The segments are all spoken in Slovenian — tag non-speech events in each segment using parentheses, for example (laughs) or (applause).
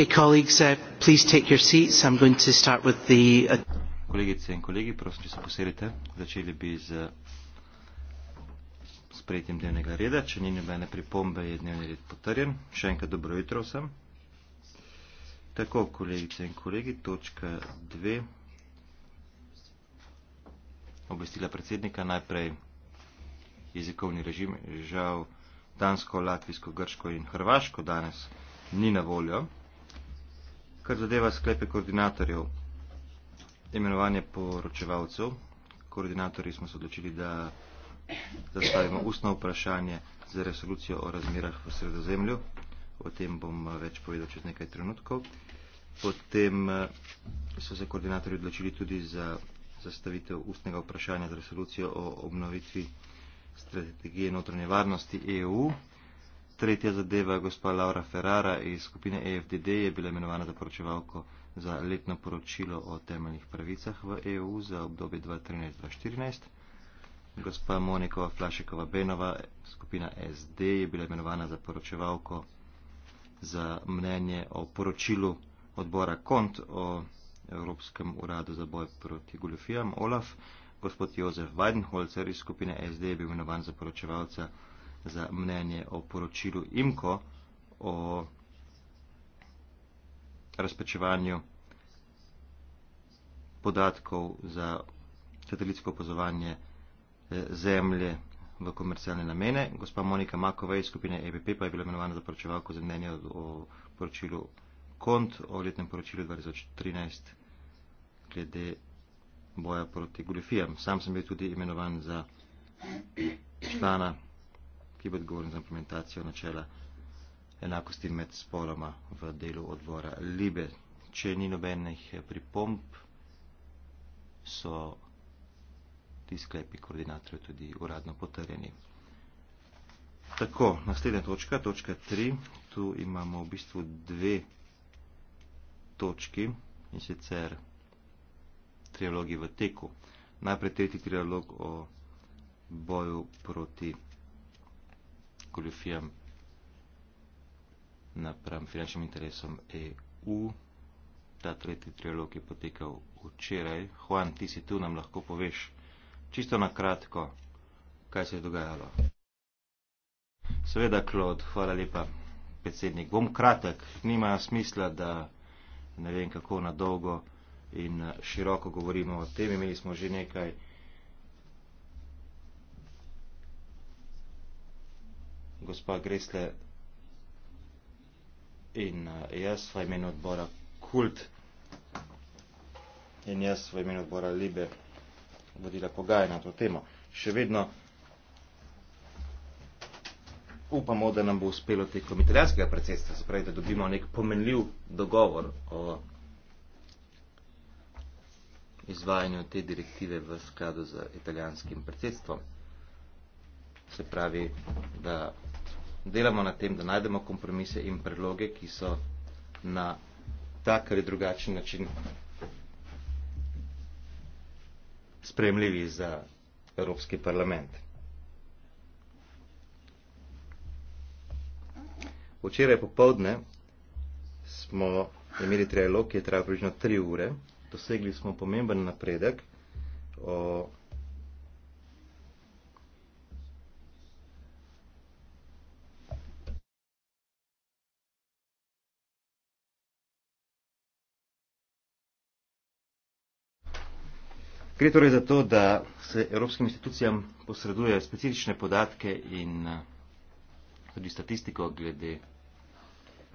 Okay, colleagues, uh, please take your seats. I'm going to start with the. Uh, kolegice in kolegi, prosim, če se posedete, začeli bi z sprejetjem dnevnega reda. Če ni nobene pripombe, je dnevni red potrjen. Še enkrat dobro jutro vsem. Tako, kolegice in kolegi, točka dve. Obvestila predsednika najprej jezikovni režim. Žal, dansko, latvijsko, grško in hrvaško danes ni na voljo. Kar zadeva sklepe koordinatorjev, imenovanje poročevalcev, koordinatorji smo se odločili, da zastavimo ustno vprašanje za resolucijo o razmerah v sredozemlju. O tem bom eh, več povedal čez nekaj trenutkov. Potem eh, so se koordinatorji odločili tudi za zastavitev ustnega vprašanja za resolucijo o obnovitvi strategije notranje varnosti EU tretja zadeva, gospa Laura Ferrara iz skupine EFDD je bila imenovana za poročevalko za letno poročilo o temeljnih pravicah v EU za obdobje 2013-2014. Gospa Monikova Flašekova Benova, skupina SD, je bila imenovana za poročevalko za mnenje o poročilu odbora KONT o Evropskem uradu za boj proti goljofijam OLAF. Gospod Jozef Weidenholzer iz skupine SD je bil imenovan za poročevalca za mnenje o poročilu IMKO o razpečevanju podatkov za satelitsko opazovanje eh, zemlje v komercialne namene. Gospa Monika Makova iz skupine EPP pa je bila imenovana za poročevalko za mnenje o poročilu KONT o letnem poročilu 2013 glede boja proti goljofijam. Sam sem bil tudi imenovan za člana ki bo odgovoren za implementacijo načela enakosti med spoloma v delu odbora Libe. Če ni nobenih pripomb, so ti sklepi koordinatorjev tudi uradno potrjeni. Tako, naslednja točka, točka 3, tu imamo v bistvu dve točki in sicer trialogi v teku. Najprej tretji trialog o boju proti goljufijam napram finančnim interesom EU. Ta tretji trialog je potekal včeraj. Juan, ti si tu, nam lahko poveš čisto na kratko, kaj se je dogajalo. Seveda, Klod, hvala lepa, predsednik. Bom kratek, nima smisla, da ne vem kako na dolgo in široko govorimo o tem. Imeli smo že nekaj. gospa Gresle in eh, jaz v imenu odbora Kult in jaz v imenu odbora Libe vodila pogaje na to temo. Še vedno upamo, da nam bo uspelo tekom italijanskega predsedstva, zapravi, da dobimo nek pomenljiv dogovor o izvajanju te direktive v skladu z italijanskim predsedstvom. Se pravi, da delamo na tem, da najdemo kompromise in predloge, ki so na tak ali drugačen način spremljivi za Evropski parlament. Včeraj popovdne smo imeli trialog, ki je trajal približno tri ure. Dosegli smo pomemben napredek o Gre torej za to, da se evropskim institucijam posreduje specifične podatke in eh, tudi statistiko glede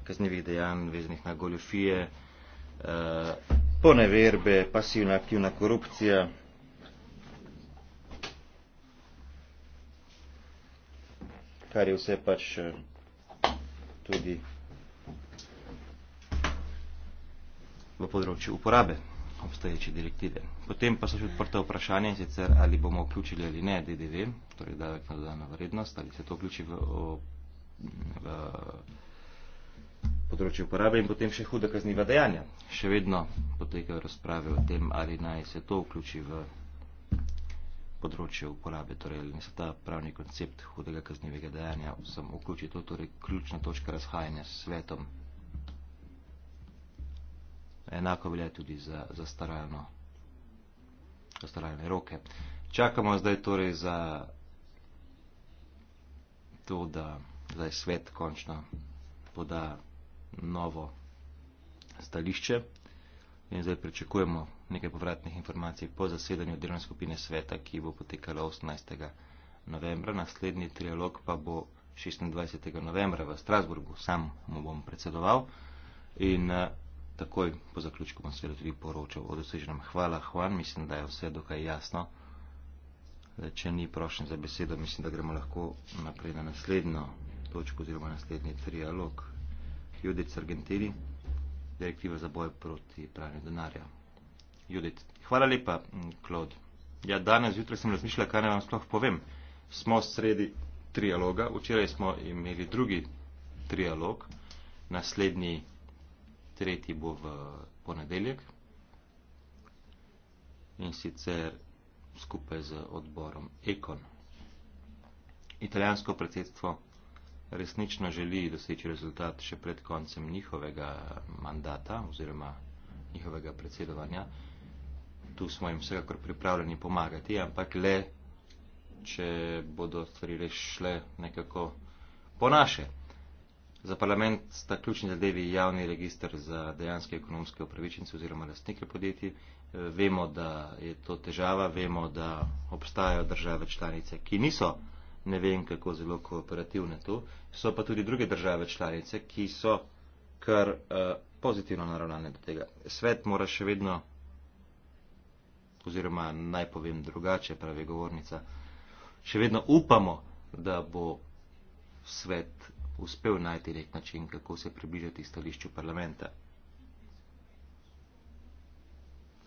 kaznevih dejanj vezanih na goljofije, eh, poneverbe, pasivna aktivna korupcija. kar je vse pač eh, tudi v področju uporabe obstoječe direktive. Potem pa so še odprte vprašanje, sicer ali bomo vključili ali ne DDV, torej davek na dodano vrednost, ali se to vključi v, v, v področje uporabe in potem še huda kazniva dejanja. Še vedno potekajo razprave o tem, ali naj se to vključi v področje uporabe, torej ali se ta pravni koncept hudega kaznivega dejanja sem vključi. To je torej ključna točka razhajanja s svetom enako velja tudi za, za, staralno, za staralne roke. Čakamo zdaj torej za to, da zdaj svet končno poda novo stališče in zdaj pričakujemo nekaj povratnih informacij po zasedanju delovne skupine sveta, ki bo potekala 18. novembra. Naslednji trialog pa bo 26. novembra v Strasburgu, sam mu bom predsedoval. In, uh, takoj po zaključku bom seveda tudi poročal o doseženem. Hvala, Juan, mislim, da je vse dokaj jasno. Da, če ni prošen za besedo, mislim, da gremo lahko naprej na naslednjo točko oziroma naslednji trialog. Judit Sargentini, direktiva za boj proti pranju denarja. Judit, hvala lepa, Klod. Ja, danes zjutraj sem razmišljala, kaj ne vam sploh povem. Smo sredi trialoga, včeraj smo imeli drugi trialog, naslednji trialog tretji bo v ponedeljek in sicer skupaj z odborom Ekon. Italijansko predsedstvo resnično želi doseči rezultat še pred koncem njihovega mandata oziroma njihovega predsedovanja. Tu smo jim vsekakor pripravljeni pomagati, ampak le, če bodo stvari šle nekako po naše. Za parlament sta ključni zadevi javni registr za dejanske ekonomske upravičence oziroma lastnike podjetij. Eh, vemo, da je to težava, vemo, da obstajajo države članice, ki niso ne vem kako zelo kooperativne tu, so pa tudi druge države članice, ki so kar uh, pozitivno naravnane do tega. Svet mora še vedno, oziroma naj povem drugače, pravi govornica, še vedno upamo, da bo svet uspel najti nek način, kako se približati stališču parlamenta.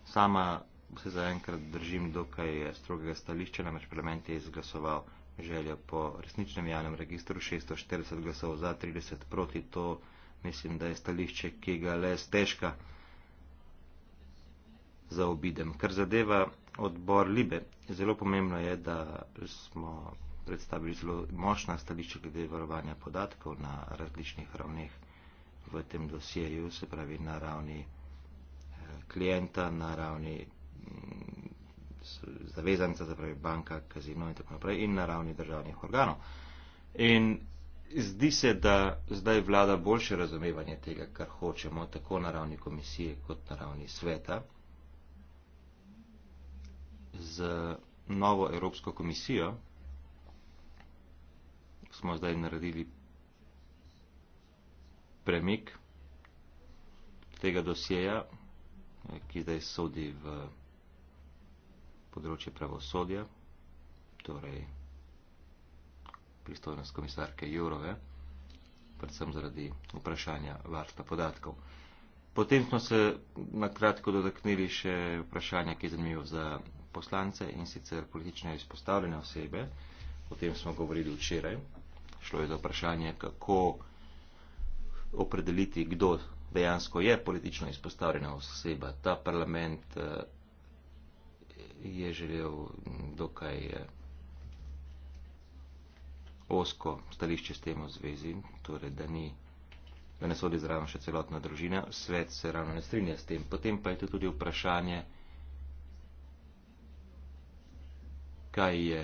Sama se zaenkrat držim dokaj strogega stališča, namreč parlament je izglasoval željo po resničnem javnem registru 640 glasov za 30 proti to, mislim, da je stališče, ki ga le stežka zaobidem. Kar zadeva odbor Libe, zelo pomembno je, da smo predstavili zelo močna stališča glede varovanja podatkov na različnih ravneh v tem dosjeju, se pravi na ravni eh, klienta, na ravni mm, zavezanca, se pravi banka, kazino in tako naprej, in na ravni državnih organov. In zdi se, da zdaj vlada boljše razumevanje tega, kar hočemo, tako na ravni komisije kot na ravni sveta. Z novo Evropsko komisijo, smo zdaj naredili premik tega dosjeja, ki zdaj sodi v področje pravosodja, torej pristojnost komisarke Jurove, predvsem zaradi vprašanja varstva podatkov. Potem smo se na kratko dotaknili še vprašanja, ki je zanimivo za poslance in sicer politične izpostavljene osebe. O tem smo govorili včeraj šlo je za vprašanje, kako opredeliti, kdo dejansko je politično izpostavljena oseba. Ta parlament eh, je želel dokaj eh, osko stališče s tem v zvezi, torej da ni da ne sodi zraven še celotna družina, svet se ravno ne strinja s tem. Potem pa je to tudi vprašanje, kaj je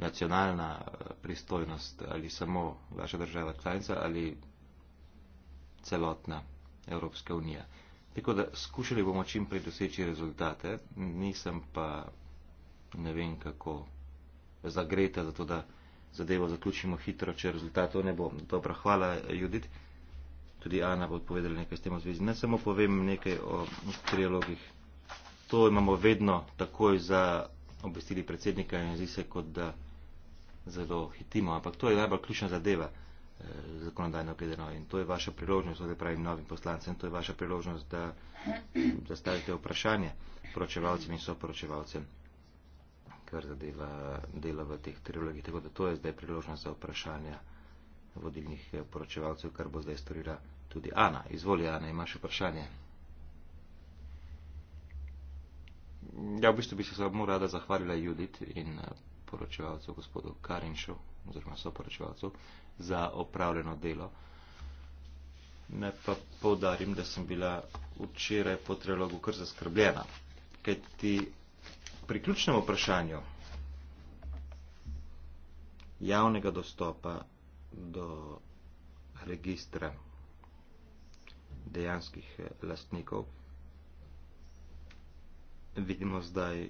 nacionalna eh, pristojnost ali samo vaša država članica ali celotna Evropska unija. Tako da skušali bomo čim prej doseči rezultate, nisem pa ne vem kako zagreta, zato da zadevo zaključimo hitro, če rezultatov ne bo. Dobro, hvala Judit. Tudi Ana bo odpovedala nekaj s tem v zvezi. Ne samo povem nekaj o trialogih. To imamo vedno takoj za obvestili predsednika in zdi se kot da zelo hitimo, ampak to je najbolj ključna zadeva eh, zakonodajno gledano in to je vaša priložnost, da pravim novim poslancem, to je vaša priložnost, da zastavite vprašanje poročevalcem in soporočevalcem, kar zadeva delo v teh trilogih. Tako da to je zdaj priložnost za vprašanja vodilnih eh, poročevalcev, kar bo zdaj storila tudi Ana. Izvoli, Ana, imaš vprašanje. Ja, v bistvu bi se samo rada zahvalila Judit in eh, poročevalcu, gospodu Karinšu, oziroma soporočevalcu, za opravljeno delo. Ne pa povdarim, da sem bila včeraj po trilogu kar zaskrbljena, kaj ti pri ključnem vprašanju javnega dostopa do registra dejanskih eh, lastnikov, vidimo zdaj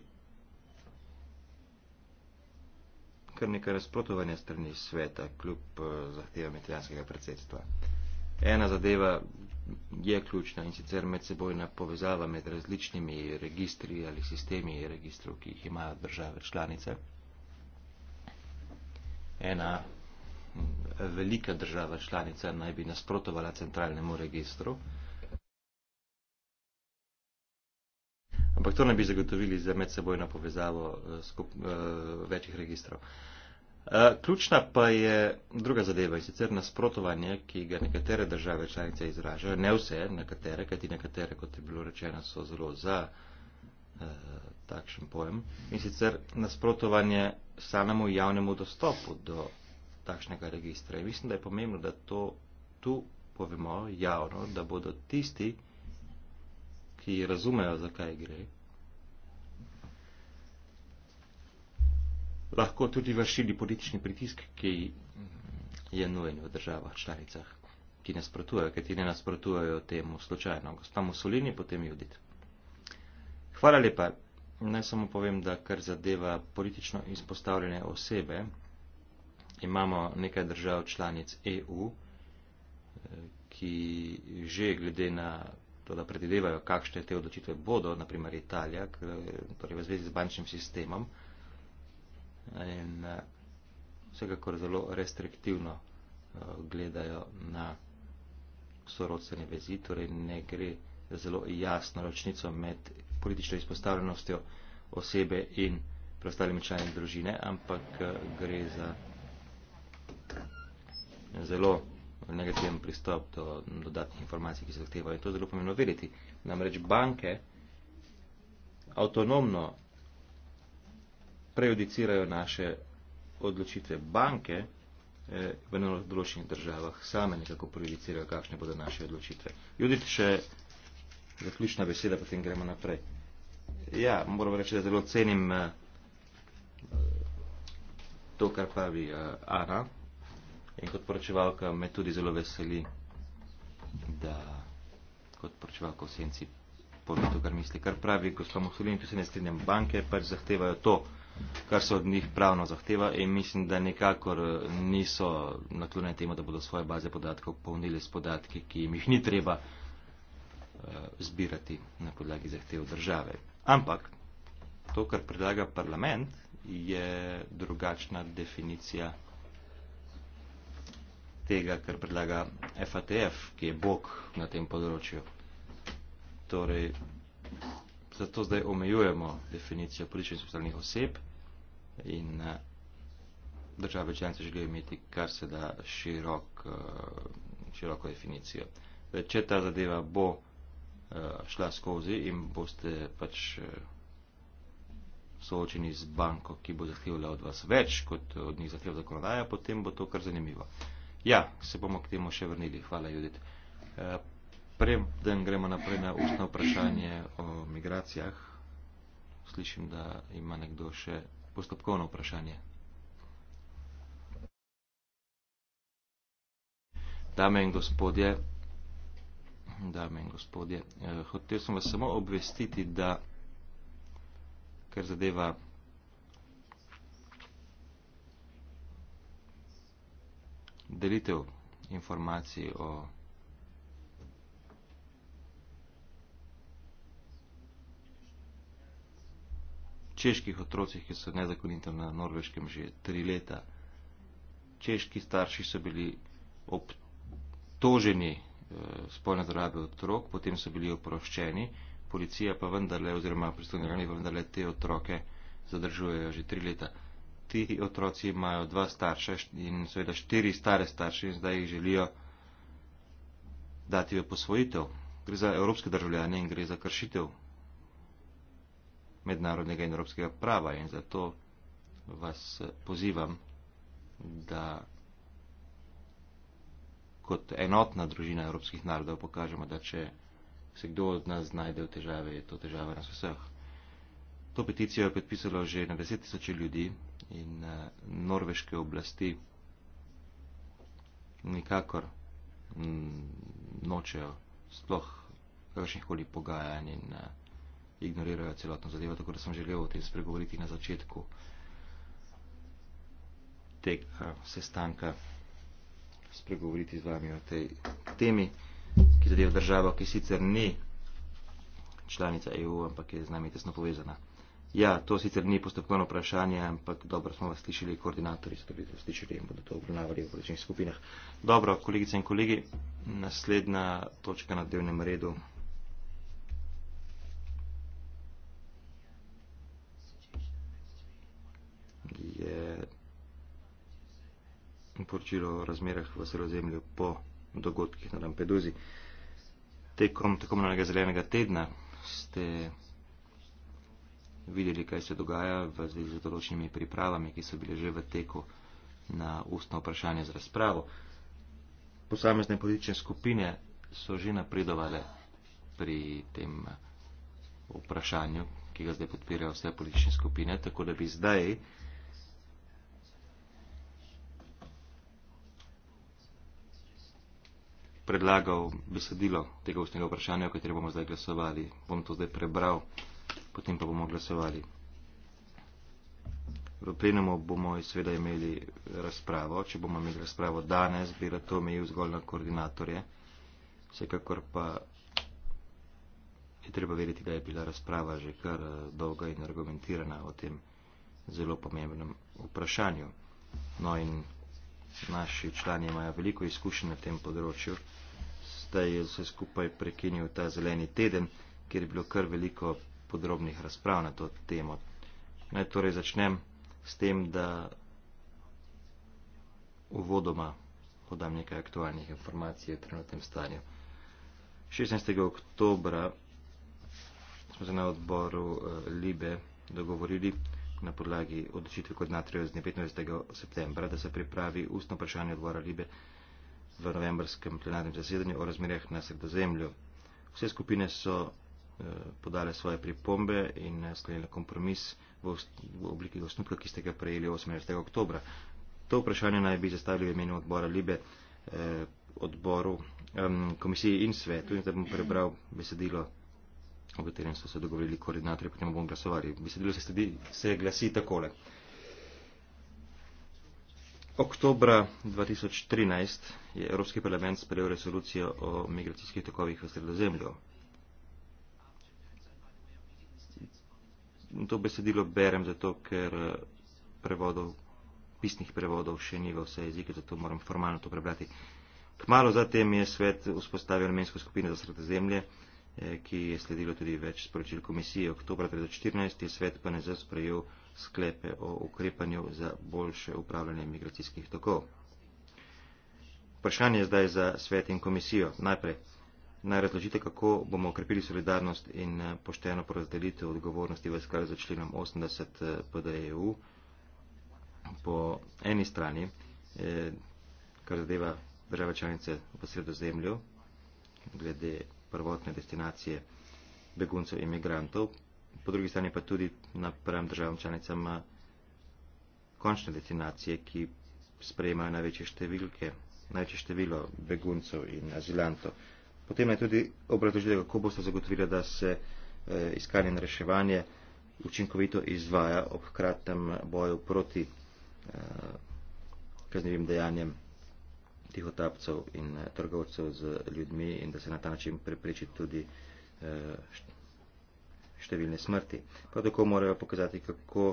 kar nekaj razprotovanja strani sveta, kljub eh, zahtevam italijanskega predsedstva. Ena zadeva je ključna in sicer medsebojna povezava med različnimi registri ali sistemi registrov, ki jih imajo države članice. Ena hm, velika država članica naj bi nasprotovala centralnemu registru. ampak to ne bi zagotovili za medsebojno povezavo eh, skup, eh, večjih registrov. Eh, ključna pa je druga zadeva in sicer nasprotovanje, ki ga nekatere države članice izražajo, ne vse, nekatere, kajti nekatere, kot je bilo rečeno, so zelo za takšen pojem in sicer nasprotovanje samemu javnemu dostopu do takšnega registra. In mislim, da je pomembno, da to tu povemo javno, da bodo tisti, ki razumejo, zakaj gre, lahko tudi vršili politični pritisk, ki je nujen v državah članicah, ki nasprotujejo, ki ne nasprotujejo temu slučajno. Gospa Mussolini, potem Judit. Hvala lepa. Naj samo povem, da kar zadeva politično izpostavljene osebe, imamo nekaj držav članic EU, eh, ki že glede na to, da predvidevajo, kakšne te odločitve bodo, naprimer Italija, torej v zvezi z bančnim sistemom. In eh, vsekakor zelo restriktivno eh, gledajo na sorodstvene vezi, torej ne gre zelo jasno ročnico med politično izpostavljenostjo osebe in preostalimi člani družine, ampak eh, gre za zelo negativen pristop do dodatnih informacij, ki se zahtevajo. In to je zelo pomembno vedeti. Namreč banke avtonomno prejudicirajo naše odločitve. Banke eh, v določenih državah same nekako prejudicirajo, kakšne bodo naše odločitve. Judit, še zaključna beseda, potem gremo naprej. Ja, moram reči, da zelo cenim eh, to, kar pravi eh, Ana. Uh, In kot poročevalka me tudi zelo veseli, da kot poročevalka v senci pove to, kar misli. Kar pravi gospod Mussolini, tu se ne strinjam, banke pač zahtevajo to, kar se od njih pravno zahteva in mislim, da nekakor eh, niso naklonjeni temu, da bodo svoje baze podatkov polnili s podatki, ki jim jih ni treba uh, zbirati na podlagi zahtev države. Ampak to, kar predlaga parlament, je drugačna definicija tega, kar predlaga FATF, ki je bog na tem področju. Torej, zato zdaj omejujemo definicijo političnih socialnih oseb in eh, države članice želijo imeti kar se da širok, eh, široko definicijo. Zdaj, torej, če ta zadeva bo eh, šla skozi in boste pač soočeni z banko, ki bo zahtevala od vas več, kot od njih zahteva zakonodaja, potem bo to kar zanimivo. Ja, se bomo k temu še vrnili. Hvala, Judit. Eh, preden gremo naprej na ustno vprašanje o migracijah, slišim, da ima nekdo še postopkovno vprašanje. Dame in gospodje, dame in gospodje, eh, hotel sem vas samo obvestiti, da, ker zadeva delitev informacij o Čeških otrocih, ki so nezakonitev na Norveškem že tri leta. Češki starši so bili obtoženi e, spolne zdrave otrok, potem so bili oproščeni, policija pa vendarle, oziroma pristojni organi, vendarle te otroke zadržujejo že tri leta ti otroci imajo dva starša in seveda štiri stare starše in zdaj jih želijo dati v posvojitev. Gre za evropske državljane in gre za kršitev mednarodnega in evropskega prava in zato vas pozivam, da kot enotna družina evropskih narodov pokažemo, da če se kdo od nas znajde v težave, je to težava nas vseh. To peticijo je podpisalo že na deset tisoče ljudi in uh, norveške oblasti nikakor mm, nočejo sploh kakršnih koli pogajanj in uh, ignorirajo celotno zadevo, tako da sem želel o tem spregovoriti na začetku tega sestanka, spregovoriti z vami o tej temi, ki zadeva državo, ki sicer ni članica EU, ampak je z nami tesno povezana. Ja, to sicer ni postopkovno vprašanje, ampak dobro smo vas slišali, koordinatorji so bili slišali in bodo to obravnavali v različnih skupinah. Dobro, kolegice in kolegi, naslednja točka na dnevnem redu. je poročilo o razmerah v sredozemlju po dogodkih na Lampeduzi. Tekom tako imenovanega zelenega tedna ste videli, kaj se dogaja v zvezi z določenimi pripravami, ki so bile že v teku na ustno vprašanje z razpravo. Posamezne politične skupine so že napredovale pri tem vprašanju, ki ga zdaj podpirajo vse politične skupine, tako da bi zdaj predlagal besedilo tega ustnega vprašanja, o katerem bomo zdaj glasovali. Bom to zdaj prebral potem pa bomo glasovali. V plenumu bomo seveda imeli razpravo. Če bomo imeli razpravo danes, bi rad to omejil zgolj na koordinatorje. Vsekakor pa je treba vedeti, da je bila razprava že kar eh, dolga in argumentirana o tem zelo pomembnem vprašanju. No in naši člani imajo veliko izkušenj na tem področju. Zdaj je vse skupaj prekinil ta zeleni teden, kjer je bilo kar veliko podrobnih razprav na to temo. Naj torej začnem s tem, da uvodoma podam nekaj aktualnih informacij o trenutnem stanju. 16. oktobra smo se na odboru eh, Libe dogovorili na podlagi odločitve kot natrijo z 15. septembra, da se pripravi ustno vprašanje odbora Libe v novembrskem plenarnem zasedanju o razmerah na sredozemlju. Vse skupine so Eh, podale svoje pripombe in eh, sklenile kompromis v, v obliki osnutka, ki ste ga prejeli 18. oktober. To vprašanje naj bi zastavili v imenu odbora Libe, eh, odboru, eh, komisiji in svetu. In da bom prebral besedilo, o katerem so se dogovorili koordinatorji, potem bomo glasovali. Besedilo se, stedi, se glasi takole. Oktobra 2013 je Evropski parlament sprejel resolucijo o migracijskih tokovih v sredozemlju. to besedilo berem zato, ker eh, prevodov, pisnih prevodov še ni v vse jezike, zato moram formalno to prebrati. Kmalo zatem je svet vzpostavil namensko skupino za srte zemlje, eh, ki je sledilo tudi več sporočil komisije. Oktober 2014 je svet pa ne zasprejel sklepe o ukrepanju za boljše upravljanje migracijskih tokov. Vprašanje zdaj za svet in komisijo. Najprej, naj razložite, kako bomo okrepili solidarnost in eh, pošteno porazdelitev odgovornosti v skladu za členom 80 eh, PDEU. Po eni strani, eh, kar zadeva države članice v sredozemlju, glede prvotne destinacije beguncev in imigrantov, po drugi strani pa tudi napram državam članicam končne destinacije, ki sprejemajo največje številke, največje število beguncev in azilantov. Potem je tudi obrazložila, kako boste zagotovili, da se eh, iskanje in reševanje učinkovito izvaja ob kratkem boju proti eh, kaznjivim dejanjem tihotapcev in eh, trgovcev z ljudmi in da se na ta način prepreči tudi številne smrti. Prav tako morajo pokazati, kako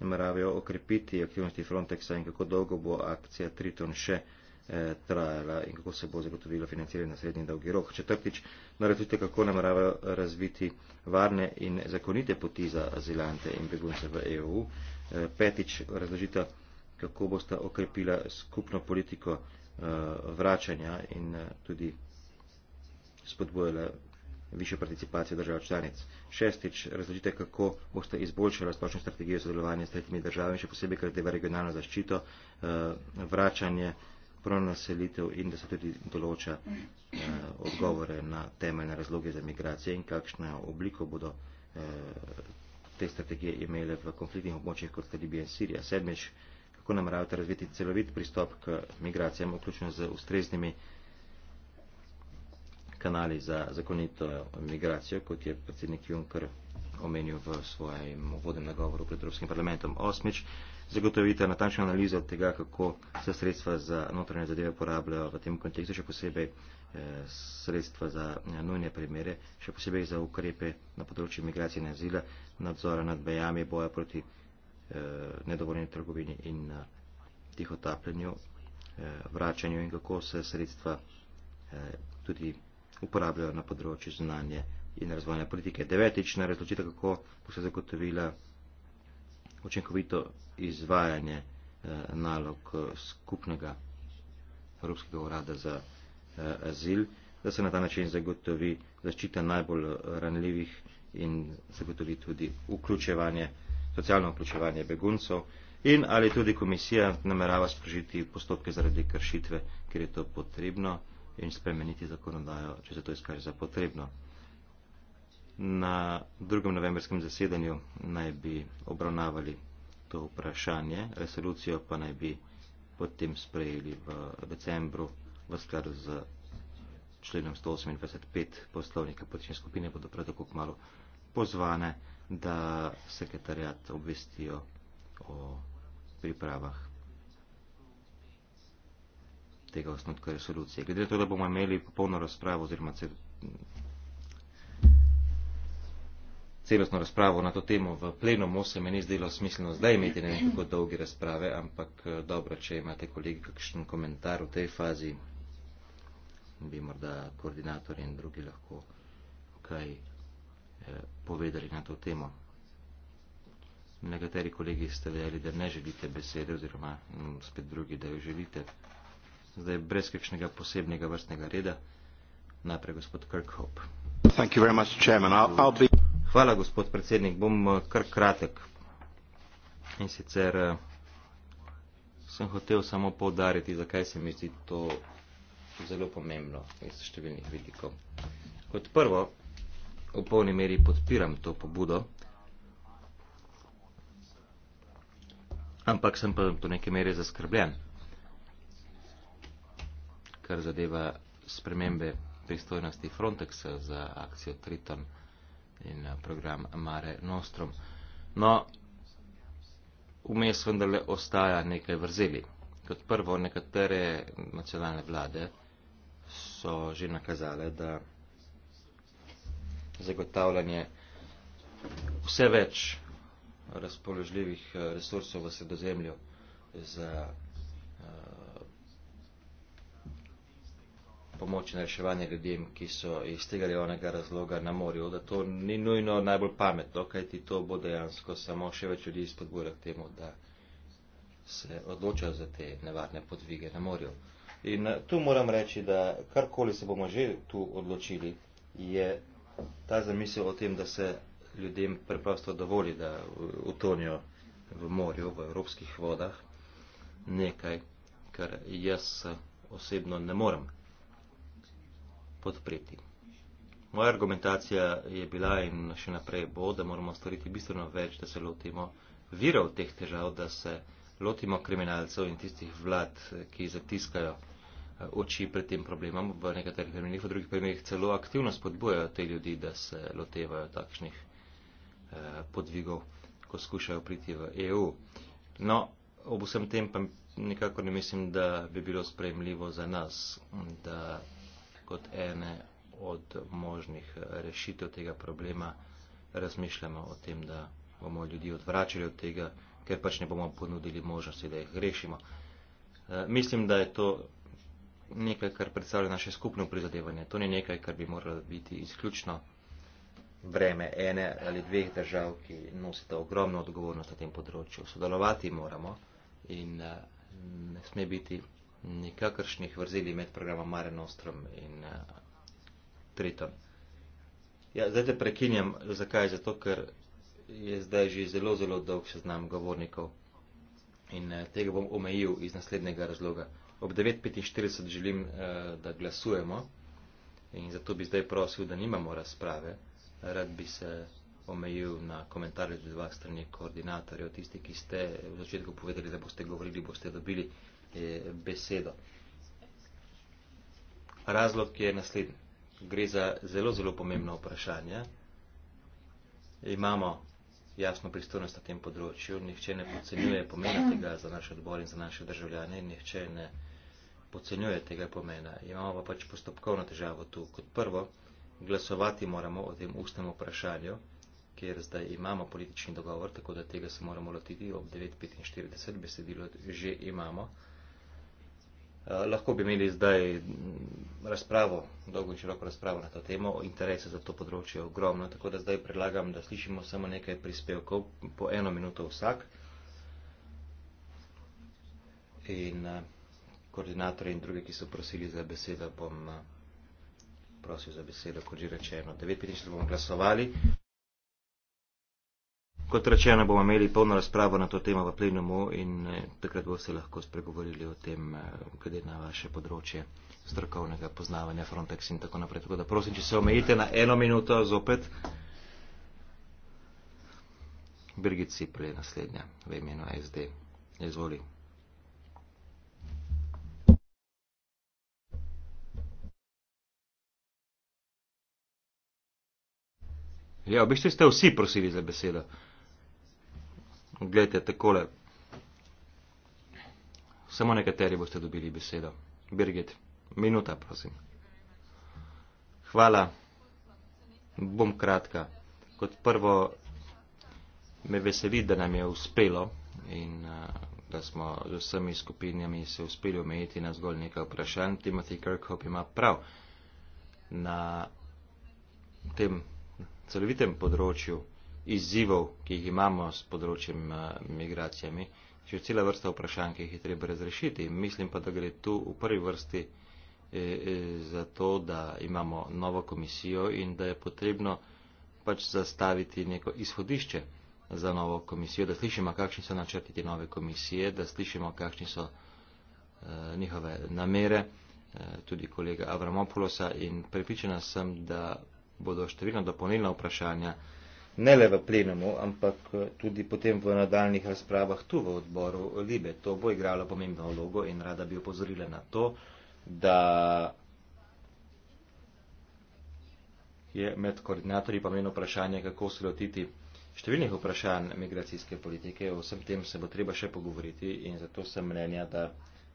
nameravajo okrepiti aktivnosti Frontexa in kako dolgo bo akcija Triton še eh, trajala in kako se bo zagotovilo financiranje na srednji in dolgi rok. Četrtič, naredite, kako nameravajo razviti varne in zakonite poti za azilante in begunce v EU. Eh, petič, razložite, kako boste okrepila skupno politiko eh, vračanja in eh, tudi spodbojala više participacije držav članic. Šestič, razložite, kako boste izboljšali splošno strategijo sodelovanja s tretjimi državami, še posebej, ker deva regionalno zaščito, eh, vračanje pronaselitev in da se tudi določa mm. eh, odgovore na temeljne razloge za migracije in kakšno obliko bodo eh, te strategije imele v konfliktnih območjih kot Libija in Sirija. Sedmič, kako nameravate razviti celovit pristop k migracijam, vključno z ustreznimi kanali za zakonito migracijo, kot je predsednik Juncker omenil v svojem uvodnem nagovoru pred Evropskim parlamentom. Osmič, zagotovite natančno analizo tega, kako se sredstva za notranje zadeve porabljajo v tem kontekstu, še posebej eh, sredstva za eh, nujne primere, še posebej za ukrepe na področju migracije in azila, nadzora nad bejami, boja proti eh, nedovoljeni trgovini in eh, tihotapljenju, eh, vračanju in kako se sredstva eh, tudi uporabljajo na področju znanje in razvojne politike. Devetična razločitev, kako bo se zagotovila učinkovito izvajanje eh, nalog eh, skupnega Evropskega urada za eh, azil, da se na ta način zagotovi zaščita najbolj ranljivih in zagotovi tudi vključevanje, socialno vključevanje beguncev in ali tudi komisija namerava sprožiti postopke zaradi kršitve, ker je to potrebno in spremeniti zakonodajo, če se to izkaže za potrebno. Na drugem novembrskem zasedanju naj bi obravnavali to vprašanje, resolucijo pa naj bi potem sprejeli v decembru v skladu z členom 128.5 poslovnika potične skupine bodo prav tako malo pozvane, da sekretarjat obvestijo o pripravah tega osnotka resolucije. Glede to, da bomo imeli popolno razpravo oziroma celostno razpravo na to temo v plenumu, se mi ni zdelo smiselno zdaj imeti nekako dolge razprave, ampak eh, dobro, če imate kolegi kakšen komentar v tej fazi, bi morda koordinator in drugi lahko kaj eh, povedali na to temo. Nekateri kolegi ste dejali, da ne želite besede oziroma mm, spet drugi, da jo želite. Zdaj brez kakšnega posebnega vrstnega reda. Najprej gospod Kirkhope. Thank you very much, chairman. I'll, I'll be... Hvala, gospod predsednik. Bom eh, kar kratek. In sicer eh, sem hotel samo povdariti, zakaj se mi zdi to zelo pomembno iz številnih vidikov. Kot prvo, v polni meri podpiram to pobudo, ampak sem pa do neke mere zaskrbljen, kar zadeva spremembe pristojnosti Frontexa za akcijo Triton in eh, program Mare Nostrum. No, vmes vendarle ostaja nekaj vrzeli. Kot prvo, nekatere nacionalne vlade so že nakazale, da zagotavljanje vse več razpoložljivih eh, resursov v sredozemlju za uh, pomoč in reševanje ljudem, ki so iz tega ali onega razloga na morju, da to ni nujno najbolj pametno, kajti to bo dejansko samo še več ljudi spodbujalo k temu, da se odločajo za te nevarne podvige na morju. In eh, tu moram reči, da karkoli se bomo že tu odločili, je ta zamisel o tem, da se ljudem preprosto dovoli, da eh, utonijo v morju, v evropskih vodah, nekaj, kar jaz eh, osebno ne morem podpreti. Moja argumentacija je bila in še naprej bo, da moramo storiti bistveno več, da se lotimo virov teh težav, da se lotimo kriminalcev in tistih vlad, ki zatiskajo eh, oči pred tem problemom v nekaterih primerih, v drugih primerih celo aktivno spodbujajo te ljudi, da se lotevajo takšnih eh, podvigov, ko skušajo priti v EU. No, ob vsem tem pa nikakor ne mislim, da bi bilo sprejemljivo za nas, da kot ene od možnih rešitev tega problema razmišljamo o tem, da bomo ljudi odvračali od tega, ker pač ne bomo ponudili možnosti, da jih rešimo. E, mislim, da je to nekaj, kar predstavlja naše skupno prizadevanje. To ni nekaj, kar bi moralo biti izključno breme ene ali dveh držav, ki nosita ogromno odgovornost na tem področju. Sodelovati moramo in e, ne sme biti nikakršnih vrzeli med programom Mare Nostrum in uh, Triton. Ja, zdaj te prekinjam, zakaj? Zato, ker je zdaj že zelo, zelo dolg seznam govornikov in uh, tega bom omejil iz naslednjega razloga. Ob 9.45 želim, uh, da glasujemo in zato bi zdaj prosil, da nimamo razprave. Rad bi se omejil na komentarje z dvah strani koordinatorjev, tisti, ki ste v začetku povedali, da boste govorili, boste dobili uh, E, besedo. Razlog je naslednji. Gre za zelo, zelo pomembno vprašanje. Imamo jasno pristojnost na tem področju, nihče ne podcenjuje pomena tega za naš odbor in za naše državljane, nihče ne podcenjuje tega pomena. Imamo pa pač postopkovno težavo tu. Kot prvo, glasovati moramo o tem ustnem vprašanju, kjer zdaj imamo politični dogovor, tako da tega se moramo lotiti ob 9.45, besedilo že imamo. Eh, lahko bi imeli zdaj mm, razpravo, dolgo in široko razpravo na to temo. Interese za to področje je ogromno, tako da zdaj predlagam, da slišimo samo nekaj prispevkov, po eno minuto vsak. In eh, koordinatorje in druge, ki so prosili za besedo, bom eh, prosil za besedo, kot že rečeno. 9.30 bomo glasovali. Kot rečeno, bomo imeli polno razpravo na to temo v plenumu in eh, takrat bo se lahko spregovorili o tem, eh, glede na vaše področje strokovnega poznavanja Frontex in tako naprej. Tako da prosim, če se omejite na eno minuto zopet. Birgit Cipri je naslednja v imenu SD. Izvoli. Ja, v bistvu ste vsi prosili za besedo. Glejte, takole. Samo nekateri boste dobili besedo. Birgit, minuta, prosim. Hvala. Bom kratka. Kot prvo, me veseli, da nam je uspelo in eh, da smo z vsemi skupinjami se uspeli omejiti na zgolj nekaj vprašanj. Timothy Kirkhope ima prav. Na tem celovitem področju izzivov, ki jih imamo s področjem eh, migracijami, še cela vrsta vprašanj, ki jih je treba razrešiti. Mislim pa, da gre tu v prvi vrsti eh, eh, za to, da imamo novo komisijo in da je potrebno pač zastaviti neko izhodišče za novo komisijo, da slišimo, kakšni so načrti te nove komisije, da slišimo, kakšni so njihove namere, tudi kolega Avramopulosa in prepričana sem, da bodo številna dopolnilna vprašanja ne le v plenumu, ampak eh, tudi potem v nadaljnih razpravah tu v odboru Libe. To bo igralo pomembno vlogo in rada bi opozorila na to, da je med koordinatorji pomeno vprašanje, kako se lotiti številnih vprašanj migracijske politike. O vsem tem se bo treba še pogovoriti in zato sem mnenja, da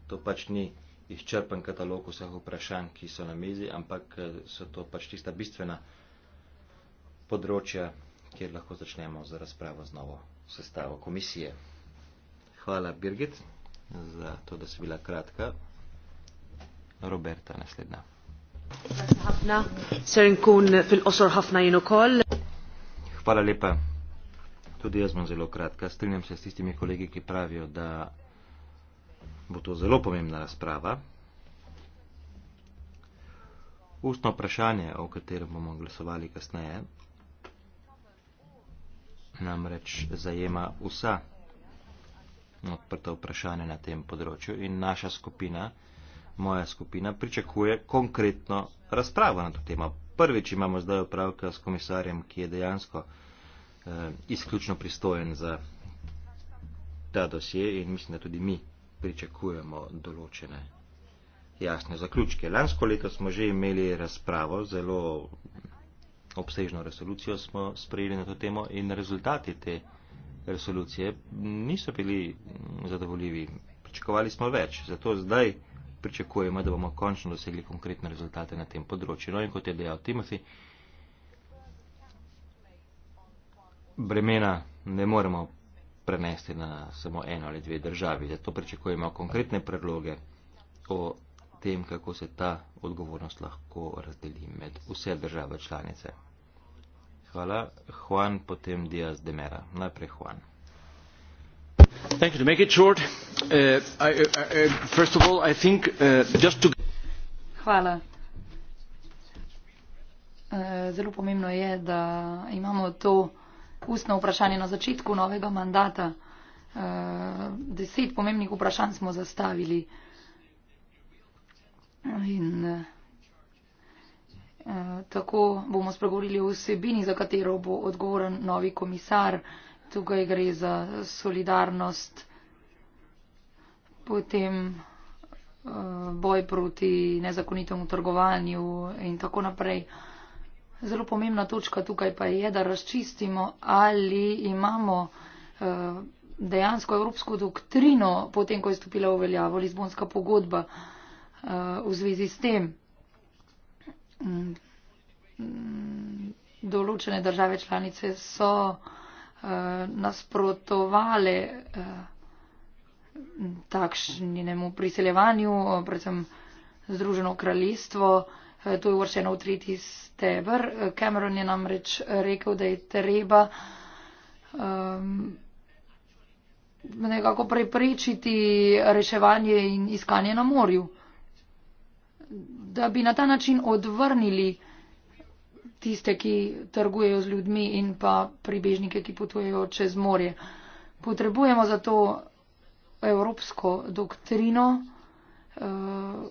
to pač ni izčrpen katalog vseh vprašanj, ki so na mizi, ampak eh, so to pač tista bistvena področja kjer lahko začnemo z razpravo z novo sestavo komisije. Hvala, Birgit, za to, da si bila kratka. Roberta, naslednja. Hvala lepa. Tudi jaz bom zelo kratka. Strinjam se s tistimi kolegi, ki pravijo, da bo to zelo pomembna razprava. Ustno vprašanje, o katerem bomo glasovali kasneje, namreč zajema vsa odprta vprašanja na tem področju in naša skupina, moja skupina, pričakuje konkretno razpravo na to temo. Prvič imamo zdaj opravka s komisarjem, ki je dejansko eh, izključno pristojen za ta dosje in mislim, da tudi mi pričakujemo določene jasne zaključke. Lansko leto smo že imeli razpravo, zelo obsežno resolucijo smo sprejeli na to temo in rezultati te resolucije niso bili mm, zadovoljivi. Pričakovali smo več, zato zdaj pričakujemo, da bomo končno dosegli konkretne rezultate na tem področju. No in kot je dejal Timothy, bremena ne moremo prenesti na samo eno ali dve državi, zato pričakujemo konkretne predloge o tem, kako se ta odgovornost lahko razdeli med vse države članice. Hvala. Juan, potem Diaz de Mera. Najprej Juan. Thank you. To make it short, uh, I, uh, uh, first of all, I think uh, just to. Hvala. Uh, zelo pomembno je, da imamo to ustno vprašanje na začetku novega mandata. Uh, deset pomembnih vprašanj smo zastavili. In, uh, Eh, tako bomo spregovorili o vsebini, za katero bo odgovoren novi komisar. Tukaj gre za solidarnost, potem eh, boj proti nezakonitemu trgovanju in tako naprej. Zelo pomembna točka tukaj pa je, da razčistimo, ali imamo eh, dejansko evropsko doktrino, potem ko je stopila v veljavo Lizbonska pogodba v zvezi s tem. Mm. Mm. določene države članice so eh, nasprotovale eh, takšnjenemu priseljevanju, predvsem Združeno kraljestvo. Eh, to je uvrščeno v tretji stebr. Cameron je namreč rekel, da je treba um, nekako preprečiti reševanje in iskanje na morju. Uh, da bi na ta način odvrnili tiste, ki trgujejo z ljudmi in pa pribežnike, ki potujejo čez morje. Potrebujemo zato evropsko doktrino, eh,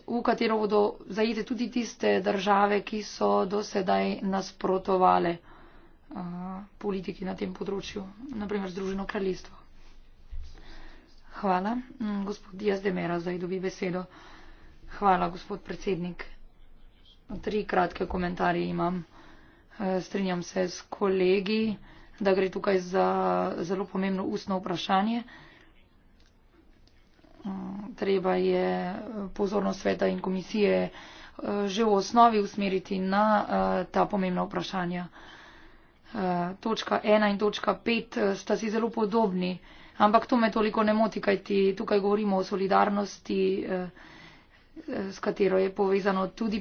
v katero bodo zajete tudi tiste države, ki so dosedaj nasprotovale eh, politiki na tem področju, naprimer Združeno kraljestvo. Hvala. Mm, gospod Jazdemera zdaj dobi besedo. Hvala, gospod predsednik tri kratke komentarje imam. E, strinjam se s kolegi, da gre tukaj za zelo pomembno ustno vprašanje. E, treba je pozornost sveta in komisije e, že v osnovi usmeriti na ta pomembna vprašanja. Točka ena in točka pet sta si zelo podobni, ampak to me toliko ne moti, kajti tukaj govorimo o solidarnosti, s katero je povezano tudi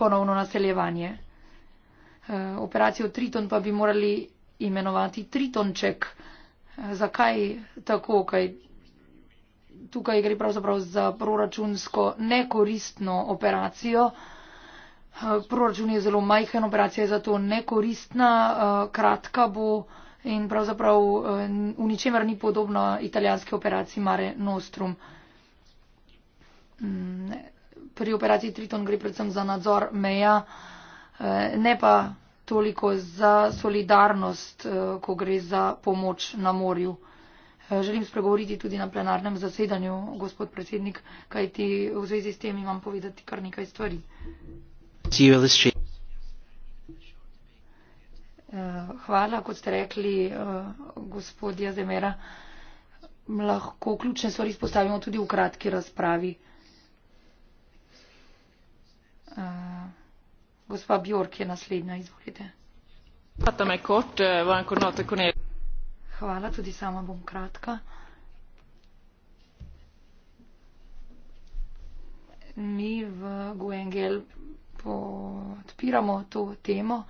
ponovno naseljevanje. Eh, operacijo Triton pa bi morali imenovati Tritonček. Eh, zakaj tako, kaj tukaj gre pravzaprav za proračunsko nekoristno operacijo. Eh, proračun je zelo majhen, operacija je zato nekoristna, kratka bo in pravzaprav v ničemer ni podobna italijanski operaciji Mare Nostrum. Mm, pri operaciji Triton gre predvsem za nadzor meja, eh, ne pa toliko za solidarnost, eh, ko gre za pomoč na morju. Eh, želim spregovoriti tudi na plenarnem zasedanju, gospod predsednik, kaj ti v zvezi s tem imam povedati kar nekaj stvari. Hvala, kot ste rekli, gospod Jazemera. Lahko ključne stvari spostavimo tudi v kratki razpravi. Eh, eh, hvala tudi sama bom kratka. mi v gue ngel podpiramo to temo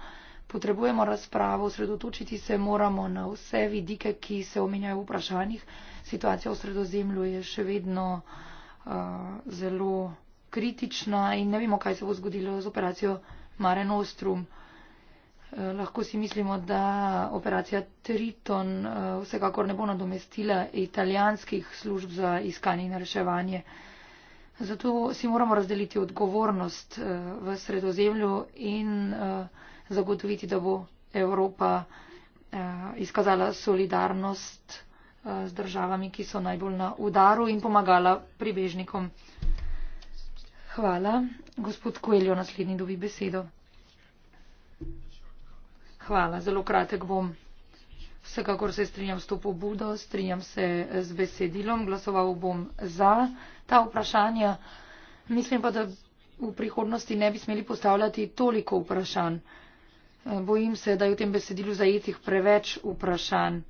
potrebujemo razpravo osredotočiti se moramo na vse vidike ki se omenjajo v vprašanjih situacija v sredozemlju je še vedno uh, zelo kritična in ne vemo, kaj se bo zgodilo z operacijo Mare Nostrum. Eh, lahko si mislimo, da operacija Triton eh, vsekakor ne bo nadomestila italijanskih služb za iskanje in reševanje. Zato si moramo razdeliti odgovornost eh, v sredozemlju in zagotoviti, da bo Evropa izkazala solidarnost z državami, ki so najbolj na udaru in pomagala pribežnikom. Hvala. Zelo kratek bom. Vsekakor se strinjam s to pobudo, strinjam se z besedilom, glasoval bom za ta vprašanja. Mislim pa, da v prihodnosti ne bi smeli postavljati toliko vprašanj. Bojim se, da je v tem besedilu zajetih preveč vprašanj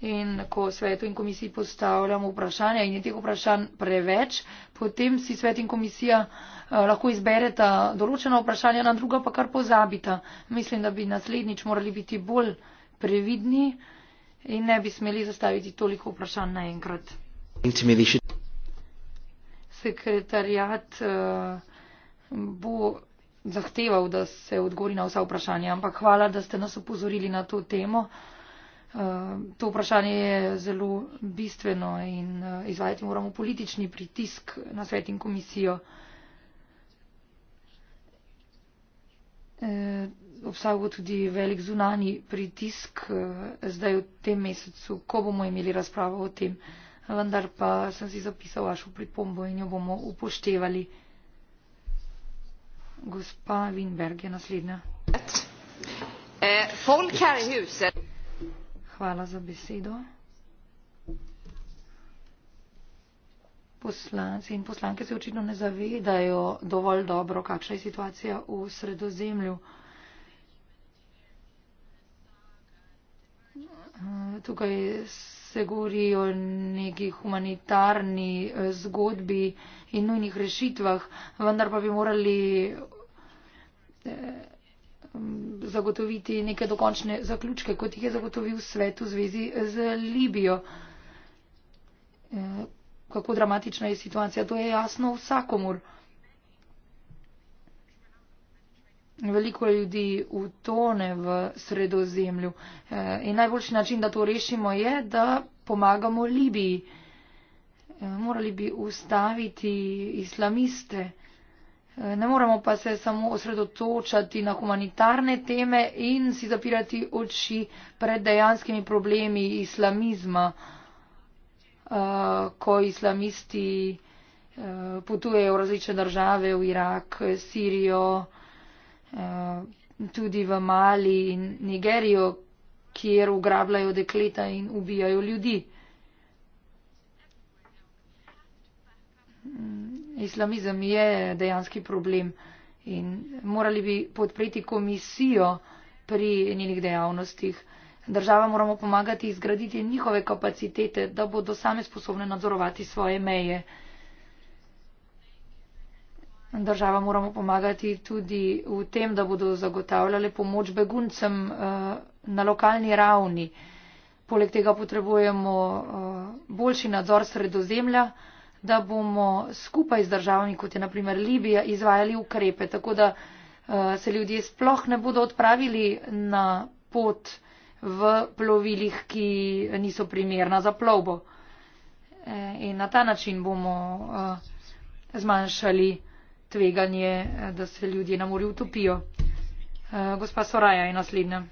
in ko svetu in komisiji postavljamo vprašanja in je teh vprašanj preveč, potem si svet in komisija eh, lahko izbereta določena vprašanja, na druga pa kar pozabita. Mislim, da bi naslednjič morali biti bolj previdni in ne bi smeli zastaviti toliko vprašanj naenkrat. Sekretarjat eh, bo zahteval, da se odgovori na vsa vprašanja, ampak hvala, da ste nas upozorili na to temo. Eh, to vprašanje je zelo bistveno in eh, izvajati moramo politični pritisk na svet in komisijo. Eh, Obstajal bo tudi velik zunani pritisk zdaj v tem mesecu, ko bomo imeli razpravo o tem, vendar pa sem si zapisal vašo pripombo in jo bomo upoštevali. Gospa Winberg je naslednja. Folk her i huset. Hvala za besedo. Poslanci in poslanke se očitno ne zavedajo dovolj dobro, kakšna je situacija v sredozemlju. Tukaj se govori o neki humanitarni eh, zgodbi in nujnih rešitvah, vendar pa bi morali. Eh, zagotoviti neke dokončne zaključke, kot jih je zagotovil svet v zvezi z Libijo. E, kako dramatična je situacija, to je jasno vsakomur. Veliko ljudi utone v sredozemlju e, in najboljši način, da to rešimo, je, da pomagamo Libiji. E, morali bi ustaviti islamiste. Eh, ne moremo pa se samo osredotočati na humanitarne teme in si zapirati oči pred dejanskimi problemi islamizma, eh, ko islamisti eh, potujejo v različne države, v Irak, Sirijo, tudi v Mali in Nigerijo, kjer ugrabljajo dekleta in ubijajo ljudi islamizem je dejanski problem in morali bi podpreti komisijo pri njenih dejavnostih. Država moramo pomagati izgraditi njihove kapacitete, da bodo same sposobne nadzorovati svoje meje. Država moramo pomagati tudi v tem, da bodo zagotavljale pomoč beguncem eh, na lokalni ravni. Poleg tega potrebujemo eh, boljši nadzor sredozemlja da bomo skupaj z državami, kot je naprimer Libija, izvajali ukrepe, tako da eh, se ljudje sploh ne bodo odpravili na pot v plovilih, ki niso primerna za plovbo. Eh, in na ta način bomo eh, zmanjšali tveganje, da se ljudje na morju utopijo. Gospa Soraja je naslednja.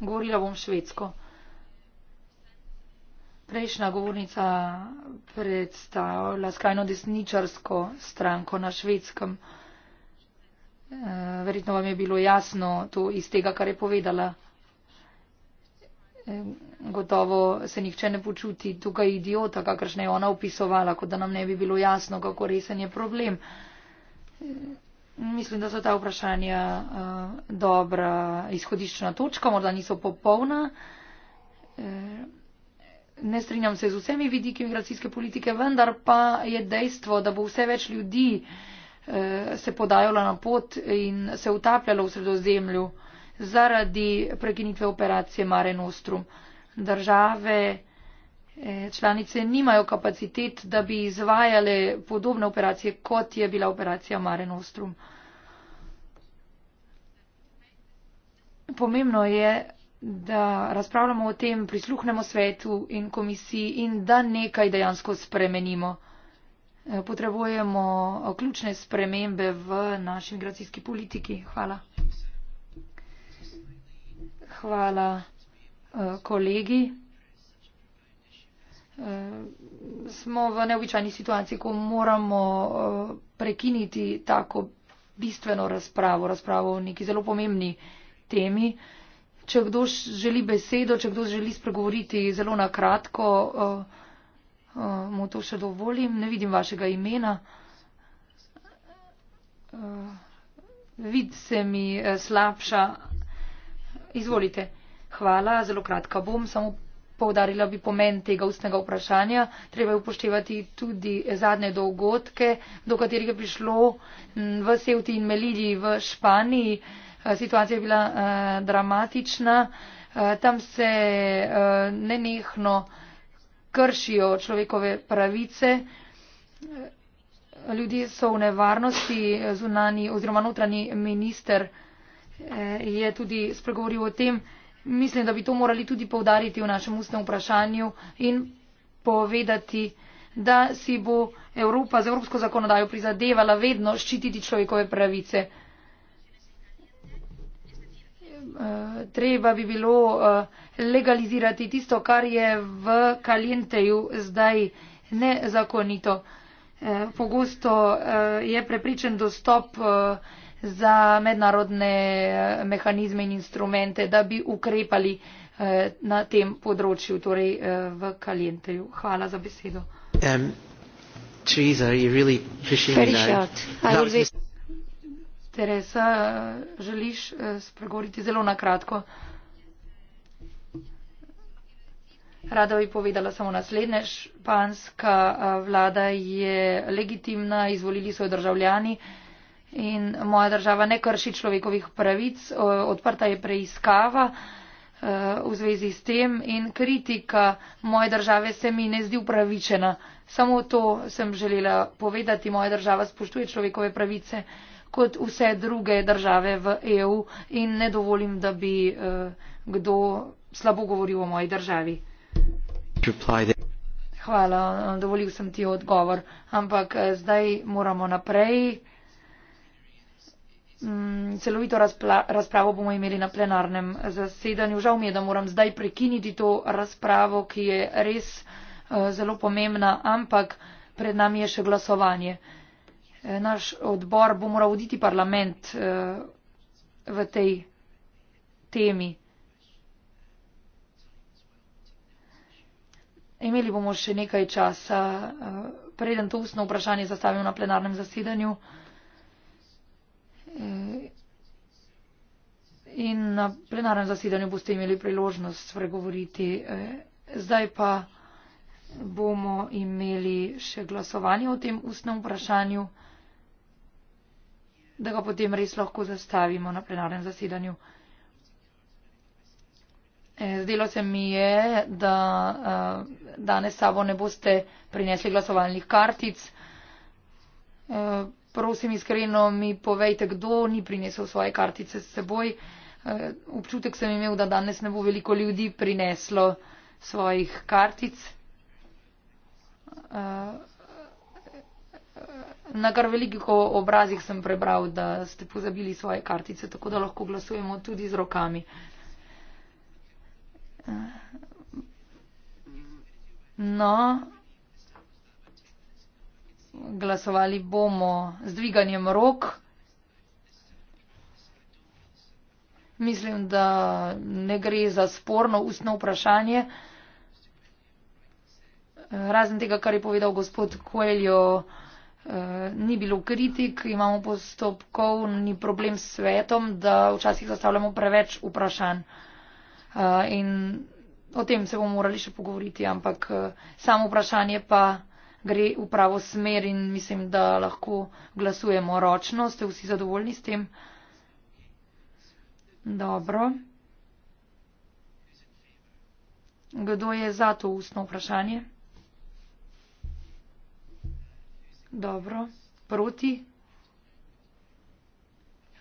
Govorila bom švedsko prejšnja govornica predstavila skrajno desničarsko stranko na švedskem. Eh, verjetno vam je bilo jasno to iz tega, kar je povedala. Eh, gotovo se nihče ne počuti tukaj idiota, kakršne je ona opisovala, kot da nam ne bi bilo jasno, kako resen je problem. Eh, mislim, da so ta vprašanja dobra izhodiščna točka, morda niso popolna ne strinjam se z vsemi vidiki migracijske politike, vendar pa je dejstvo, da bo vse več ljudi eh, se podajalo na pot in se utapljalo v sredozemlju zaradi prekinitve operacije Mare Nostrum. Države eh, članice nimajo kapacitet, da bi izvajale podobne operacije, kot je bila operacija Mare Nostrum. Pomembno je, da razpravljamo o tem, prisluhnemo svetu in komisiji in da nekaj dejansko spremenimo. Eh, potrebujemo eh, ključne spremembe v naši migracijski politiki. Hvala. Hvala eh, kolegi. Smo v neobičajni situaciji, ko moramo prekiniti tako bistveno razpravo, razpravo o neki zelo pomembni temi če kdo želi besedo, če kdo želi spregovoriti zelo na kratko, uh, uh, mu to še dovolim. Ne vidim vašega imena. Uh, vid se mi e, slabša. Izvolite. Hvala, zelo kratka bom. Samo povdarila bi pomen tega ustnega vprašanja. Treba je upoštevati tudi zadnje dogodke, do katerih je prišlo v Sevti in Melidi v Španiji. Uh, Eh, situacija je bila uh, dramatična. Uh, tam se uh, nenehno kršijo človekove pravice. Ljudje so v nevarnosti, zunani oziroma notranji minister je tudi spregovoril o tem. Mislim, da bi to morali tudi povdariti v našem ustnem vprašanju in povedati, da si bo Evropa z evropsko zakonodajo prizadevala vedno ščititi človekove pravice. Eh, treba bi bilo eh, legalizirati tisto, kar je v Kalienteju zdaj nezakonito. Eh, pogosto je prepričen dostop za mednarodne mehanizme in instrumente, da bi ukrepali na tem področju, torej v Kalienteju. Hvala za besedo. Um, Teresa, Teresa, želiš eh, spregovoriti zelo na kratko? Rada bi povedala samo naslednje. Španska eh, vlada je legitimna, izvolili so jo državljani in moja država ne krši človekovih pravic. Odprta je preiskava eh, v zvezi s tem in kritika moje države se mi ne zdi upravičena. Samo to sem želela povedati. Moja država spoštuje človekove pravice kot vse druge države v EU in ne dovolim, da bi eh, kdo slabo govoril o moji državi. Hvala, eh, dovolil sem ti odgovor, ampak eh, zdaj moramo naprej. Mm, celovito razpravo bomo imeli na plenarnem zasedanju. Žal mi je, da moram zdaj prekiniti to razpravo, ki je res zelo pomembna, ampak pred nami je še glasovanje. Eh, naš odbor bo moral voditi parlament eh, v tej temi. Imeli bomo še nekaj časa, eh, preden to ustno vprašanje zastavim na plenarnem zasedanju. In na plenarnem zasedanju boste imeli priložnost spregovoriti. Zdaj pa bomo imeli še glasovanje o tem ustnem vprašanju da ga potem res lahko zastavimo na plenarnem zasedanju. E, zdelo se mi je, da e, danes sabo ne boste prinesli glasovalnih kartic. E, prosim iskreno, mi povejte, kdo ni prinesel svoje kartice s seboj. Občutek sem imel, da danes ne bo veliko ljudi prineslo svojih kartic. Na kar velikih obrazih sem prebral, da ste pozabili svoje kartice, tako da lahko glasujemo tudi z rokami. No, glasovali bomo z dviganjem rok. Mislim, da ne gre za sporno ustno vprašanje. Razen tega, kar je povedal gospod Koeljo. Eh, ni bilo kritik, imamo postopkov, ni problem s svetom, da včasih zastavljamo preveč vprašanj. Uh, in o tem se bomo morali še pogovoriti, ampak uh, samo vprašanje pa gre v pravo smer in mislim, da lahko glasujemo ročno. Ste vsi zadovoljni s tem? Dobro. Kdo je za to ustno vprašanje? Dobro. Proti?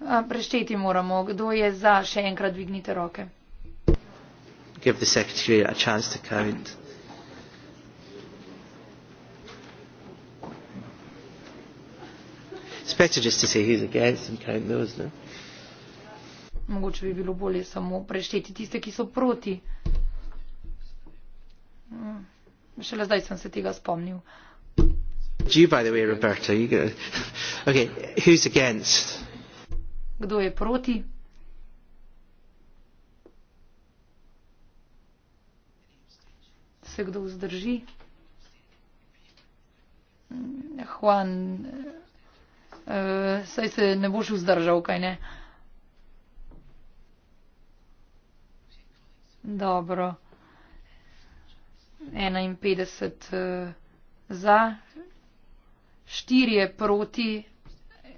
A, prešteti moramo. Kdo je za? Še enkrat dvignite roke. Give the secretary a chance to count. It's better just to say he's against and count those, no? Mogoče bi bilo bolje samo prešteti tiste, ki so proti. Mm. Šele zdaj sem se tega spomnil. Uh, you by the way roberta you gonna... (laughs) okay who's against kdo je proti se kdo vzdrži juan uh, saj se ne boš vzdržal kaj ne dobro 51 uh, eh, za štirje proti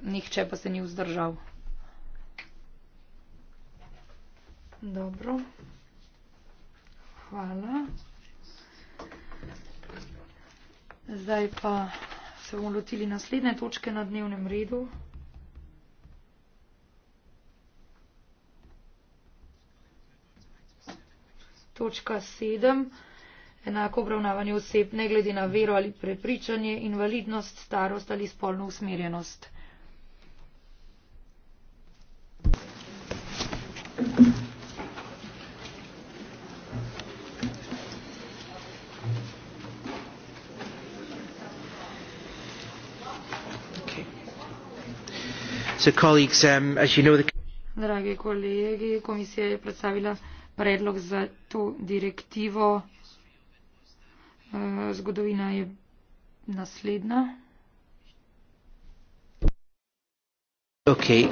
nihče pa se ni vzdržal dobro hvala zdaj pa se bomo lotili naslednje točke na dnevnem redu točka sedem enako obravnavanje oseb ne glede na vero ali prepričanje, invalidnost, starost ali spolno usmerjenost. So colleagues, um, as you know, the... Dragi kolegi, komisija je predstavila predlog za to direktivo. Eh, zgodovina je naslednja. Okay,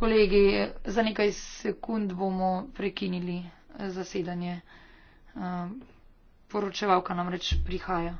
Kolegi, za nekaj sekund bomo prekinili eh, zasedanje. Eh, poročevalka namreč prihaja.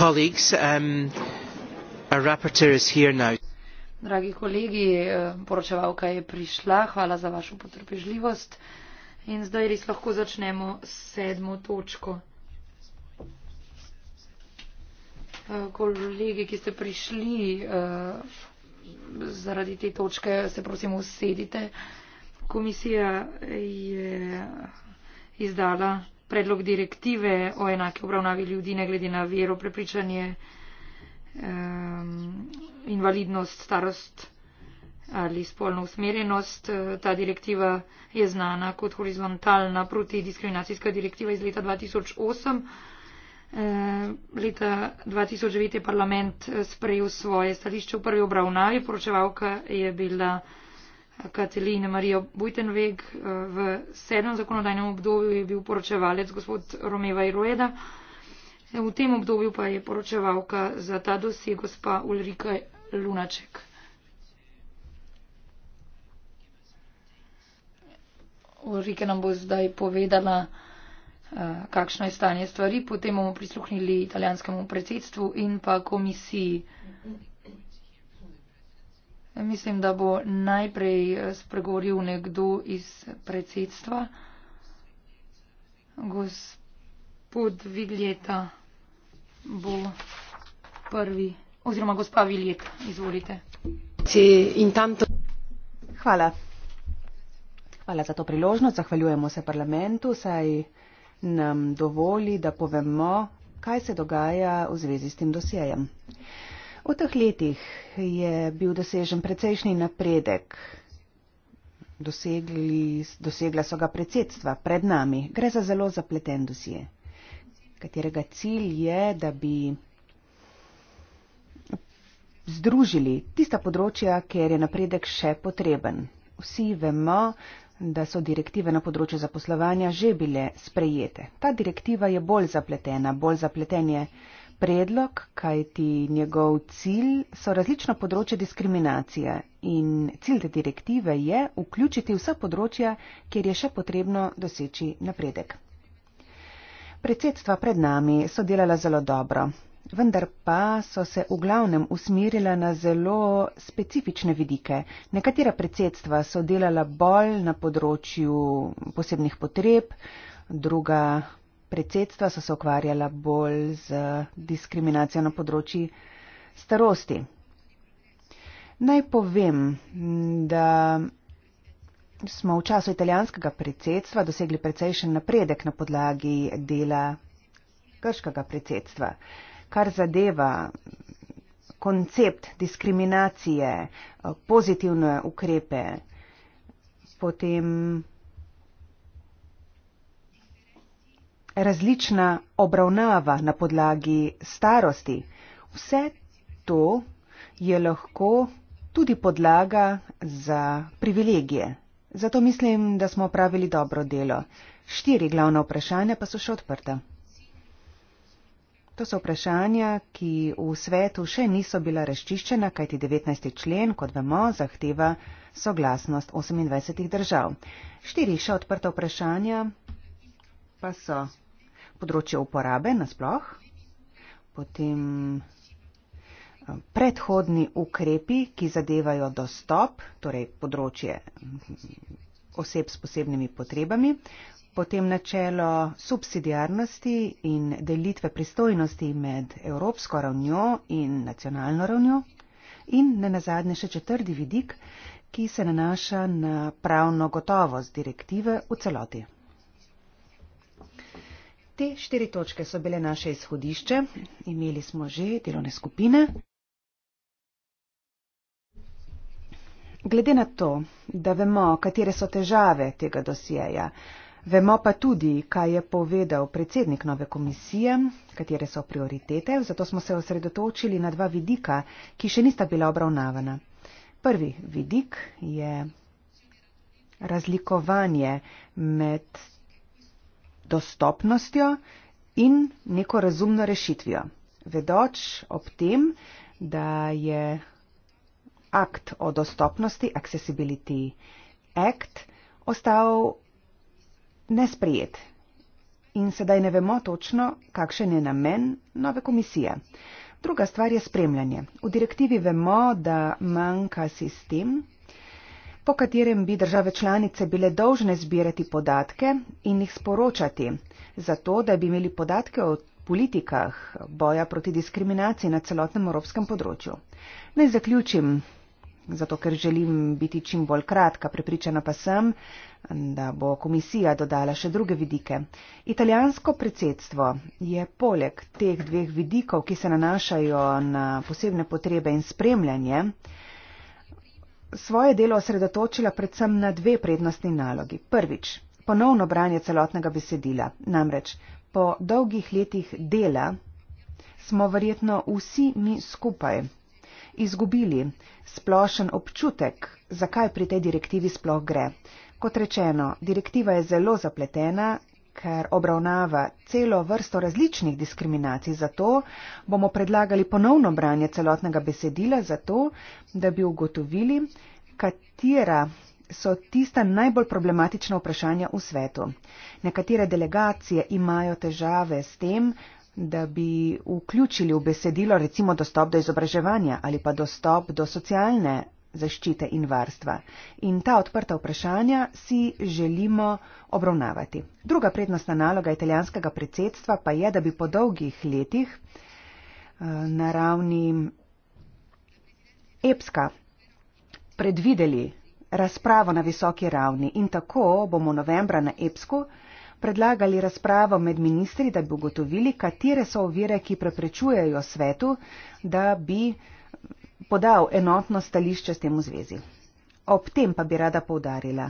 colleagues, um, our rapporteur is here now. Dragi kolegi, eh, poročevalka je prišla, hvala za vašo potrpežljivost. In zdaj res lahko začnemo s sedmo točko. Eh, kolegi, ki ste prišli eh, zaradi te točke, se prosim usedite. Komisija je izdala predlog direktive o enake obravnavi ljudi ne glede na vero, prepričanje, um, invalidnost, starost ali spolno usmerjenost. Ta direktiva je znana kot horizontalna protidiskriminacijska direktiva iz leta 2008. Leta 2009 je parlament sprejel svoje stališče v prvi obravnavi, poročevalka je bila kateline marijo buitenweg eh, v sedmem zakonodajnem obdobju je bil poročevalec gospod romeva i rueda v tem obdobju pa je poročevalka za ta dosje gospa ulrika lunacek. ulrika nam bo zdaj povedala eh, kakšno je stanje stvari potem bomo prisluhnili italijanskemu predsedstvu in pa komisiji. Mislim, da bo najprej eh, spregovoril nekdo iz predsedstva. Gospod Viljeta bo prvi, oziroma gospa Viljeta, izvolite. Hvala. Hvala za to priložnost. Zahvaljujemo se parlamentu, saj nam dovoli, da povemo, kaj se dogaja v zvezi s tem dosjejem. V teh letih je bil dosežen precejšnji napredek. Dosegli, dosegla so ga predsedstva pred nami. Gre za zelo zapleten dosje, katerega cilj je, da bi združili tista področja, kjer je napredek še potreben. Vsi vemo, da so direktive na področju zaposlovanja že bile sprejete. Ta direktiva je bolj zapletena, bolj zapletenje predlog, kajti njegov cilj so različna področja diskriminacije in cilj te direktive je vključiti vsa področja, kjer je še potrebno doseči napredek. Predsedstva pred nami so delala zelo dobro, vendar pa so se v glavnem usmirila na zelo specifične vidike. Nekatera predsedstva so delala bolj na področju posebnih potreb, druga predsedstva so se ukvarjala bolj z diskriminacijo na področju starosti. Naj povem, da smo v času italijanskega predsedstva dosegli precejšen napredek na podlagi dela grškega predsedstva, kar zadeva koncept diskriminacije, pozitivne ukrepe, potem različna obravnava na podlagi starosti. Vse to je lahko tudi podlaga za privilegije. Zato mislim, da smo opravili dobro delo. Štiri glavna vprašanja pa so še odprta. To so vprašanja, ki v svetu še niso bila razčiščena, kajti 19. člen, kot vemo, zahteva soglasnost 28 držav. Štiri še odprta vprašanja pa so področje uporabe nasploh, potem eh, predhodni ukrepi, ki zadevajo dostop, torej področje hm, oseb s posebnimi potrebami, potem načelo subsidiarnosti in delitve pristojnosti med evropsko ravnjo in nacionalno ravnjo in ne nazadnje še četrdi vidik, ki se nanaša na pravno gotovost direktive v celoti. Te štiri točke so bile naše izhodišče. Imeli smo že delovne skupine. Glede na to, da vemo, katere so težave tega dosjeja, vemo pa tudi, kaj je povedal predsednik nove komisije, katere so prioritete, zato smo se osredotočili na dva vidika, ki še nista bila obravnavana. Prvi vidik je razlikovanje med dostopnostjo in neko razumno rešitvijo, vedoč ob tem, da je akt o dostopnosti, Accessibility Act, ostal nesprejet. In sedaj ne vemo točno, kakšen je namen nove komisije. Druga stvar je spremljanje. V direktivi vemo, da manjka sistem, po katerem bi države članice bile dolžne zbirati podatke in jih sporočati, zato da bi imeli podatke o politikah boja proti diskriminaciji na celotnem evropskem področju. Naj zaključim, zato ker želim biti čim bolj kratka, prepričana pa sem, da bo komisija dodala še druge vidike. Italijansko predsedstvo je poleg teh dveh vidikov, ki se nanašajo na posebne potrebe in spremljanje, svoje delo osredotočila predvsem na dve prednostni nalogi. Prvič, ponovno branje celotnega besedila. Namreč, po dolgih letih dela smo verjetno vsi mi skupaj izgubili splošen občutek, zakaj pri tej direktivi sploh gre. Kot rečeno, direktiva je zelo zapletena, ker obravnava celo vrsto različnih diskriminacij, zato bomo predlagali ponovno branje celotnega besedila, zato da bi ugotovili, katera so tista najbolj problematična vprašanja v svetu. Nekatere delegacije imajo težave s tem, da bi vključili v besedilo recimo dostop do izobraževanja ali pa dostop do socialne zaščite in varstva. In ta odprta vprašanja si želimo obravnavati. Druga prednostna naloga italijanskega predsedstva pa je, da bi po dolgih letih eh, na ravni EPSKA predvideli razpravo na visoki ravni in tako bomo novembra na EPSKO predlagali razpravo med ministri, da bi ugotovili, katere so ovire, ki preprečujejo svetu, da bi podal enotno stališče s tem v zvezi. Ob tem pa bi rada povdarila,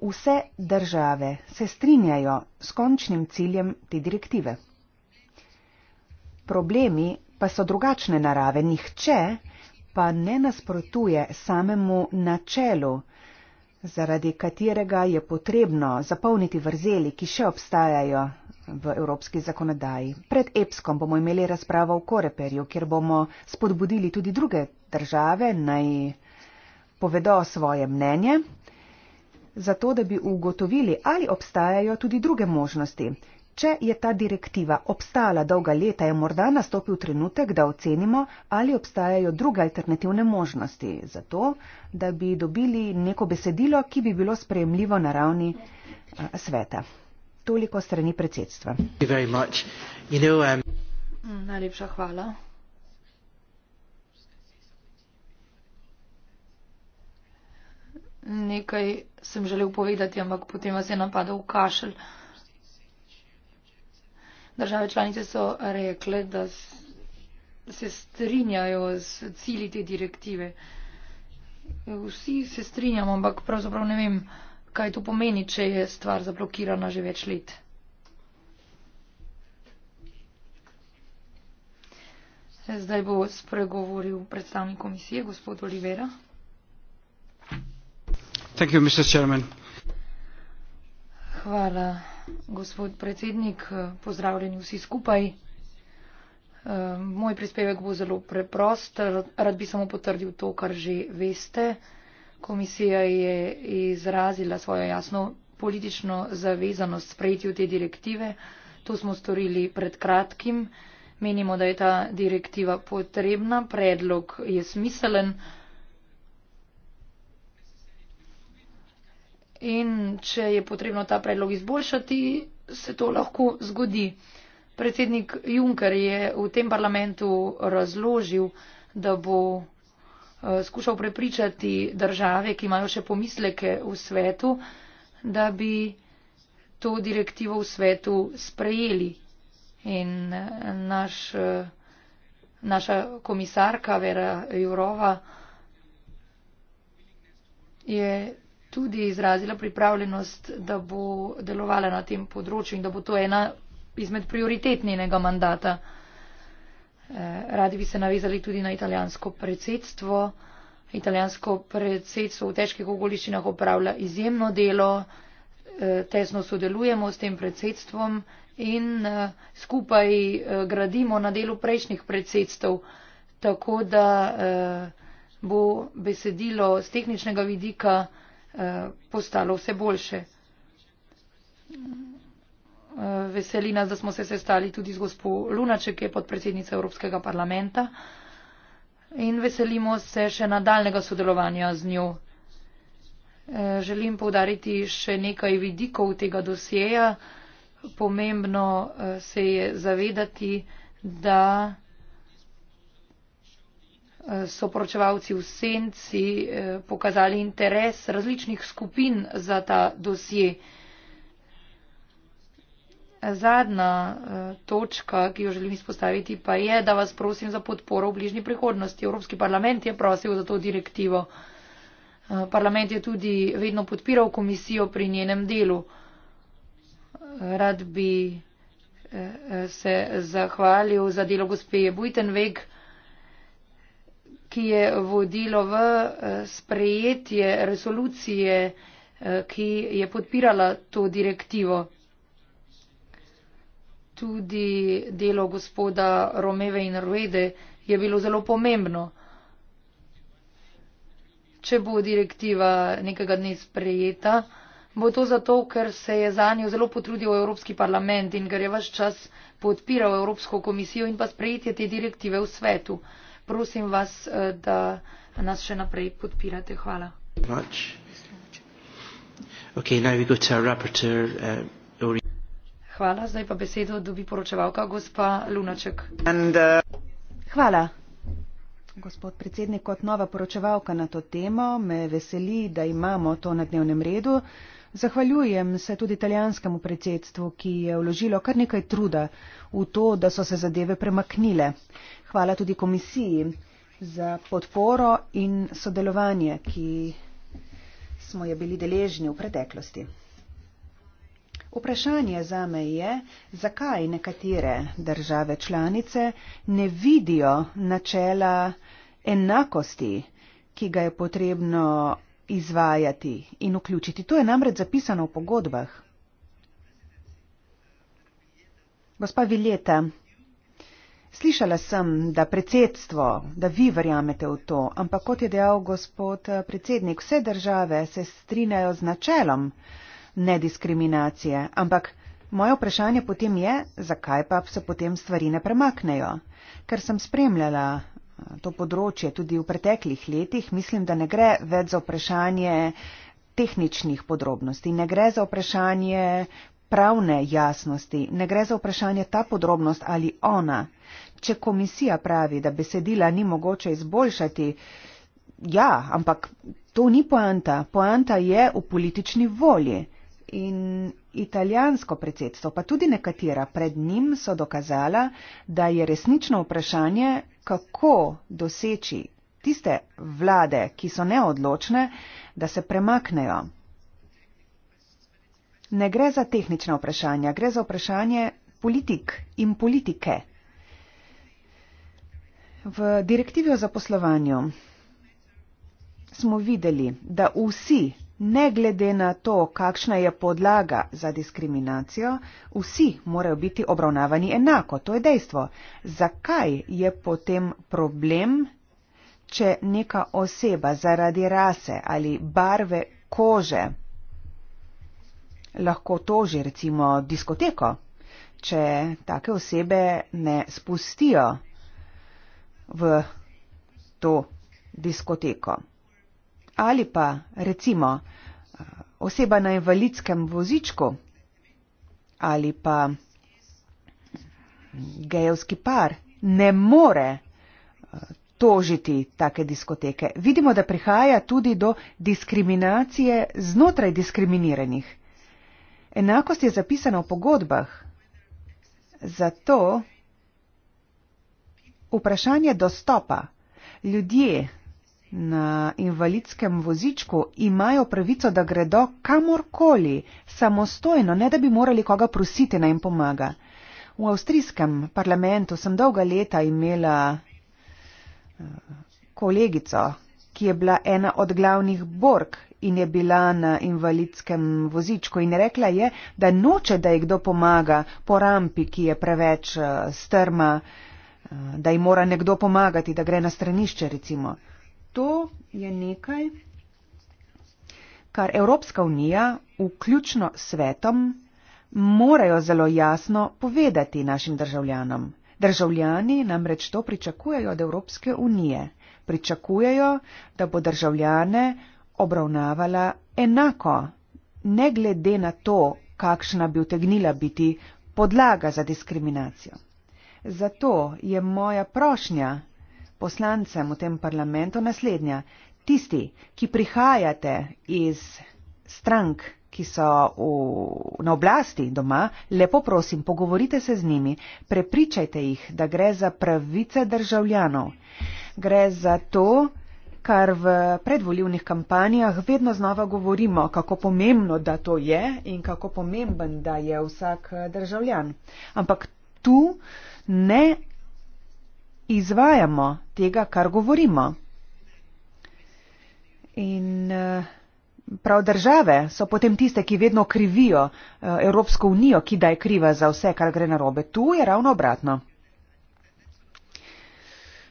vse države se strinjajo s končnim ciljem te direktive. Problemi pa so drugačne narave, nihče pa ne nasprotuje samemu načelu, zaradi katerega je potrebno zapolniti vrzeli, ki še obstajajo v evropski zakonodaji. Pred EPSKOM bomo imeli razpravo v Koreperju, kjer bomo spodbudili tudi druge države naj povedo svoje mnenje, zato da bi ugotovili, ali obstajajo tudi druge možnosti. Če je ta direktiva obstala dolga leta, je morda nastopil trenutek, da ocenimo, ali obstajajo druge alternativne možnosti, zato da bi dobili neko besedilo, ki bi bilo sprejemljivo na ravni eh, sveta toliko strani predsedstva. You know, um... Mm, najlepša hvala. Nekaj sem želel povedati, ampak potem vas je napadal kašelj. Države članice so rekle, da se strinjajo z cili te direktive. Vsi se strinjamo, ampak pravzaprav ne vem kaj to pomeni, če je stvar zablokirana že več let. Zdaj bo spregovoril predstavnik komisije, gospod Olivera. Thank you, Mr. Hvala, gospod predsednik. Pozdravljeni vsi skupaj. Moj prispevek bo zelo preprost. Rad bi samo potrdil to, kar že veste. Komisija je izrazila svojo jasno politično zavezanost sprejetju te direktive. To smo storili pred kratkim. Menimo, da je ta direktiva potrebna, predlog je smiselen. In če je potrebno ta predlog izboljšati, se to lahko zgodi. Predsednik Juncker je v tem parlamentu razložil, da bo Eh, skušal prepričati države, ki imajo še pomisleke v svetu, da bi to direktivo v svetu sprejeli. In eh, naš, eh, naša komisarka Vera Jurova je tudi izrazila pripravljenost, da bo delovala na tem področju in da bo to ena izmed prioritetnega mandata. Eh, radi bi se navezali tudi na italijansko predsedstvo. Italijansko predsedstvo v težkih okoliščinah opravlja izjemno delo, eh, tesno sodelujemo s tem predsedstvom in eh, skupaj gradimo na delu prejšnjih predsedstv, tako da bo besedilo z tehničnega vidika postalo vse boljše veseli nas, da smo se sestali tudi z gospod Lunaček, ki je podpredsednica Evropskega parlamenta. In veselimo se še nadaljnega sodelovanja z njo. Eh, želim povdariti še nekaj vidikov tega dosjeja. Pomembno eh, se je zavedati, da eh, so poročevalci v senci pokazali interes različnih skupin za ta dosje. Zadnja eh, točka, ki jo želim izpostaviti, pa je, da vas prosim za podporo v bližnji prihodnosti. Evropski parlament je prosil za to direktivo. Eh, parlament je tudi vedno podpiral komisijo pri njenem delu. Rad bi eh, se zahvalil za delo gospe Bujtenveg, ki je vodilo v sprejetje resolucije, ki je podpirala to direktivo tudi delo gospoda Romeve in Ruede je bilo zelo pomembno. Če bo direktiva nekega dne sprejeta, bo to zato, ker se je za njo zelo potrudil Evropski parlament in ker je vaš čas podpiral Evropsko komisijo in pa sprejetje te direktive v svetu. Prosim vas, eh, da nas še naprej podpirate. Hvala. Okay, now we go to our rapporteur, uh, Hvala. Zdaj pa besedo dobi poročevalka, gospa Lunaček. And, uh... Hvala. Gospod predsednik, kot nova poročevalka na to temo, me veseli, da imamo to na dnevnem redu. Zahvaljujem se tudi italijanskemu predsedstvu, ki je vložilo kar nekaj truda v to, da so se zadeve premaknile. Hvala tudi komisiji za podporo in sodelovanje, ki smo je bili deležni v preteklosti. Vprašanje za me je, zakaj nekatere države članice ne vidijo načela enakosti, ki ga je potrebno izvajati in vključiti. To je namreč zapisano v pogodbah. Gospa Viljeta, slišala sem, da predsedstvo, da vi verjamete v to, ampak kot je dejal gospod eh, predsednik, vse države se strinjajo z načelom nediskriminacije. Ampak moje vprašanje potem je, zakaj pa se potem stvari ne premaknejo? Ker sem spremljala eh, to področje tudi v preteklih letih, mislim, da ne gre več za vprašanje tehničnih podrobnosti, ne gre za vprašanje pravne jasnosti, ne gre za vprašanje ta podrobnost ali ona. Če komisija pravi, da besedila ni mogoče izboljšati, ja, ampak to ni poanta. Poanta je v politični volji in italijansko predsedstvo, pa tudi nekatera pred njim so dokazala, da je resnično vprašanje, kako doseči tiste vlade, ki so neodločne, da se premaknejo. Ne gre za tehnična vprašanja, gre za vprašanje politik in politike. V direktivi o zaposlovanju smo videli, da vsi Ne glede na to, kakšna je podlaga za diskriminacijo, vsi morajo biti obravnavani enako, to je dejstvo. Zakaj je potem problem, če neka oseba zaradi rase ali barve kože lahko toži recimo diskoteko, če take osebe ne spustijo v to diskoteko? ali pa recimo oseba na invalidskem vozičku ali pa gejovski par ne more eh, tožiti take diskoteke. Vidimo, da prihaja tudi do diskriminacije znotraj diskriminiranih. Enakost je zapisana v pogodbah. Zato vprašanje dostopa. Ljudje na invalidskem vozičku, imajo pravico, da gredo kamorkoli, samostojno, ne da bi morali koga prositi naj jim pomaga. V avstrijskem parlamentu sem dolga leta imela eh, kolegico, ki je bila ena od glavnih borg in je bila na invalidskem vozičku in rekla je, da noče, da ji kdo pomaga po rampi, ki je preveč eh, strma, eh, da ji mora nekdo pomagati, da gre na stranišče recimo to je nekaj, kar Evropska unija, vključno s svetom, morajo zelo jasno povedati našim državljanom. Državljani namreč to pričakujejo od Evropske unije. Pričakujejo, da bo državljane obravnavala enako, ne glede na to, kakšna bi utegnila biti podlaga za diskriminacijo. Zato je moja prošnja poslancem v tem parlamentu naslednja. Tisti, ki prihajate iz strank, ki so v, na oblasti doma, lepo prosim, pogovorite se z njimi, prepričajte jih, da gre za pravice državljanov. Gre za to, kar v predvoljivnih kampanjah vedno znova govorimo, kako pomembno, da to je in kako pomemben, da je vsak eh, državljan. Ampak tu ne izvajamo tega, kar govorimo. In eh, prav države so potem tiste, ki vedno krivijo eh, Evropsko unijo, ki da je kriva za vse, kar gre narobe. Tu je ravno obratno.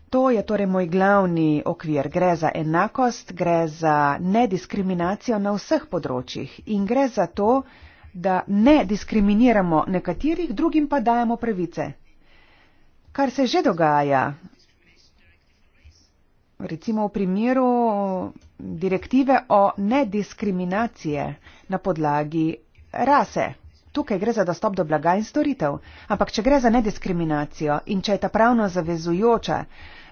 To je torej moj glavni okvir. Gre za enakost, gre za nediskriminacijo na vseh področjih in gre za to, da ne diskriminiramo nekaterih, drugim pa dajemo pravice kar se že dogaja. Recimo v primeru direktive o nediskriminacije na podlagi rase. Tukaj gre za dostop do blaga in storitev. Ampak če gre za nediskriminacijo in če je ta pravno zavezujoča,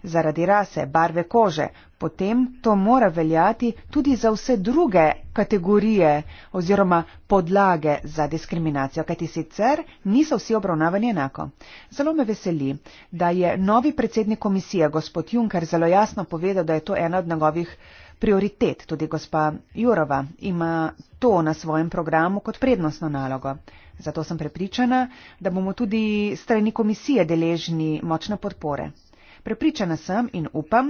zaradi rase, barve kože, potem to mora veljati tudi za vse druge kategorije oziroma podlage za diskriminacijo, kajti sicer niso vsi obravnavani enako. Zelo me veseli, da je novi predsednik komisije, gospod Juncker, zelo jasno povedal, da je to ena od njegovih prioritet. Tudi gospa Jurova ima to na svojem programu kot prednostno nalogo. Zato sem prepričana, da bomo tudi strani komisije deležni močne podpore. Prepričana sem in upam,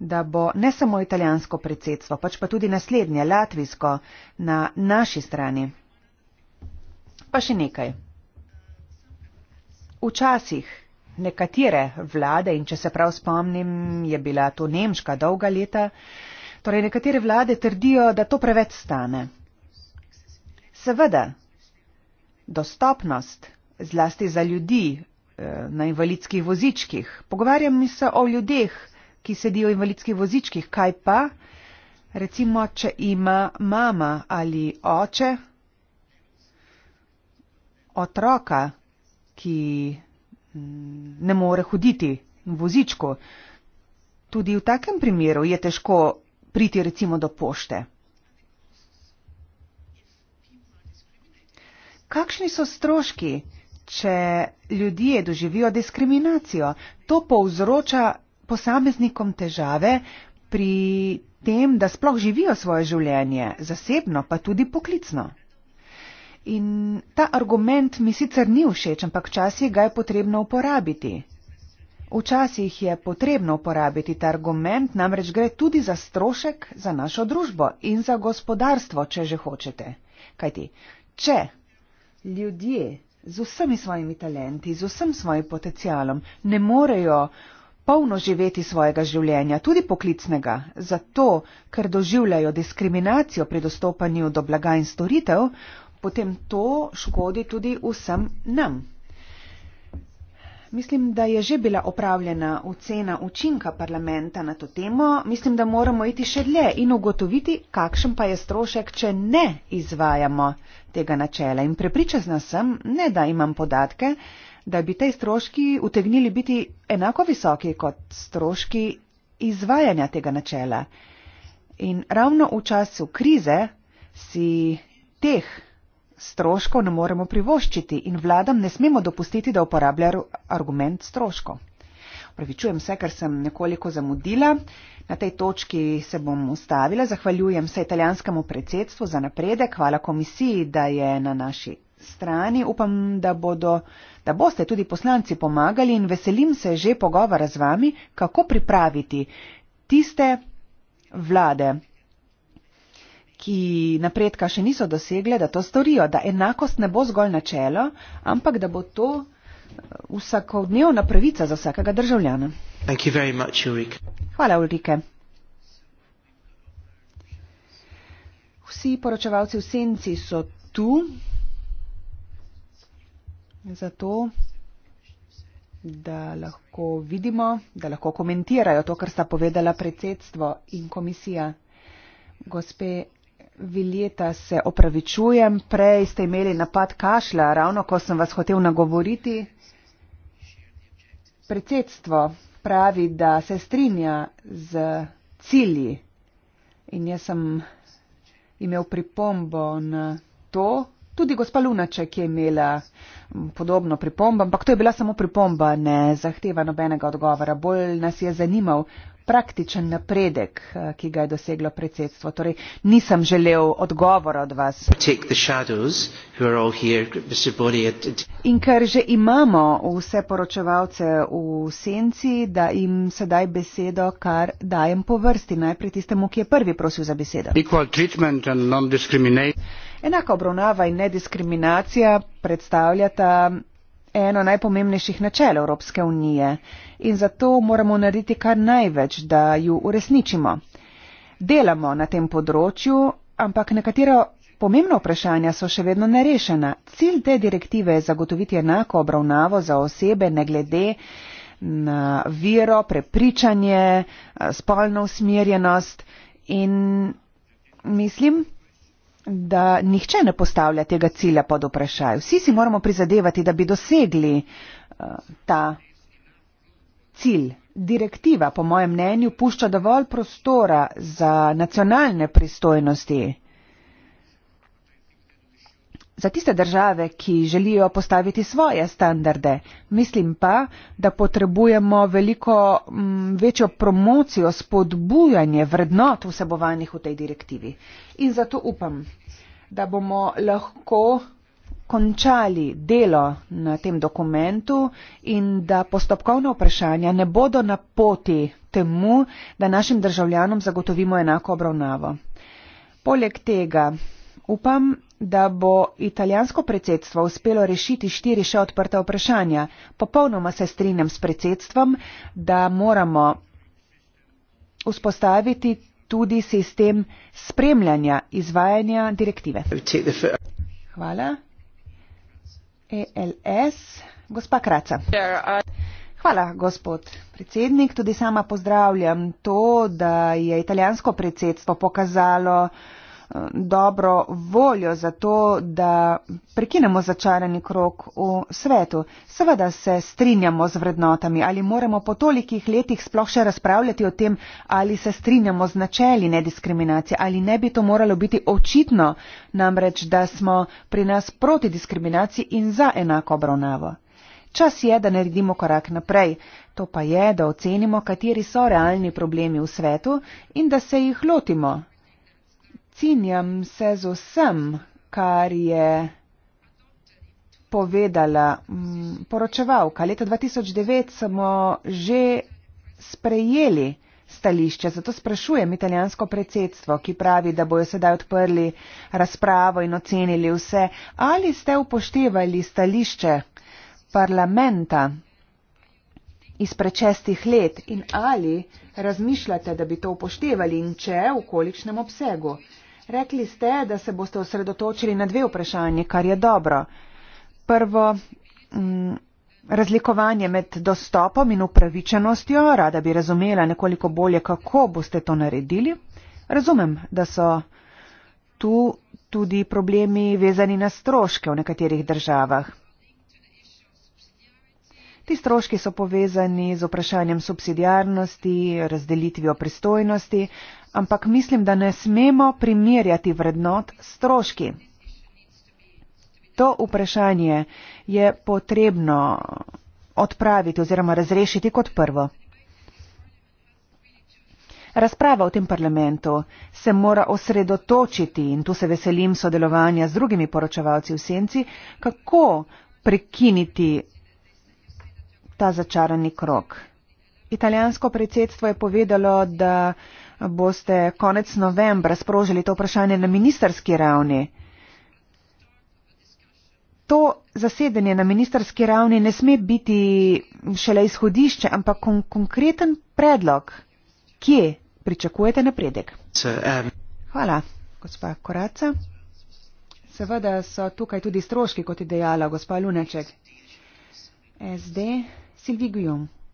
da bo ne samo italijansko predsedstvo, pač pa tudi naslednje latvijsko na naši strani. Pa še nekaj. Včasih nekatere vlade, in če se prav spomnim, je bila to nemška dolga leta, torej nekatere vlade trdijo, da to preveč stane. Seveda, dostopnost, zlasti za ljudi, Eh, na invalidskih vozičkih. Pogovarjam se o ljudeh, ki sedijo v invalidskih vozičkih. Kaj pa, recimo, če ima mama ali oče otroka, ki mm, ne more hoditi v vozičku. Tudi v takem primeru je težko priti recimo do pošte. Kakšni so stroški? če ljudje doživijo diskriminacijo. To povzroča posameznikom težave pri tem, da sploh živijo svoje življenje, zasebno pa tudi poklicno. In ta argument mi sicer ni všeč, ampak včasih ga je potrebno uporabiti. Včasih je potrebno uporabiti ta argument, namreč gre tudi za strošek za našo družbo in za gospodarstvo, če že hočete. Kajti, če ljudje z vsemi svojimi talenti, z vsem svojim potencialom, ne morejo polno živeti svojega življenja, tudi poklicnega, zato ker doživljajo diskriminacijo pri dostopanju do blaga in storitev, potem to škodi tudi vsem nam. Mislim, da je že bila opravljena ocena učinka parlamenta na to temo. Mislim, da moramo iti še dlje in ugotoviti, kakšen pa je strošek, če ne izvajamo tega načela. In prepričana sem, ne da imam podatke, da bi te stroški utegnili biti enako visoki kot stroški izvajanja tega načela. In ravno v času krize si teh stroškov ne moremo privoščiti in vladam ne smemo dopustiti, da uporabljajo argument stroškov. Pravičujem se, ker sem nekoliko zamudila. Na tej točki se bom ustavila. Zahvaljujem se italijanskemu predsedstvu za napredek. Hvala komisiji, da je na naši strani. Upam, da, bodo, da boste tudi poslanci pomagali in veselim se že pogovora z vami, kako pripraviti tiste vlade, ki napredka še niso dosegle, da to storijo, da enakost ne bo zgolj načelo, ampak da bo to eh, vsakodnevna pravica za vsakega državljana. Much, Hvala, Ulrike. Vsi poročevalci v senci so tu, zato da lahko vidimo, da lahko komentirajo to, kar sta povedala predsedstvo in komisija. Gospe Viljeta, se opravičujem, prej ste imeli napad kašla, ravno ko sem vas hotel nagovoriti. Predsedstvo pravi, da se strinja z cilji in jaz sem imel pripombo na to. Tudi gospa Lunaček je imela podobno pripombo, ampak to je bila samo pripomba, ne zahteva nobenega odgovora. Bolj nas je zanimal praktičen napredek, eh, ki ga je doseglo predsedstvo. Torej, nisem želel odgovor od vas. Shadows, here, In ker že imamo vse poročevalce v senci, da jim sedaj besedo, kar dajem po vrsti, najprej tistemu, ki je prvi prosil za besedo. Enaka obravnava in nediskriminacija predstavljata eno najpomembnejših načel Evropske unije in zato moramo narediti kar največ, da ju uresničimo. Delamo na tem področju, ampak nekatero pomembno vprašanja so še vedno nerešena. Cilj te direktive je zagotoviti enako obravnavo za osebe, ne glede na vero, prepričanje, spolno usmerjenost in mislim, da nihče ne postavlja tega cilja pod vprašaj. Vsi si moramo prizadevati, da bi dosegli eh, ta cilj. Direktiva, po mojem mnenju, pušča dovolj prostora za nacionalne pristojnosti. Za tiste države, ki želijo postaviti svoje standarde, mislim pa, da potrebujemo veliko m, mm, večjo promocijo, spodbujanje vrednot vsebovanih v tej direktivi. In zato upam, da bomo lahko končali delo na tem dokumentu in da postopkovna vprašanja ne bodo na poti temu, da našim državljanom zagotovimo enako obravnavo. Poleg tega upam, da bo italijansko predsedstvo uspelo rešiti štiri še odprta vprašanja. Popolnoma se strinjam s predsedstvom, da moramo vzpostaviti tudi sistem spremljanja izvajanja direktive. Hvala. ELS. Gospa Kraca. Hvala, gospod predsednik. Tudi sama pozdravljam to, da je italijansko predsedstvo pokazalo, dobro voljo za to, da prekinemo začarani krok v svetu. Seveda se strinjamo z vrednotami ali moramo po tolikih letih sploh še razpravljati o tem, ali se strinjamo z načeli nediskriminacije ali ne bi to moralo biti očitno, namreč da smo pri nas proti diskriminaciji in za enako obravnavo. Čas je, da naredimo korak naprej. To pa je, da ocenimo, kateri so realni problemi v svetu in da se jih lotimo strinjam se z vsem, kar je povedala mm, poročevalka. Leta 2009 smo že sprejeli stališče, zato sprašujem italijansko predsedstvo, ki pravi, da bojo sedaj odprli razpravo in ocenili vse, ali ste upoštevali stališče parlamenta iz prečestih let in ali razmišljate, da bi to upoštevali in če, v kolikšnem obsegu. Rekli ste, da se boste osredotočili na dve vprašanje, kar je dobro. Prvo, mm, razlikovanje med dostopom in upravičenostjo. Rada bi razumela nekoliko bolje, kako boste to naredili. Razumem, da so tu tudi problemi vezani na stroške v nekaterih državah. Ti stroški so povezani z vprašanjem subsidijarnosti, razdelitvijo pristojnosti, ampak mislim, da ne smemo primerjati vrednot stroški. To vprašanje je potrebno odpraviti oziroma razrešiti kot prvo. Razprava v tem parlamentu se mora osredotočiti in tu se veselim sodelovanja z drugimi poročevalci v senci, kako prekiniti ta začarani krok. Italijansko predsedstvo je povedalo, da boste konec novembra sprožili to vprašanje na ministerski ravni. To zasedanje na ministerski ravni ne sme biti šele izhodišče, ampak kon konkreten predlog, kje pričakujete napredek. Hvala, gospa Koraca. Seveda so tukaj tudi stroški, kot je dejala gospa Luneček. SD Silvigujom.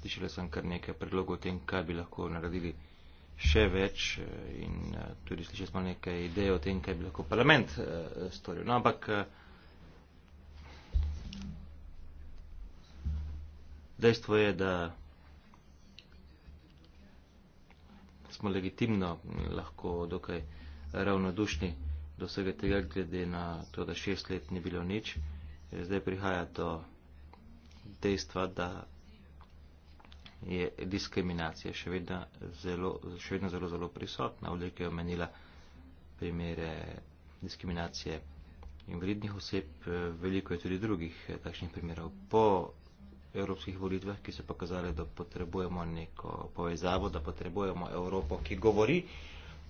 slišala sem kar nekaj predlogov o tem, kaj bi lahko naredili še več eh, in eh, tudi slišali smo nekaj idej o tem, kaj bi lahko parlament eh, storil. No, ampak dejstvo je, da smo legitimno lahko dokaj ravnodušni do vsega tega, glede na to, da šest let ni bilo nič. Zdaj prihaja do dejstva, da je diskriminacija še vedno zelo, še vedno zelo, zelo prisotna. Vlika je omenila primere diskriminacije invalidnih oseb, veliko je tudi drugih eh, takšnih primerov. Po evropskih volitvah, ki so pokazali, da potrebujemo neko povezavo, da potrebujemo Evropo, ki govori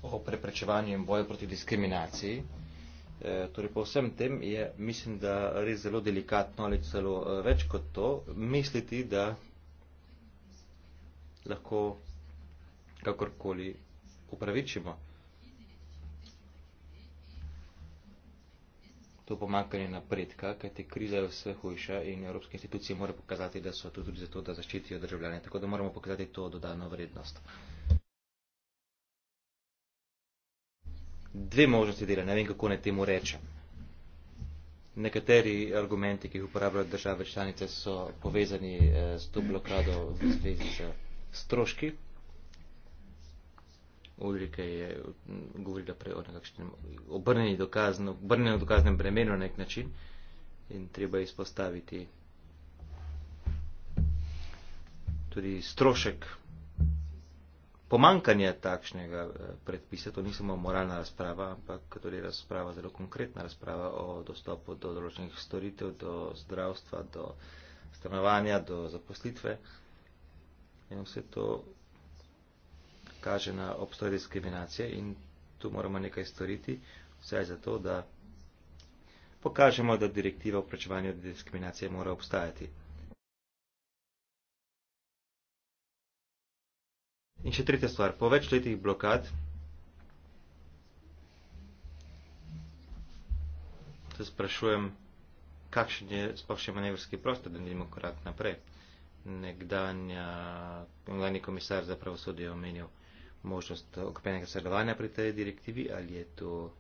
o preprečevanju in boju proti diskriminaciji. E, torej, po vsem tem je, mislim, da res zelo delikatno ali celo eh, več kot to, misliti, da lahko kakorkoli upravičimo. To pomankanje napredka, kajte kriza je vse hujša in evropske institucije morajo pokazati, da so tu tudi zato, da zaščitijo državljane. Tako da moramo pokazati to dodano vrednost. Dve možnosti dela, ne vem, kako ne temu rečem. Nekateri argumenti, ki jih uporabljajo države članice, so povezani eh, s to blokado v zvezi z. Eh, stroški. Ulrika je govorila prej o nekakšnem obrnjenem dokazno, dokaznem bremenu na nek način in treba izpostaviti tudi strošek pomankanja takšnega eh, predpisa. To ni samo moralna razprava, ampak tudi razprava, zelo konkretna razprava o dostopu do določenih storitev, do zdravstva, do stanovanja, do zaposlitve in vse to kaže na obstoj diskriminacije in tu moramo nekaj storiti, vse za to, da pokažemo, da direktiva o prečevanju diskriminacije mora obstajati. In še tretja stvar, po več letih blokad se sprašujem, kakšen je splošni manevrski prostor, da ne idemo korak naprej nekdanja, nekdanji komisar za pravosodje omenil možnost okrepenega sodelovanja pri tej direktivi ali je to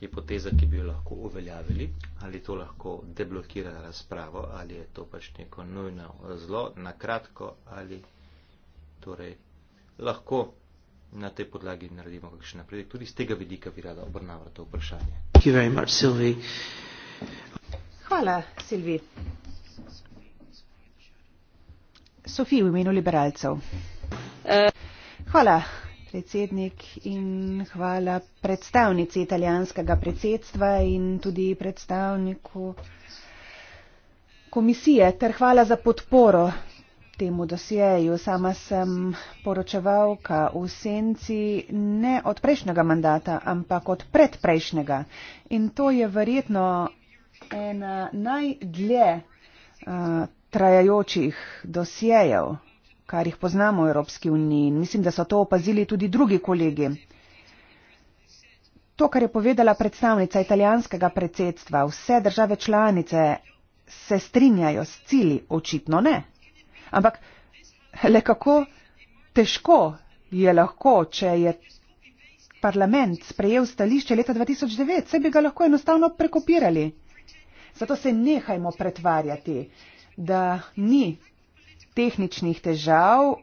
hipoteza, ki bi jo lahko uveljavili, ali to lahko deblokira razpravo, ali je to pač neko nujno zlo, na kratko, ali torej lahko na tej podlagi naredimo kakšen napredek. Tudi z tega vidika bi rada obrnavala to vprašanje. Hvala, Silvi. Sofi, v imenu liberalcev. Hvala predsednik in hvala predstavnici italijanskega predsedstva in tudi predstavniku komisije ter hvala za podporo temu dosjeju. Sama sem poročevalka v senci ne od prejšnjega mandata, ampak od predprejšnjega. In to je verjetno ena najdlje Eh, trajajočih dosjejev, kar jih poznamo v Evropski uniji. Mislim, da so to opazili tudi drugi kolegi. To, kar je povedala predstavnica italijanskega predsedstva, vse države članice se strinjajo s cili, očitno ne. Ampak le kako težko je lahko, če je parlament sprejel stališče leta 2009, se bi ga lahko enostavno prekopirali. Zato se nehajmo pretvarjati, da ni tehničnih težav.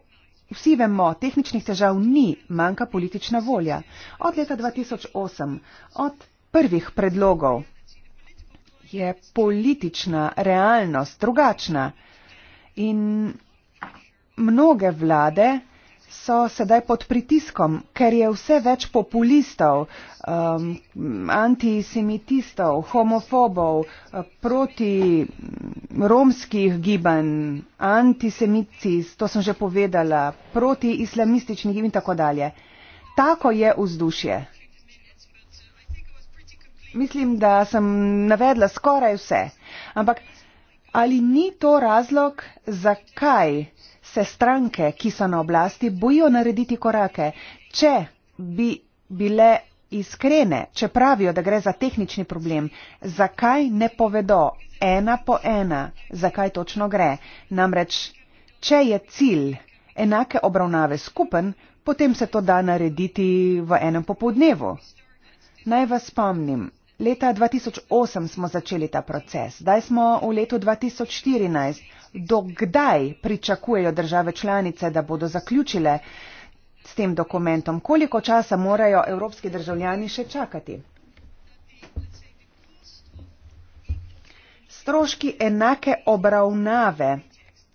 Vsi vemo, tehničnih težav ni, manjka politična volja. Od leta 2008, od prvih predlogov, je politična realnost drugačna in mnoge vlade so sedaj pod pritiskom, ker je vse več populistov, um, antisemitistov, homofobov, eh, proti romskih gibanj, antisemicis, to sem že povedala, proti islamističnih in tako dalje. Tako je vzdušje. Mislim, da sem navedla skoraj vse. Ampak ali ni to razlog, zakaj? se stranke, ki so na oblasti, bojijo narediti korake. Če bi bile iskrene, če pravijo, da gre za tehnični problem, zakaj ne povedo ena po ena, zakaj točno gre? Namreč, če je cilj enake obravnave skupen, potem se to da narediti v enem popodnevu. Naj vas spomnim. Leta 2008 smo začeli ta proces, zdaj smo v letu 2014 do kdaj pričakujejo države članice, da bodo zaključile s tem dokumentom? Koliko časa morajo evropski državljani še čakati? Stroški enake obravnave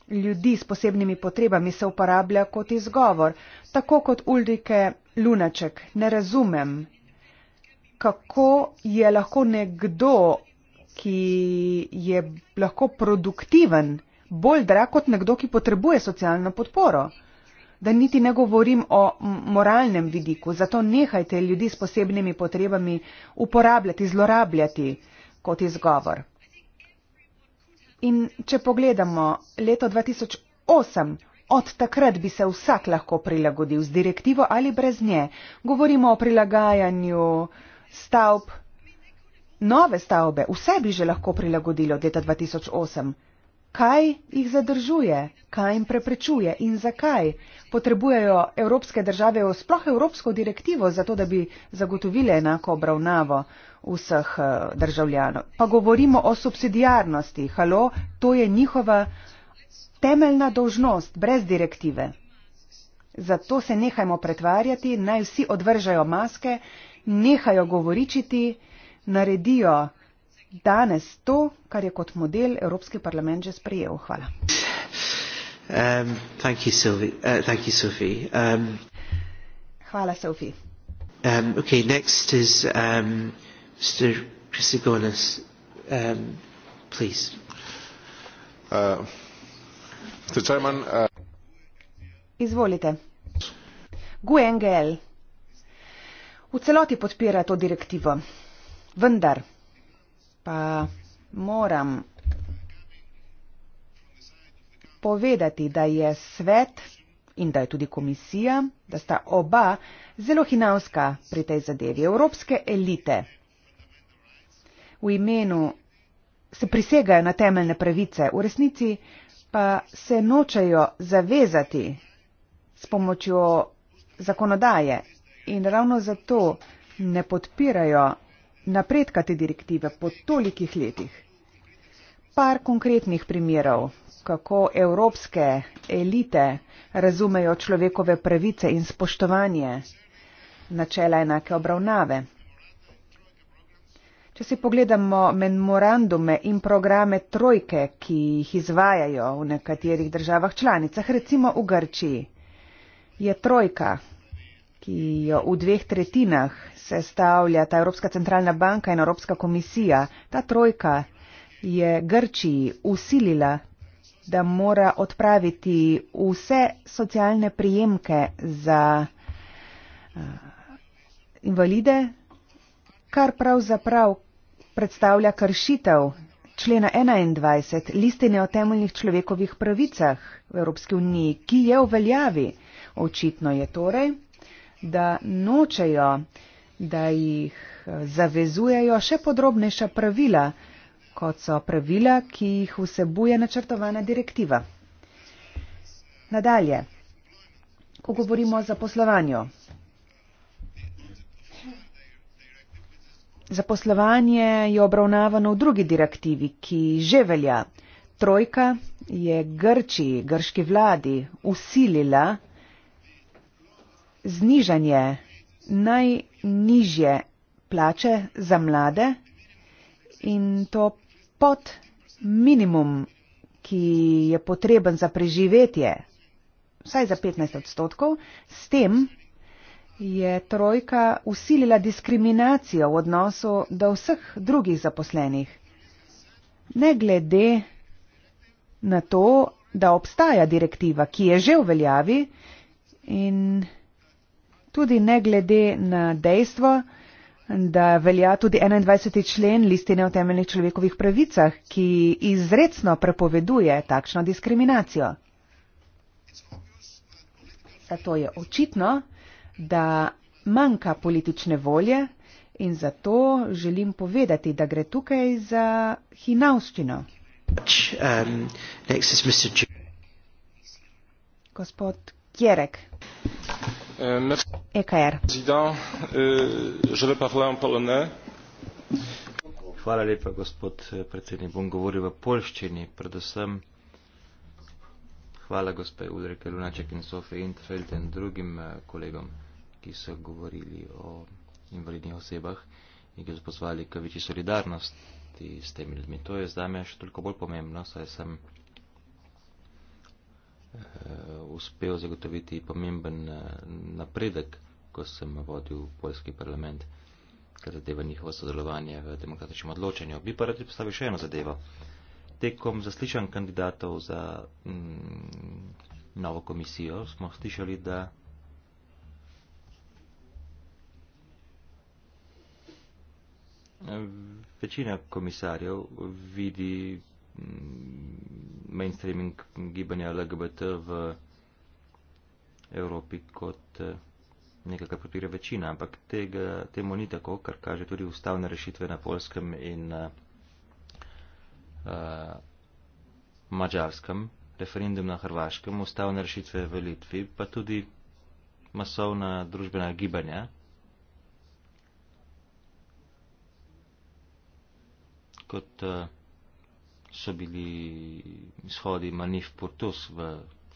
ljudi s posebnimi potrebami se uporablja kot izgovor. Tako kot Ulrike Lunaček, ne razumem, kako je lahko nekdo, ki je lahko produktiven bolj drag kot nekdo, ki potrebuje socialno podporo. Da niti ne govorim o moralnem vidiku, zato nehajte ljudi s posebnimi potrebami uporabljati, zlorabljati kot izgovor. In če pogledamo leto 2008, od takrat bi se vsak lahko prilagodil z direktivo ali brez nje. Govorimo o prilagajanju stavb, nove stavbe, vse bi že lahko prilagodilo od leta 2008 kaj jih zadržuje, kaj jim preprečuje in zakaj potrebujejo evropske države sploh evropsko direktivo za to, da bi zagotovile enako obravnavo vseh eh, državljanov. Pa govorimo o subsidijarnosti. Halo, to je njihova temeljna dožnost brez direktive. Zato se nehajmo pretvarjati, naj vsi odvržajo maske, nehajo govoričiti, naredijo danes to, kar je kot model Evropski parlament že sprejel. Hvala. Um, uh, um Hvala, Sofi. Um, okay, next is um, Mr. Chrysogonis. Um, please. Uh, Mr. Chairman. Uh... Izvolite. Guengel. V celoti podpira to direktivo. Vendar pa moram povedati, da je svet in da je tudi komisija, da sta oba zelo hinavska pri tej zadevi. Evropske elite v imenu se prisegajo na temeljne pravice, v resnici pa se nočejo zavezati s pomočjo zakonodaje in ravno zato ne podpirajo napredka te direktive po tolikih letih. Par konkretnih primerov, kako evropske elite razumejo človekove pravice in spoštovanje načela enake obravnave. Če si pogledamo memorandume in programe trojke, ki jih izvajajo v nekaterih državah članicah, recimo v Grčiji, je trojka ki jo v dveh tretjinah sestavlja ta Evropska centralna banka in Evropska komisija, ta trojka je Grčiji usilila, da mora odpraviti vse socialne prijemke za eh, invalide, kar pravzaprav predstavlja kršitev člena 21 listine o temeljnih človekovih pravicah v Evropski uniji, ki je v veljavi. Očitno je torej, da nočejo, da jih eh, zavezujejo še podrobnejša pravila, kot so pravila, ki jih vsebuje načrtovana direktiva. Nadalje, ko govorimo o zaposlovanju. Zaposlovanje je obravnavano v drugi direktivi, ki že velja. Trojka je Grči, grški vladi, usilila znižanje najnižje plače za mlade in to pod minimum, ki je potreben za preživetje, vsaj za 15 odstotkov, s tem je trojka usilila diskriminacijo v odnosu do vseh drugih zaposlenih. Ne glede na to, da obstaja direktiva, ki je že v veljavi in tudi ne glede na dejstvo, da velja tudi 21. člen listine o temeljnih človekovih pravicah, ki izredno prepoveduje takšno diskriminacijo. Zato je očitno, da manjka politične volje in zato želim povedati, da gre tukaj za hinavščino. Um, Gospod Kjerek. EKR. Euh, e euh, hvala lepa, gospod eh, predsednik. Bom govoril v polščini. Predvsem hvala gospe Ulrike Lunaček in Sofi Intfeld in drugim eh, kolegom, ki so govorili o invalidnih osebah in ki so pozvali k večji solidarnosti s temi ljudmi. To je zame še toliko bolj pomembno, saj sem Eh, uspel zagotoviti pomemben eh, napredek, ko sem vodil polski parlament, kar zadeva njihovo sodelovanje v demokratičnem odločanju. Bi pa rad predstavil še eno zadevo. Tekom zaslišan kandidatov za mm, novo komisijo smo slišali, da. Večina komisarjev vidi mm, mainstreaming gibanja LGBT v Evropi kot eh, nekaj, kar podpira večina, ampak tega, temu ni tako, kar kaže tudi ustavne rešitve na polskem in uh, eh, eh, mačarskem, referendum na hrvaškem, ustavne rešitve v Litvi, pa tudi masovna družbena gibanja. Kot uh, so bili izhodi manif portus v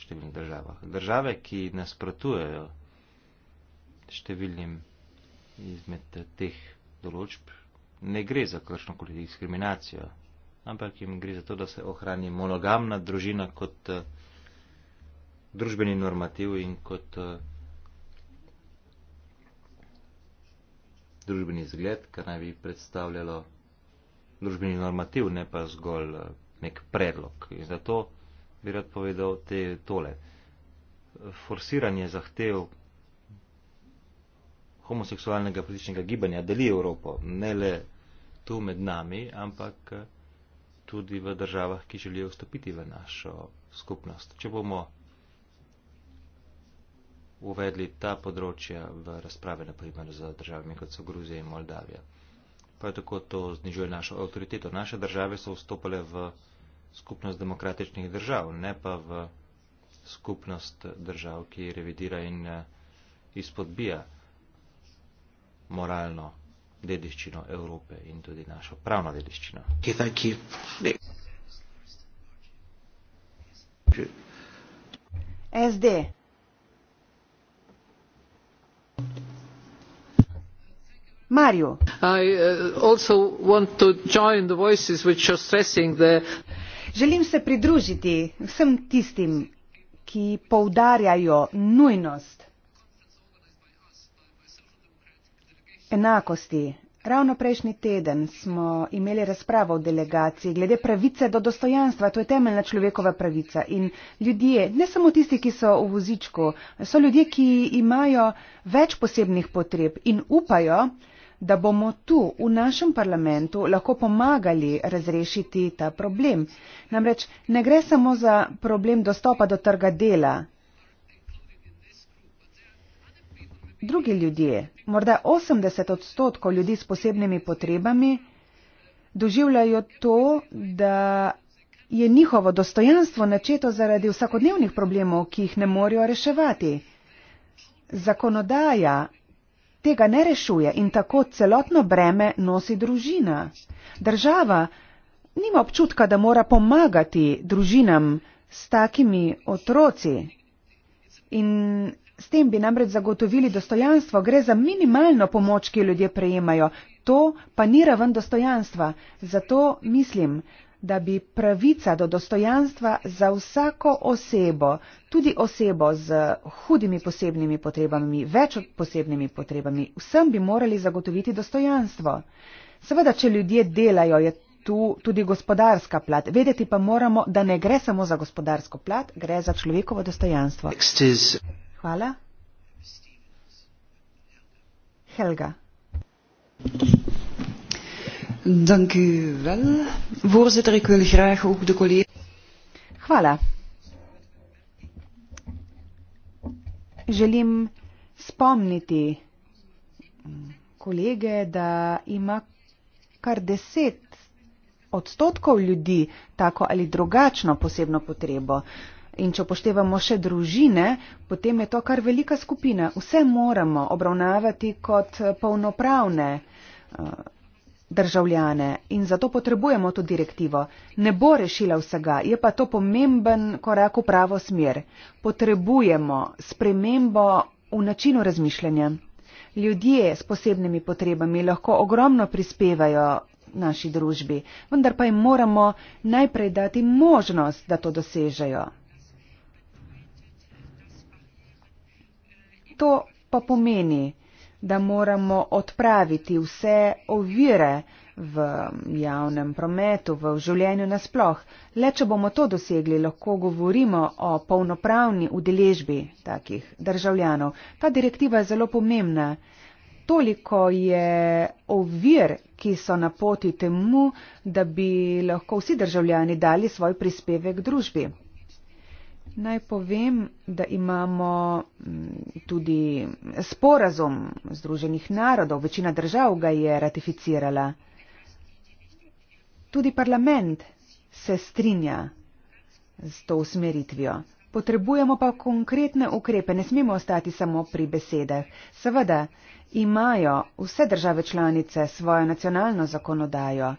številnih državah. Države, ki nasprotujejo številnim izmed teh določb, ne gre za kakšno koli diskriminacijo, ampak jim gre za to, da se ohrani monogamna družina kot eh, družbeni normativ in kot eh, družbeni zgled, kar naj bi predstavljalo družbeni normativ, ne pa zgolj eh, nek predlog. In zato bi rad povedal te tole. Forsiranje zahtev homoseksualnega političnega gibanja deli Evropo, ne le tu med nami, ampak eh, tudi v državah, ki želijo vstopiti v našo skupnost. Če bomo uvedli ta področja v razprave, naprimer za državami kot so Gruzija in Moldavija prav tako to znižuje našo avtoriteto. Naše države so vstopale v skupnost demokratičnih držav, ne pa v skupnost držav, ki revidira in eh, izpodbija moralno dediščino Evrope in tudi našo pravno dediščino. SD i uh, also want to join the voices which are stressing the Želim se pridružiti vsem tistim, ki poudarjajo nujnost enakosti. Ravno prejšnji teden smo imeli razpravo v delegaciji glede pravice do dostojanstva. To je temeljna človekova pravica. In ljudje, ne samo tisti, ki so v vozičku, so ljudje, ki imajo več posebnih potreb in upajo, da bomo tu v našem parlamentu lahko pomagali razrešiti ta problem. Namreč ne gre samo za problem dostopa do trga dela. Drugi ljudje, morda 80 odstotkov ljudi s posebnimi potrebami, doživljajo to, da je njihovo dostojanstvo načeto zaradi vsakodnevnih problemov, ki jih ne morejo reševati. Zakonodaja tega ne rešuje in tako celotno breme nosi družina. Država nima občutka, da mora pomagati družinam s takimi otroci. In s tem bi namreč zagotovili dostojanstvo. Gre za minimalno pomoč, ki jo ljudje prejemajo. To pa ni raven dostojanstva. Zato mislim, da bi pravica do dostojanstva za vsako osebo, tudi osebo z hudimi posebnimi potrebami, več posebnimi potrebami, vsem bi morali zagotoviti dostojanstvo. Seveda, če ljudje delajo, je tu tudi gospodarska plat. Vedeti pa moramo, da ne gre samo za gospodarsko plat, gre za človekovo dostojanstvo. Hvala. Helga. Thank you. Dank u wel, voorzitter. Ik wil graag ook de collega. Hvala. Želim spomniti mm, kolege, da ima kar deset odstotkov ljudi tako ali drugačno posebno potrebo. In če poštevamo še družine, potem je to kar velika skupina. Vse moramo obravnavati kot polnopravne. Eh, državljane in zato potrebujemo to direktivo. Ne bo rešila vsega, je pa to pomemben korak v pravo smer. Potrebujemo spremembo v načinu razmišljanja. Ljudje s posebnimi potrebami lahko ogromno prispevajo naši družbi, vendar pa jim moramo najprej dati možnost, da to dosežejo. To pa pomeni, da moramo odpraviti vse ovire v javnem prometu, v življenju nasploh. Le, če bomo to dosegli, lahko govorimo o polnopravni udeležbi takih državljanov. Ta direktiva je zelo pomembna. Toliko je ovir, ki so na poti temu, da bi lahko vsi državljani dali svoj prispevek družbi. Naj povem, da imamo mm, tudi sporazum Združenih narodov, večina držav ga je ratificirala. Tudi parlament se strinja z to usmeritvijo. Potrebujemo pa konkretne ukrepe, ne smemo ostati samo pri besedah. Seveda imajo vse države članice svojo nacionalno zakonodajo.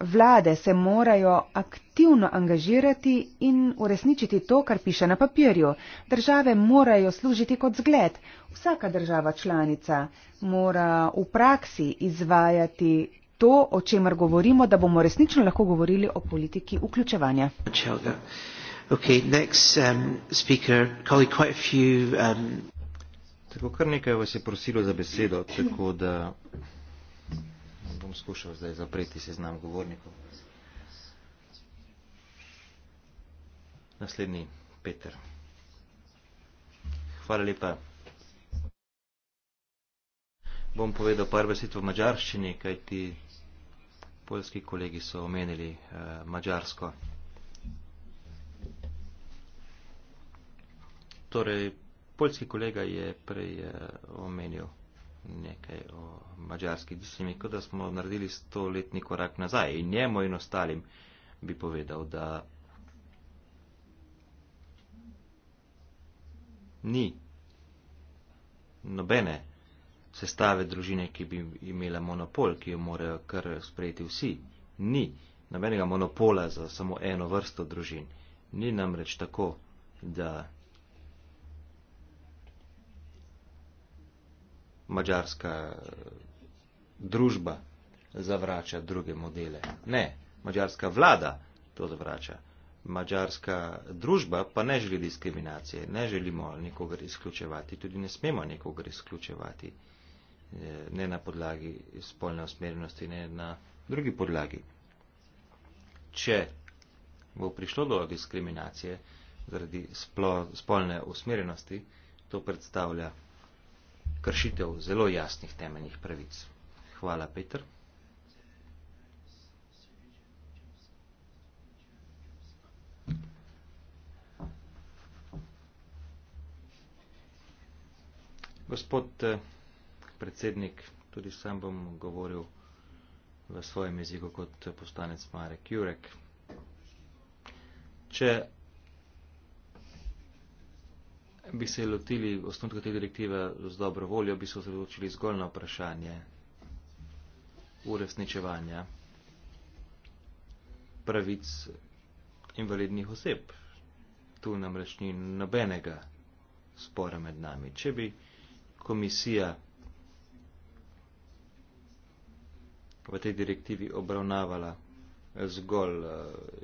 Vlade se morajo aktivno angažirati in uresničiti to, kar piše na papirju. Države morajo služiti kot zgled. Vsaka država članica mora v praksi izvajati to, o čemer govorimo, da bomo resnično lahko govorili o politiki vključevanja. Okay, next, um, speaker, few, um... Tako kar nekaj vas je prosilo za besedo, tako da bom skušal zdaj zapreti seznam govornikov. Naslednji, Peter. Hvala lepa. Bom povedal par besed v mađarščini, kajti poljski kolegi so omenili eh, mađarsko. Torej, poljski kolega je prej eh, omenil nekaj o mađarski disciplini, kot da smo naredili stoletni korak nazaj. In njemu in ostalim bi povedal, da ni nobene sestave družine, ki bi imela monopol, ki jo morajo kar sprejeti vsi. Ni nobenega monopola za samo eno vrsto družin. Ni namreč tako, da mađarska družba zavrača druge modele. Ne, mađarska vlada to zavrača. Mađarska družba pa ne želi diskriminacije, ne želimo nikogar izključevati, tudi ne smemo nikogar izključevati, eh, ne na podlagi spolne usmerjenosti, ne na drugi podlagi. Če bo prišlo do diskriminacije zaradi spolne usmerjenosti, to predstavlja kršitev zelo jasnih temeljnih pravic. Hvala, Peter. Gospod eh, predsednik, tudi sam bom govoril v svojem jeziku kot postanec Marek Jurek. Če bi se lotili osnutka te direktive z dobro voljo, bi se osredotočili zgolj na vprašanje uresničevanja pravic invalidnih oseb. Tu namreč ni nobenega spora med nami. Če bi komisija v tej direktivi obravnavala zgolj eh,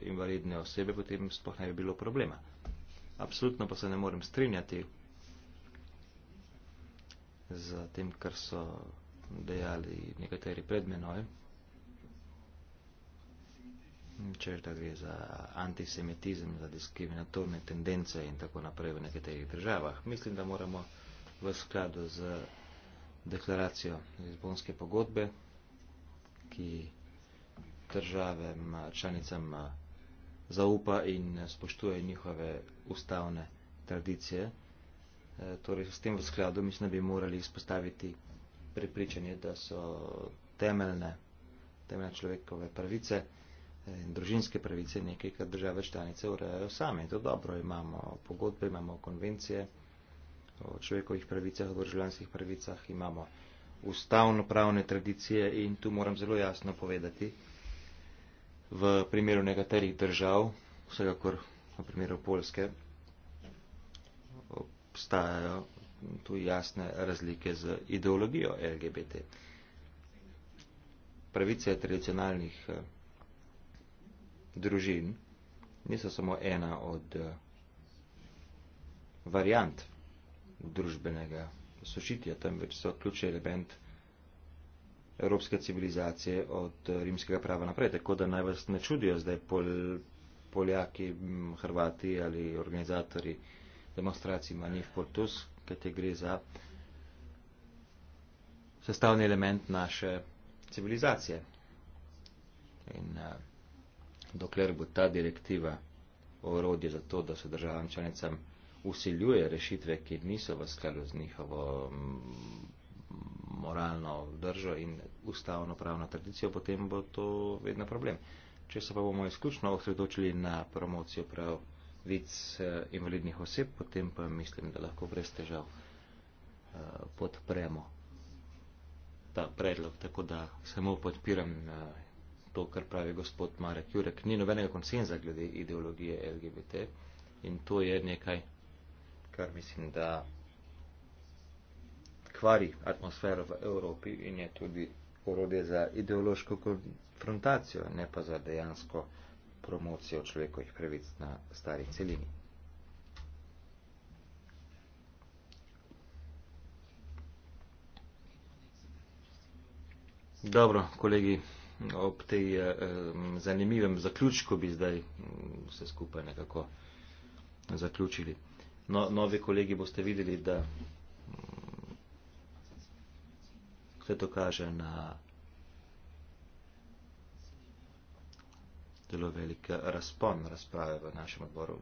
invalidne osebe, potem sploh ne bi bilo problema. Absolutno pa se ne morem strinjati z tem, kar so dejali nekateri pred menoj. Če da gre za antisemitizem, za diskriminatorne tendence in tako naprej v nekaterih državah. Mislim, da moramo v skladu z deklaracijo Lizbonske pogodbe, ki državem članicam zaupa in spoštuje njihove ustavne tradicije. E, torej, s tem v skladu mislim, da bi morali izpostaviti prepričanje, da so temeljne, temeljne človekove pravice e, in družinske pravice nekaj, kar države članice urejajo same. To dobro, imamo pogodbe, imamo konvencije o človekovih pravicah, o državljanskih pravicah, imamo ustavno-pravne tradicije in tu moram zelo jasno povedati, v primeru nekaterih držav, vsekakor na primeru Polske, obstajajo tu jasne razlike z ideologijo LGBT. Pravice tradicionalnih eh, družin niso samo ena od eh, variant družbenega sošitja, temveč so ključni element evropske civilizacije od eh, rimskega prava naprej. Tako da naj vas ne čudijo zdaj pol, Poljaki, Hrvati ali organizatori demonstracij Manif Portus, kajte gre za sestavni element naše civilizacije. In eh, dokler bo ta direktiva orodje za to, da se državam članicam usiljuje rešitve, ki niso v skladu z njihovo moralno držo in ustavno pravno tradicijo, potem bo to vedno problem. Če se pa bomo izključno osredotočili na promocijo pravic eh, invalidnih oseb, potem pa mislim, da lahko brez težav eh, podpremo ta predlog, tako da samo podpiram eh, to, kar pravi gospod Marek Jurek. Ni nobenega konsenza glede ideologije LGBT in to je nekaj, kar mislim, da kvari atmosfero v Evropi in je tudi orodje za ideološko konfrontacijo, ne pa za dejansko promocijo človekovih pravic na stari celini. Dobro, kolegi, ob tej eh, zanimivem zaključku bi zdaj vse skupaj nekako zaključili. No, novi kolegi boste videli, da Vse to kaže na zelo velik razpon razprave v našem odboru.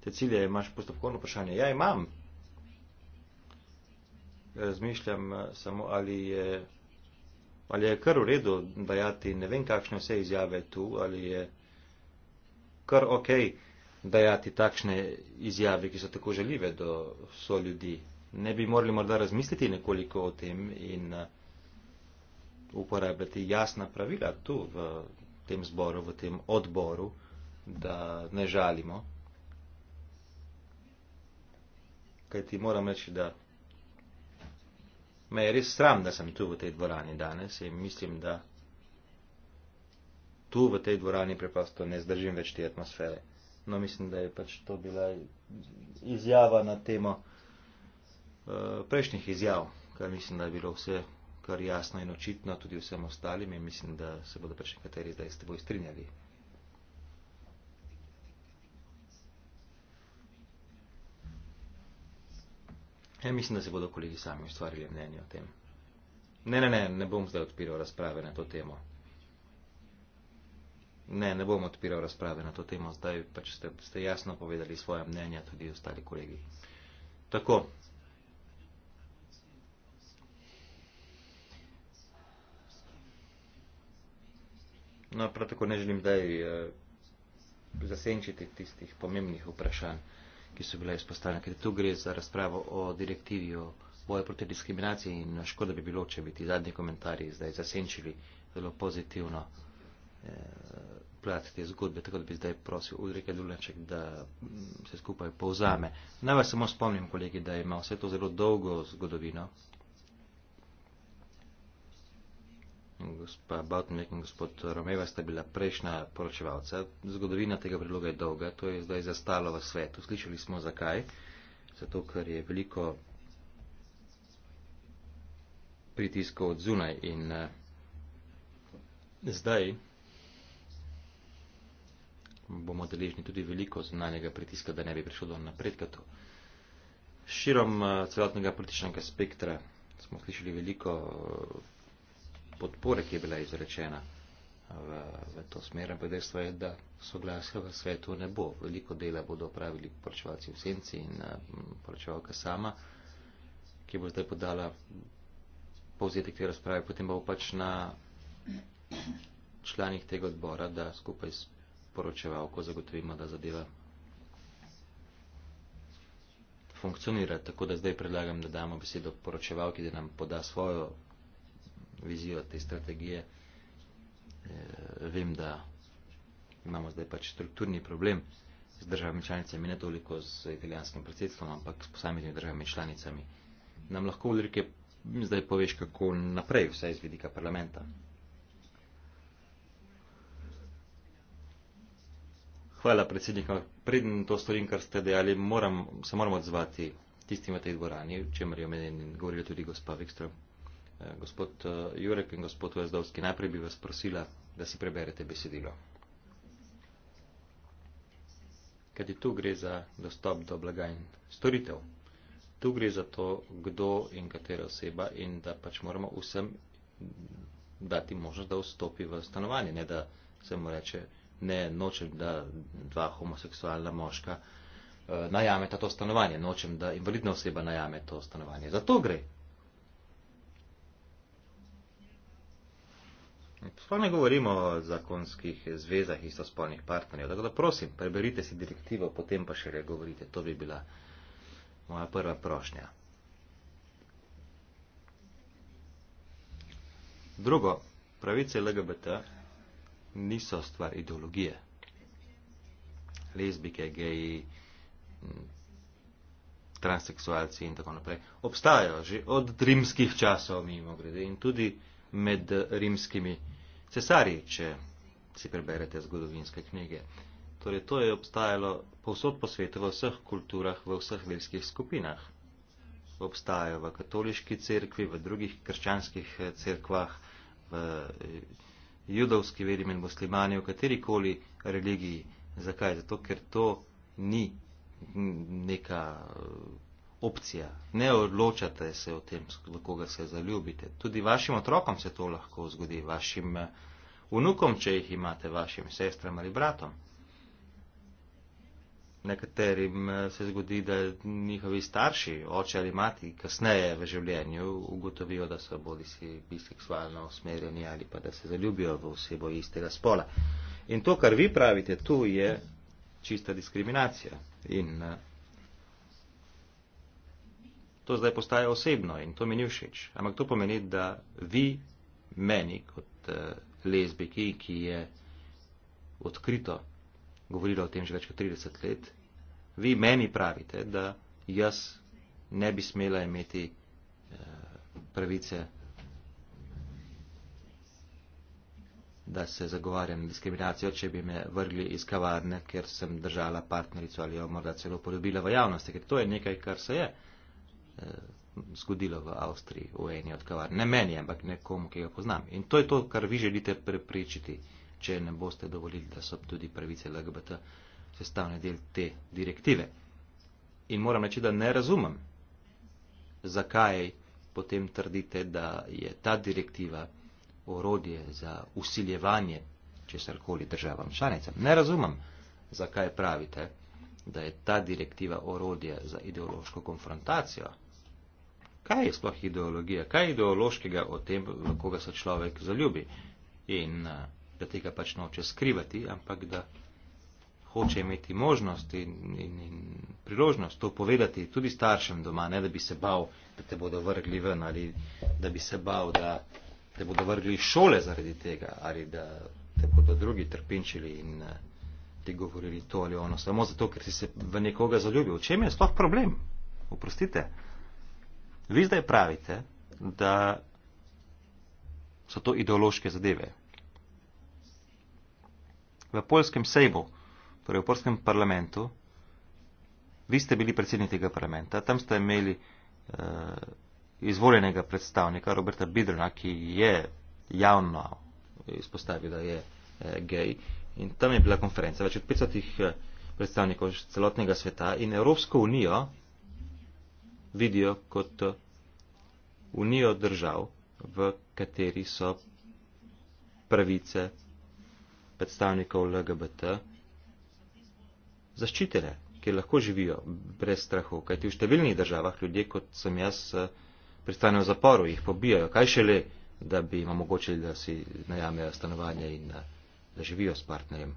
Te cilje imaš postopkovno vprašanje. Ja, imam. Razmišljam samo, ali je, ali je kar v redu dajati ne vem kakšne vse izjave tu, ali je kar ok dajati takšne izjave, ki so tako želive do so ljudi ne bi morali morda razmisliti nekoliko o tem in eh, uporabljati jasna pravila tu v tem zboru, v tem odboru, da ne žalimo. Kaj ti moram reči, da me je res sram, da sem tu v tej dvorani danes in mislim, da tu v tej dvorani preprosto ne zdržim več te atmosfere. No, mislim, da je pač to bila izjava na temo. Eh, prejšnjih izjav, kar mislim, da je bilo vse kar jasno in očitno tudi vsem ostalim in mislim, da se bodo pač nekateri zdaj s teboj strinjali. Ja, mislim, da se bodo kolegi sami ustvarili mnenje o tem. Ne, ne, ne, ne bom zdaj odpiral razprave na to temo. Ne, ne bom odpiral razprave na to temo, zdaj pač ste, ste jasno povedali svoje mnenje tudi ostali kolegi. Tako, No, prav tako ne želim zdaj eh, zasenčiti tistih pomembnih vprašanj, ki so bile izpostavljene, ker tu gre za razpravo o direktivi o boju proti diskriminaciji in eh, škoda bi bilo, če bi ti zadnji komentarji zdaj zasenčili zelo pozitivno eh, plat te zgodbe, tako da bi zdaj prosil Udrike Dulaček, da mm, se skupaj povzame. Naj vas samo spomnim, kolegi, da ima vse to zelo dolgo zgodovino, gospa Bautmek in gospod Romeva sta bila prejšnja poročevalca. Zgodovina tega predloga je dolga, to je zdaj zastalo v svetu. Slišali smo zakaj. Zato, ker je veliko pritiskov od zunaj in uh, zdaj bomo deležni tudi veliko zunanjega pritiska, da ne bi prišlo do napredka. To. Širom uh, celotnega političnega spektra smo slišali veliko uh, podpore, ki je bila izrečena eh, v, v to smer, ampak dejstvo je, da soglasja v svetu ne bo. Veliko dela bodo opravili poročevalci v senci in eh, poročevalka sama, ki bo zdaj podala povzetek te razprave, potem bo pač na članih tega odbora, da skupaj s poročevalko zagotovimo, da zadeva funkcionira. Tako da zdaj predlagam, da damo besedo poročevalki, da nam poda svojo vizijo te strategije. Eh, vem, da imamo zdaj pač strukturni problem z državami članicami, ne toliko z italijanskim predsedstvom, ampak s posameznimi državami članicami. Nam lahko, Ulrike, zdaj poveš, kako naprej, vsaj iz vidika parlamenta. Hvala, predsednik. Preden to storim, kar ste dejali, moram, se moram odzvati tistim v tej dvorani, o čemer je omenjen in govorila tudi gospa Vikstrom, Eh, gospod eh, Jurek in gospod Vezdovski, najprej bi vas prosila, da si preberete besedilo. Ker tu gre za dostop do blaga in storitev. Tu gre za to, kdo in katera oseba in da pač moramo vsem dati možnost, da vstopi v stanovanje. Ne da se mu reče, ne nočem, da dva homoseksualna moška eh, najame ta to stanovanje. Nočem, da invalidna oseba najame to stanovanje. Za to gre. Sploh ne govorimo o zakonskih zvezah istospolnih partnerjev. Tako da prosim, preberite si direktivo, potem pa še le govorite. To bi bila moja prva prošnja. Drugo, pravice LGBT niso stvar ideologije. Lezbike, geji, transseksualci in tako naprej obstajajo že od rimskih časov, mimo grede, in tudi med rimskimi cesarji, če si preberete zgodovinske knjige. Torej, to je obstajalo povsod po svetu, v vseh kulturah, v vseh verskih skupinah. Obstajajo v katoliški cerkvi, v drugih krščanskih eh, cerkvah, v eh, judovski veri med muslimani, v katerikoli religiji. Zakaj? Zato, ker to ni neka opcija. Ne odločate se o tem, v koga se zaljubite. Tudi vašim otrokom se to lahko zgodi, vašim eh, vnukom, če jih imate, vašim sestram ali bratom. Nekaterim eh, se zgodi, da njihovi starši, oče ali mati, kasneje v življenju ugotovijo, da so bodi si biseksualno usmerjeni ali pa da se zaljubijo v osebo istega spola. In to, kar vi pravite tu, je čista diskriminacija. In, uh, to zdaj postaje osebno in to mi ni všeč. Ampak to pomeni, da vi meni kot eh, lezbiki, ki je odkrito govorila o tem že več kot 30 let, vi meni pravite, da jaz ne bi smela imeti eh, pravice, da se zagovarjam diskriminacijo, če bi me vrgli iz kavarne, ker sem držala partnerico ali jo morda celo porobila v javnosti, ker to je nekaj, kar se je. Eh, zgodilo v Avstriji, v eni od kavar. Ne meni, ampak nekomu, ki ga poznam. In to je to, kar vi želite prepričati, če ne boste dovolili, da so tudi pravice LGBT sestavni del te direktive. In moram reči, da ne razumem, zakaj potem trdite, da je ta direktiva orodje za usiljevanje česarkoli državam članicam. Ne razumem, zakaj pravite, da je ta direktiva orodje za ideološko konfrontacijo kaj je sploh ideologija, kaj je ideološkega o tem, v koga se človek zaljubi in eh, da tega pač noče skrivati, ampak da hoče imeti možnost in, in, in priložnost to povedati tudi staršem doma, ne da bi se bal, da te bodo vrgli ven ali da bi se bal, da te bodo vrgli šole zaradi tega ali da te bodo drugi trpinčili in eh, ti govorili to ali ono, samo zato, ker si se v nekoga zaljubil. V čem je sploh problem? Oprostite. Vi zdaj pravite, da so to ideološke zadeve. V polskem sejbu, torej v polskem parlamentu, vi ste bili predsednik tega parlamenta, tam ste imeli eh, izvoljenega predstavnika Roberta Bidrna, ki je javno izpostavil, da je eh, gej. In tam je bila konferenca več od 500 eh, predstavnikov celotnega sveta in Evropsko unijo vidijo kot unijo držav, v kateri so pravice predstavnikov LGBT zaščitene, kjer lahko živijo brez strahu. Kajti v številnih državah ljudje, kot sem jaz, eh, pristanejo v zaporu, jih pobijajo, kaj šele, da bi jim omogočili, da si najamejo stanovanje in eh, da živijo s partnerjem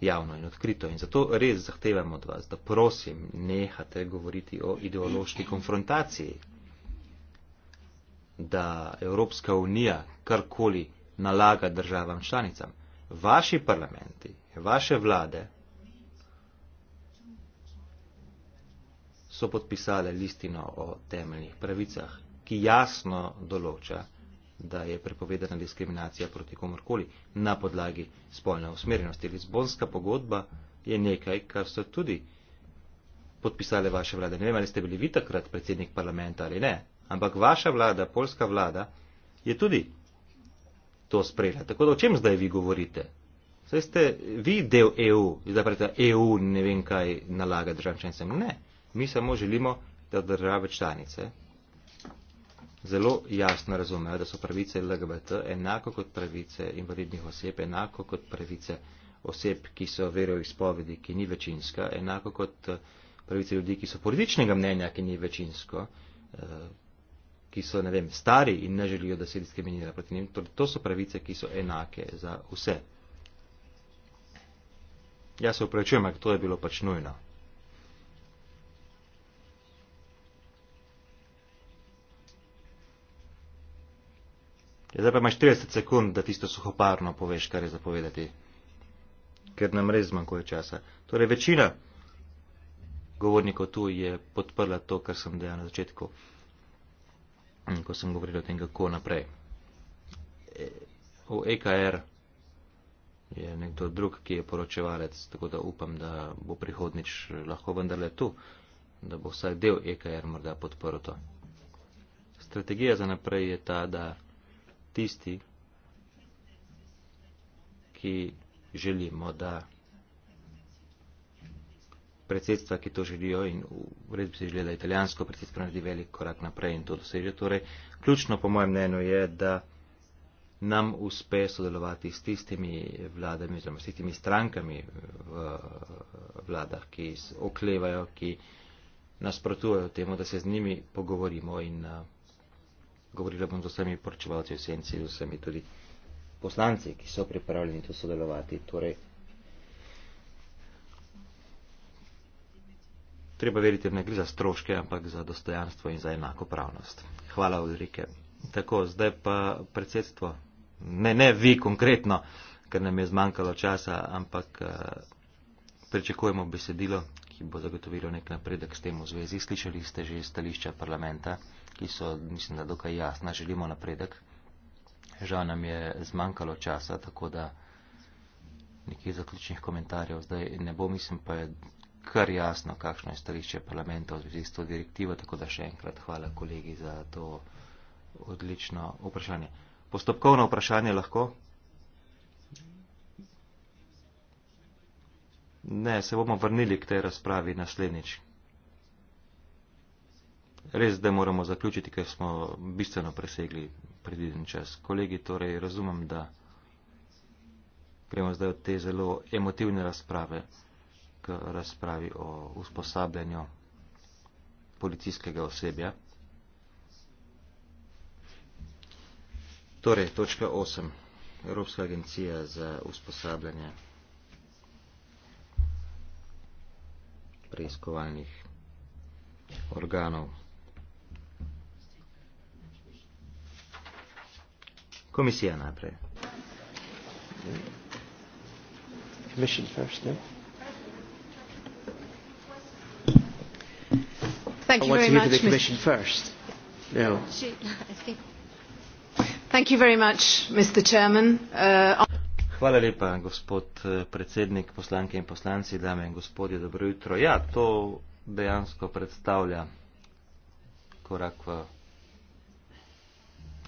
javno in odkrito. In zato res zahtevam od vas, da prosim, nehate govoriti o ideološki konfrontaciji, da Evropska unija karkoli nalaga državam članicam. Vaši parlamenti, vaše vlade so podpisale listino o temeljnih pravicah, ki jasno določa, da je prepovedana diskriminacija proti komorkoli na podlagi spolne usmerjenosti. Lizbonska pogodba je nekaj, kar so tudi podpisale vaše vlade. Ne vem, ali ste bili vi takrat predsednik parlamenta ali ne, ampak vaša vlada, polska vlada, je tudi to sprejela. Tako da o čem zdaj vi govorite? Zdaj ste vi del EU, zdaj pravite, EU ne vem, kaj nalaga državčanjcem. Ne, mi samo želimo, da države članice zelo jasno razumejo, da so pravice LGBT enako kot pravice invalidnih oseb, enako kot pravice oseb, ki so verjo izpovedi, ki ni večinska, enako kot eh, pravice ljudi, ki so političnega mnenja, ki ni večinsko, eh, ki so, ne vem, stari in ne želijo, da se diskriminira proti njim. Torej, to so pravice, ki so enake za vse. Jaz se upravičujem, ampak to je bilo pač nujno. Ja, zdaj pa imaš 30 sekund, da tisto suhoparno poveš, kar je zapovedati, ker nam res manjkuje časa. Torej, večina govornikov tu je podprla to, kar sem dejal na začetku, ko sem govoril o tem, kako naprej. O e, EKR je nekdo drug, ki je poročevalec, tako da upam, da bo prihodnič lahko vendarle tu, da bo vsaj del EKR morda podprl to. Strategija za naprej je ta, da tisti, ki želimo, da predsedstva, ki to želijo in v redu bi se želela italijansko predsedstvo naredi velik korak naprej in to doseže. Torej, ključno po mojem mnenju je, da nam uspe sodelovati s tistimi vladami, oziroma s tistimi strankami v vladah, ki oklevajo, ki nasprotujejo temu, da se z njimi pogovorimo in uh, govorila bom z vsemi poročevalci v senci, z vsemi tudi poslanci, ki so pripravljeni tu sodelovati. Torej, treba veriti, da ne gre za stroške, ampak za dostojanstvo in za enakopravnost. Hvala, Ulrike. Tako, zdaj pa predsedstvo. Ne, ne vi konkretno, ker nam je zmanjkalo časa, ampak eh, pričakujemo besedilo, ki bo zagotovilo nek napredek s tem v zvezi. Slišali ste že stališča parlamenta ki so, mislim, da dokaj jasna, želimo napredek. Žal nam je zmanjkalo časa, tako da nekih zaključnih komentarjev zdaj ne bo, mislim pa je kar jasno, kakšno je stališče parlamenta v zvezi s to direktivo, tako da še enkrat hvala kolegi za to odlično vprašanje. Postopkovno vprašanje lahko? Ne, se bomo vrnili k tej razpravi naslednjič. Res, da moramo zaključiti, ker smo bistveno presegli predviden čas. Kolegi, torej razumem, da gremo zdaj od te zelo emotivne razprave k razpravi o usposabljanju policijskega osebja. Torej, točka 8. Evropska agencija za usposabljanje preiskovalnih organov. Komisija najprej. Thank you very much. Thank you very much, Mr. Chairman. Uh, Hvala lepa, gospod eh, predsednik, poslanke in poslanci, dame in gospodje, dobro jutro. Ja, to dejansko predstavlja korak v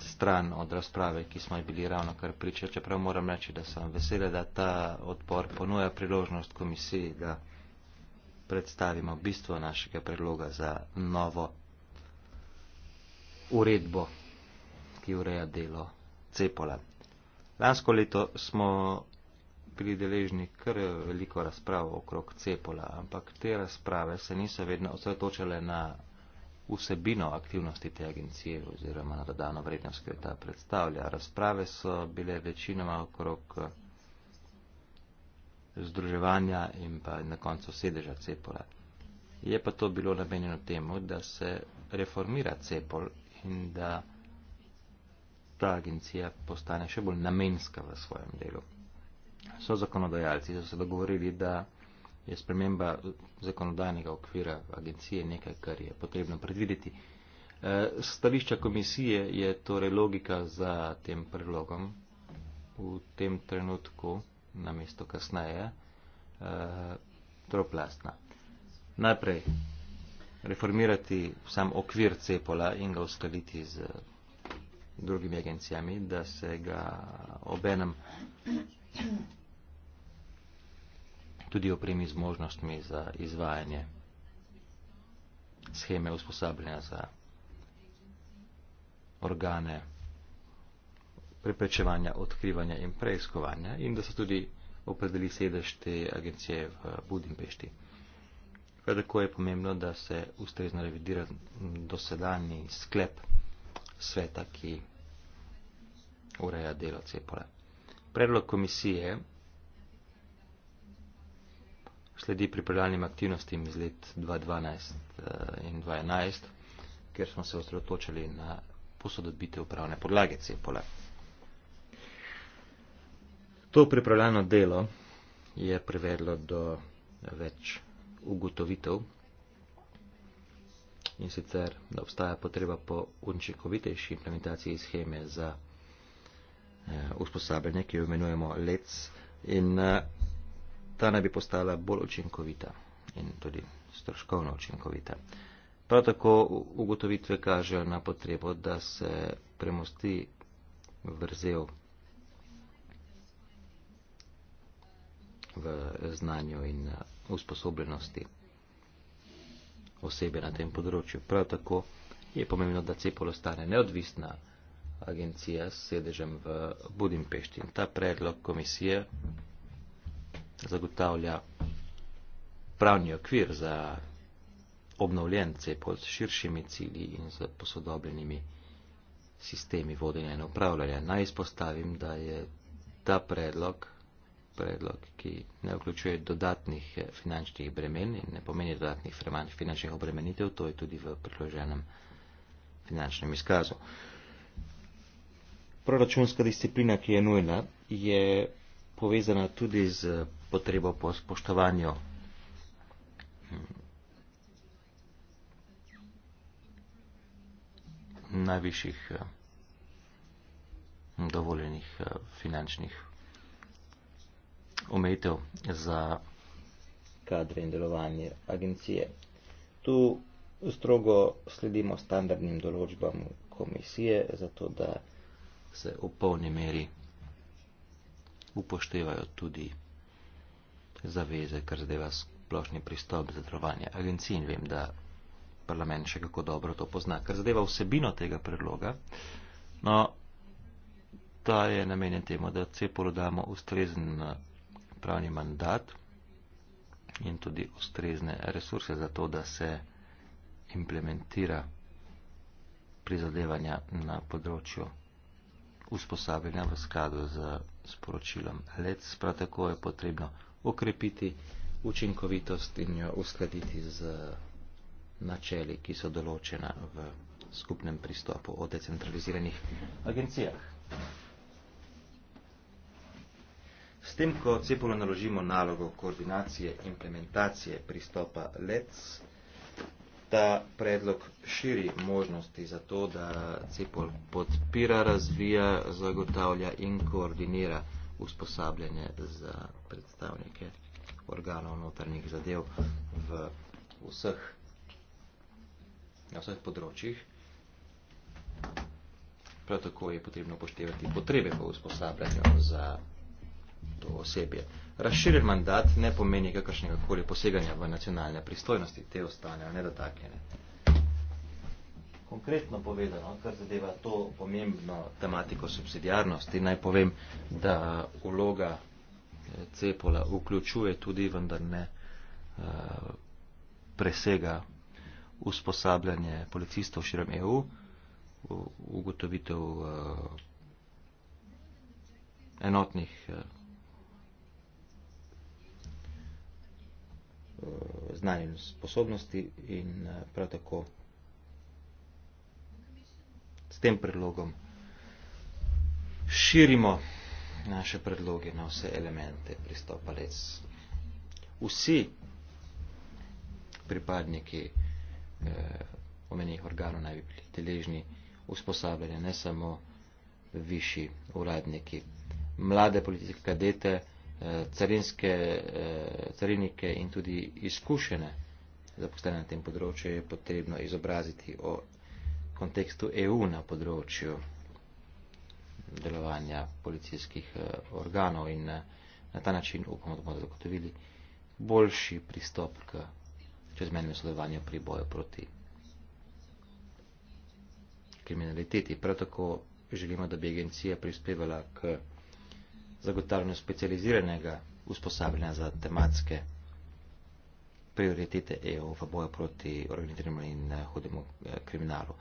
stran od razprave, ki smo ji bili ravno kar priča, čeprav moram reči, da sem vesel, da ta odpor ponuja priložnost komisiji, da predstavimo bistvo našega predloga za novo uredbo, ki ureja delo cepola. Lansko leto smo bili deležni kar veliko razprav okrog cepola, ampak te razprave se niso vedno osredotočale na vsebino aktivnosti te agencije oziroma na dodano vrednost, ki jo ta predstavlja. Razprave so bile večinoma okrog eh, združevanja in pa na koncu sedeža Cepola. Je pa to bilo namenjeno temu, da se reformira Cepol in da ta agencija postane še bolj namenska v svojem delu. So zakonodajalci so se dogovorili, da je sprememba zakonodajnega okvira agencije nekaj, kar je potrebno predvideti. Eh, stališča komisije je torej logika za tem predlogom v tem trenutku, namesto kasneje, eh, troplastna. Najprej reformirati sam okvir cepola in ga uskladiti z drugimi agencijami, da se ga obenem tudi opremi z možnostmi za izvajanje scheme usposabljanja za organe preprečevanja, odkrivanja in preiskovanja in da so tudi opredeli sedež te agencije v Budimpešti. Prav tako je pomembno, da se ustrezno revidira dosedanji sklep sveta, ki ureja delo CEPOL. Predlog komisije sledi pripravljalnim aktivnostim iz let 2012 eh, in 2011, kjer smo se osredotočili na posodobite upravne podlage CEPOLA. To pripravljeno delo je privedlo do več ugotovitev in sicer, da obstaja potreba po učinkovitejši implementaciji sheme za eh, usposabljanje, ki jo imenujemo LEC in eh, ta naj bi postala bolj učinkovita in tudi stroškovno učinkovita. Prav tako ugotovitve kažejo na potrebo, da se premosti vrzel v znanju in usposobljenosti osebe na tem področju. Prav tako je pomembno, da CEPOL ostane neodvisna agencija s sedežem v Budimpešti. In ta predlog komisije zagotavlja pravni okvir za obnovljence pod širšimi cilji in z posodobljenimi sistemi vodenja in upravljanja. Naj izpostavim, da je ta predlog, predlog, ki ne vključuje dodatnih eh, finančnih bremen in ne pomeni dodatnih finančnih obremenitev, to je tudi v predloženem finančnem izkazu. Proračunska disciplina, ki je nujna, je povezana tudi z potrebo po spoštovanju. najvišjih eh, dovoljenih eh, finančnih omejitev za kadre in delovanje agencije. Tu strogo sledimo standardnim določbam komisije, zato da se v polni meri upoštevajo tudi zaveze, kar zadeva splošni pristop za delovanje agencij in vem, da parlament še kako dobro to pozna. Kar zadeva vsebino tega predloga, no, ta je namenjen temu, da CEPOL damo ustrezen eh, pravni mandat in tudi ustrezne resurse za to, da se implementira prizadevanja na področju usposabljanja v skladu z sporočilom. Let, prav tako je potrebno okrepiti učinkovitost in jo uskladiti z načeli, ki so določena v skupnem pristopu o decentraliziranih agencijah. S tem, ko cepolo naložimo nalogo koordinacije implementacije pristopa LEDS, ta predlog širi možnosti za to, da cepol podpira, razvija, zagotavlja in koordinira usposabljanje za predstavnike organov notarnjih zadev v vseh, na vseh področjih. Prav tako je potrebno poštevati potrebe po usposabljanju za to osebje. Razširjen mandat ne pomeni kakršnega koli poseganja v nacionalne pristojnosti, te ostanejo nedotaknjene konkretno povedano, kar zadeva to pomembno tematiko subsidijarnosti. Naj povem, da uloga eh, cepola vključuje tudi, vendar ne eh, presega usposabljanje policistov širom EU, ugotovitev eh, enotnih znanj in sposobnosti in prav tako tem predlogom širimo naše predloge na vse elemente pristopa les. Vsi pripadniki eh, omenjenih organov naj bi bili deležni usposabljanja, ne samo višji uradniki. Mlade politike kadete, eh, carinske, eh, carinike in tudi izkušene zaposlene na tem področju je potrebno izobraziti o kontekstu EU na področju delovanja policijskih eh, organov in eh, na ta način upamo, da bomo zagotovili boljši pristop k čezmenjem sodelovanju pri boju proti kriminaliteti. Prav tako želimo, da bi agencija prispevala k zagotavljanju specializiranega usposabljanja za tematske prioritete EU v boju proti organiziranemu in eh, hudemu kriminalu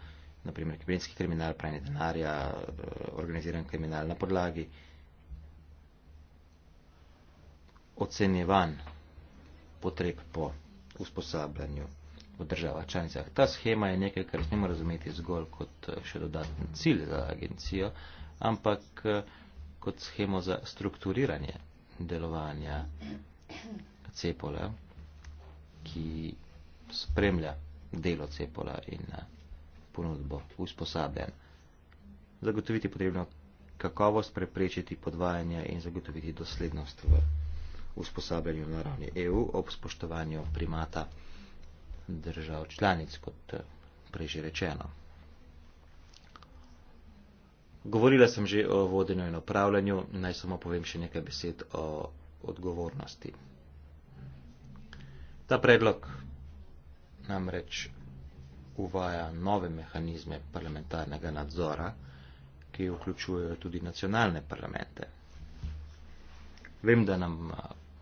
naprimer kibernetski kriminal, pranje denarja, eh, organiziran kriminal na podlagi ocenjevanj potreb po usposabljanju v državah članicah. Ta schema je nekaj, kar smemo razumeti zgolj kot eh, še dodatni cilj za agencijo, ampak eh, kot schemo za strukturiranje delovanja Cepola, ki spremlja delo Cepola in ponudbo, usposabljen. Zagotoviti potrebno kakovost, preprečiti podvajanje in zagotoviti doslednost v usposabljanju na ravni EU ob spoštovanju primata držav članic, kot prej že rečeno. Govorila sem že o vodenju in upravljanju, naj samo povem še nekaj besed o odgovornosti. Ta predlog namreč uvaja nove mehanizme parlamentarnega nadzora, ki vključujejo tudi nacionalne parlamente. Vem, da nam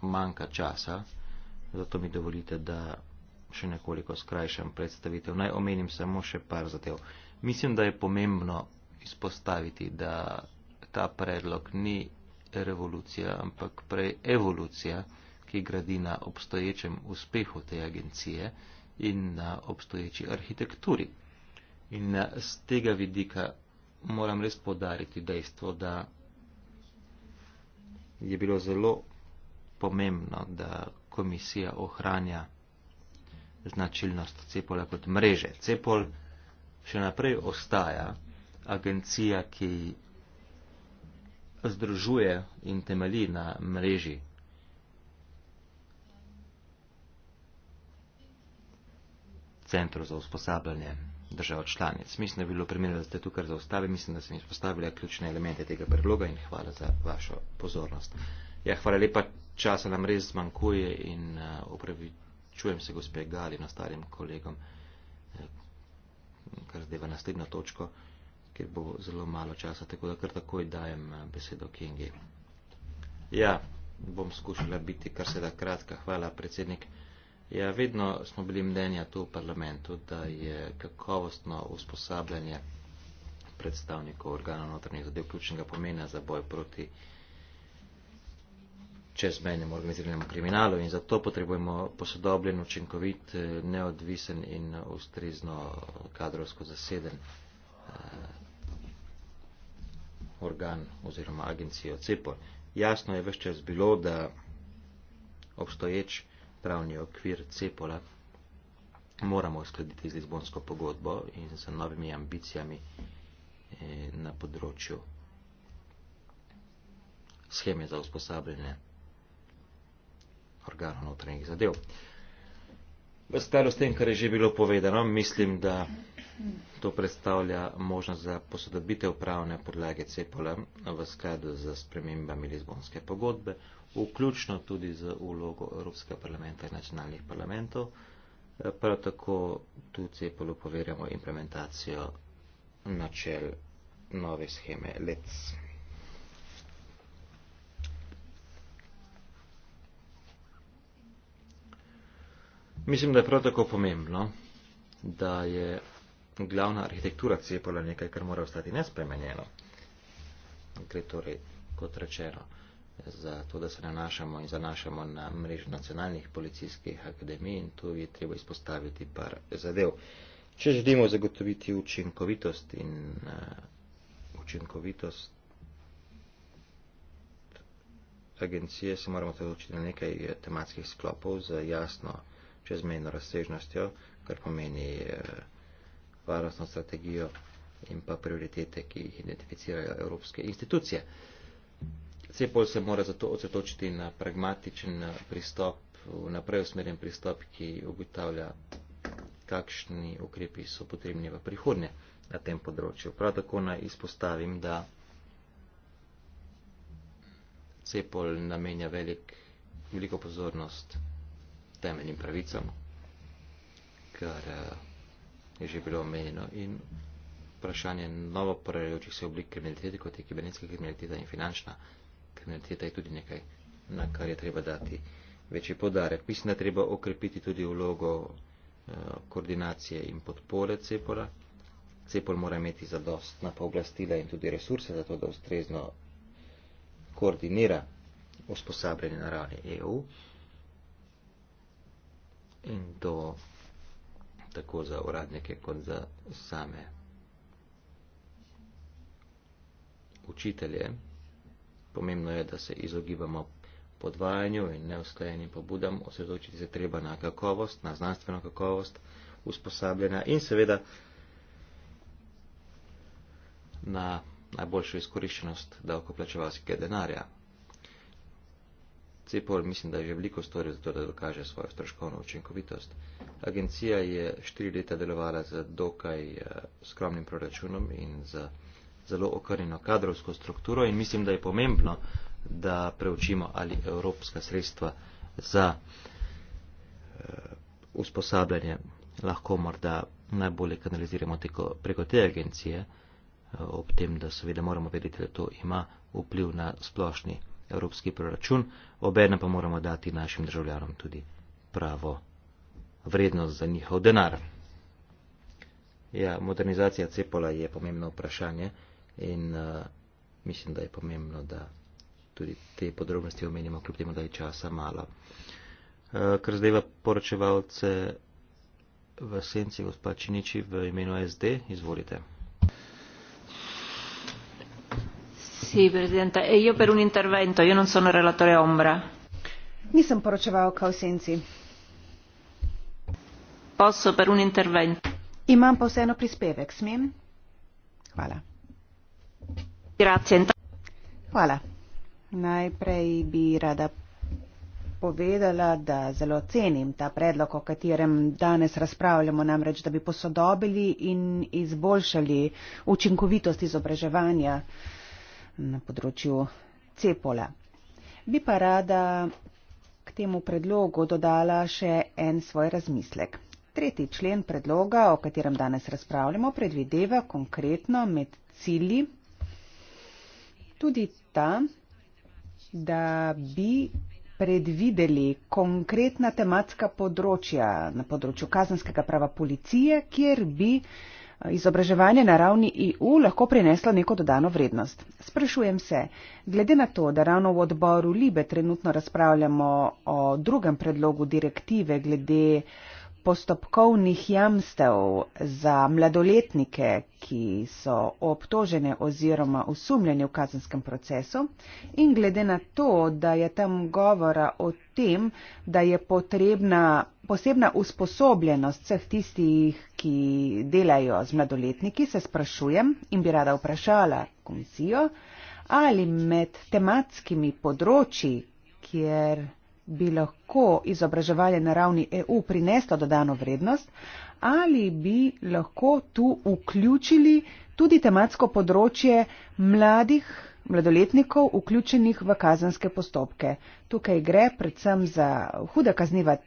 manjka časa, zato mi dovolite, da še nekoliko skrajšam predstavitev. Naj omenim samo še par zadev. Mislim, da je pomembno izpostaviti, da ta predlog ni revolucija, ampak prej evolucija, ki gradi na obstoječem uspehu te agencije in na obstoječi arhitekturi. In z eh, tega vidika moram res podariti dejstvo, da je bilo zelo pomembno, da komisija ohranja značilnost Cepola kot mreže. Cepol še naprej ostaja agencija, ki združuje in temelji na mreži centrov za usposabljanje držav članic. Mislim, da bi bilo primerno, da ste tukaj zaustavili. Mislim, da sem izpostavila ključne elemente tega predloga in hvala za vašo pozornost. Ja, hvala lepa, časa nam res zmanjkuje in eh, opravičujem uh, se gospe Gali in ostalim kolegom, eh, kar zdaj v naslednjo točko, ker bo zelo malo časa, tako da kar takoj dajem uh, besedo Kingi. Ja, bom skušala biti kar se da kratka. Hvala, predsednik. Ja, vedno smo bili mnenja tu v parlamentu, da je kakovostno usposabljanje predstavnikov organov notranjih zadev ključnega pomena za boj proti čezmenjem organiziranemu kriminalu in zato potrebujemo posodobljen, učinkovit, eh, neodvisen in ustrezno kadrovsko zaseden eh, organ oziroma agencijo CEPO. Jasno je veščas bilo, da obstoječ pravni okvir Cepola moramo uskladiti z Lizbonsko pogodbo in z novimi ambicijami eh, na področju scheme za usposabljanje organov notranjih zadev. V skladu s tem, kar je že bilo povedano, mislim, da To predstavlja možnost za posodobitev pravne podlage CEPOL-a v skladu z spremembami Lizbonske pogodbe, vključno tudi z ulogo Evropskega parlamenta in nacionalnih parlamentov. Prav tako tu CEPOL-u poverjamo implementacijo načel nove scheme LEDS. Mislim, da je prav tako pomembno, da je glavna arhitektura cepola nekaj, kar mora ostati nespremenjeno. Gre torej, kot rečeno, za to, da se nanašamo in zanašamo na mrežo nacionalnih policijskih akademij in tu je treba izpostaviti par zadev. Če želimo zagotoviti učinkovitost in uh, učinkovitost agencije, se moramo tudi učiti na nekaj eh, tematskih sklopov z jasno čezmejno razsežnostjo, kar pomeni uh, varnostno strategijo in pa prioritete, ki jih identificirajo evropske institucije. Cepol se mora zato osredotočiti na pragmatičen pristop, naprej usmerjen pristop, ki ugotavlja, kakšni ukrepi so potrebni v prihodnje na tem področju. Prav tako naj izpostavim, da Cepol namenja velik, veliko pozornost temeljnim pravicam, kar eh, je že bilo omenjeno. In vprašanje novo porajajočih se oblik kriminalitete, kot je kibernetska kriminaliteta in finančna kriminaliteta, je tudi nekaj, na kar je treba dati večji podarek. Mislim, da treba okrepiti tudi vlogo eh, koordinacije in podpore Cepola. Cepol mora imeti zadostna pooblastila in tudi resurse za to, da ustrezno koordinira usposabljanje na ravni EU in to tako za uradnike kot za same učitelje. Pomembno je, da se izogibamo podvajanju in neustajenim pobudam, osredotočiti se treba na kakovost, na znanstveno kakovost usposabljanja in seveda na najboljšo izkoriščenost davkoplačevalskega denarja. Cepor mislim, da je že veliko storil za to, da dokaže svojo stroškovno učinkovitost. Agencija je štiri leta delovala z dokaj eh, skromnim proračunom in z zelo okrnjeno kadrovsko strukturo in mislim, da je pomembno, da preučimo ali evropska sredstva za eh, usposabljanje lahko morda najbolje kanaliziramo teko, preko te agencije, eh, ob tem, da seveda moramo vedeti, da to ima vpliv na splošni evropski proračun, obedne pa moramo dati našim državljanom tudi pravo vrednost za njihov denar. Ja, modernizacija cepola je pomembno vprašanje in uh, mislim, da je pomembno, da tudi te podrobnosti omenimo, kljub temu, da je časa malo. Uh, kar zdaj poročevalce v senci gospa Činiči v imenu SD, izvolite. signora presidente eh, onorevoli colleghi per un intervento io non sono relatore ombra. mi sono poročevalka v senci. posso per un intervento. imam pa vseeno prispevek smem? hvala. grazie. hvala. najprej bi rada povedala, da zelo cenim ta predlog, o katerem danes razpravljamo, namreč da bi posodobili in izboljšali učinkovitost izobraževanja na področju cepole. Bi pa rada k temu predlogu dodala še en svoj razmislek. Tretji člen predloga, o katerem danes razpravljamo, predvideva konkretno med cilji tudi ta, da bi predvideli konkretna tematska področja na področju kazanskega prava policije, kjer bi izobraževanje na ravni EU lahko prineslo neko dodano vrednost. Sprašujem se, glede na to, da ravno v odboru Libe trenutno razpravljamo o drugem predlogu direktive glede postopkovnih jamstev za mladoletnike, ki so obtožene oziroma usumljene v kazenskem procesu in glede na to, da je tam govora o tem, da je potrebna posebna usposobljenost vseh tistih, ki delajo z mladoletniki, se sprašujem in bi rada vprašala komisijo, ali med tematskimi področji, kjer bi lahko izobraževanje na ravni EU prineslo dodano vrednost, ali bi lahko tu vključili tudi tematsko področje mladih, mladoletnikov, vključenih v kazenske postopke. Tukaj gre predvsem za huda kazniva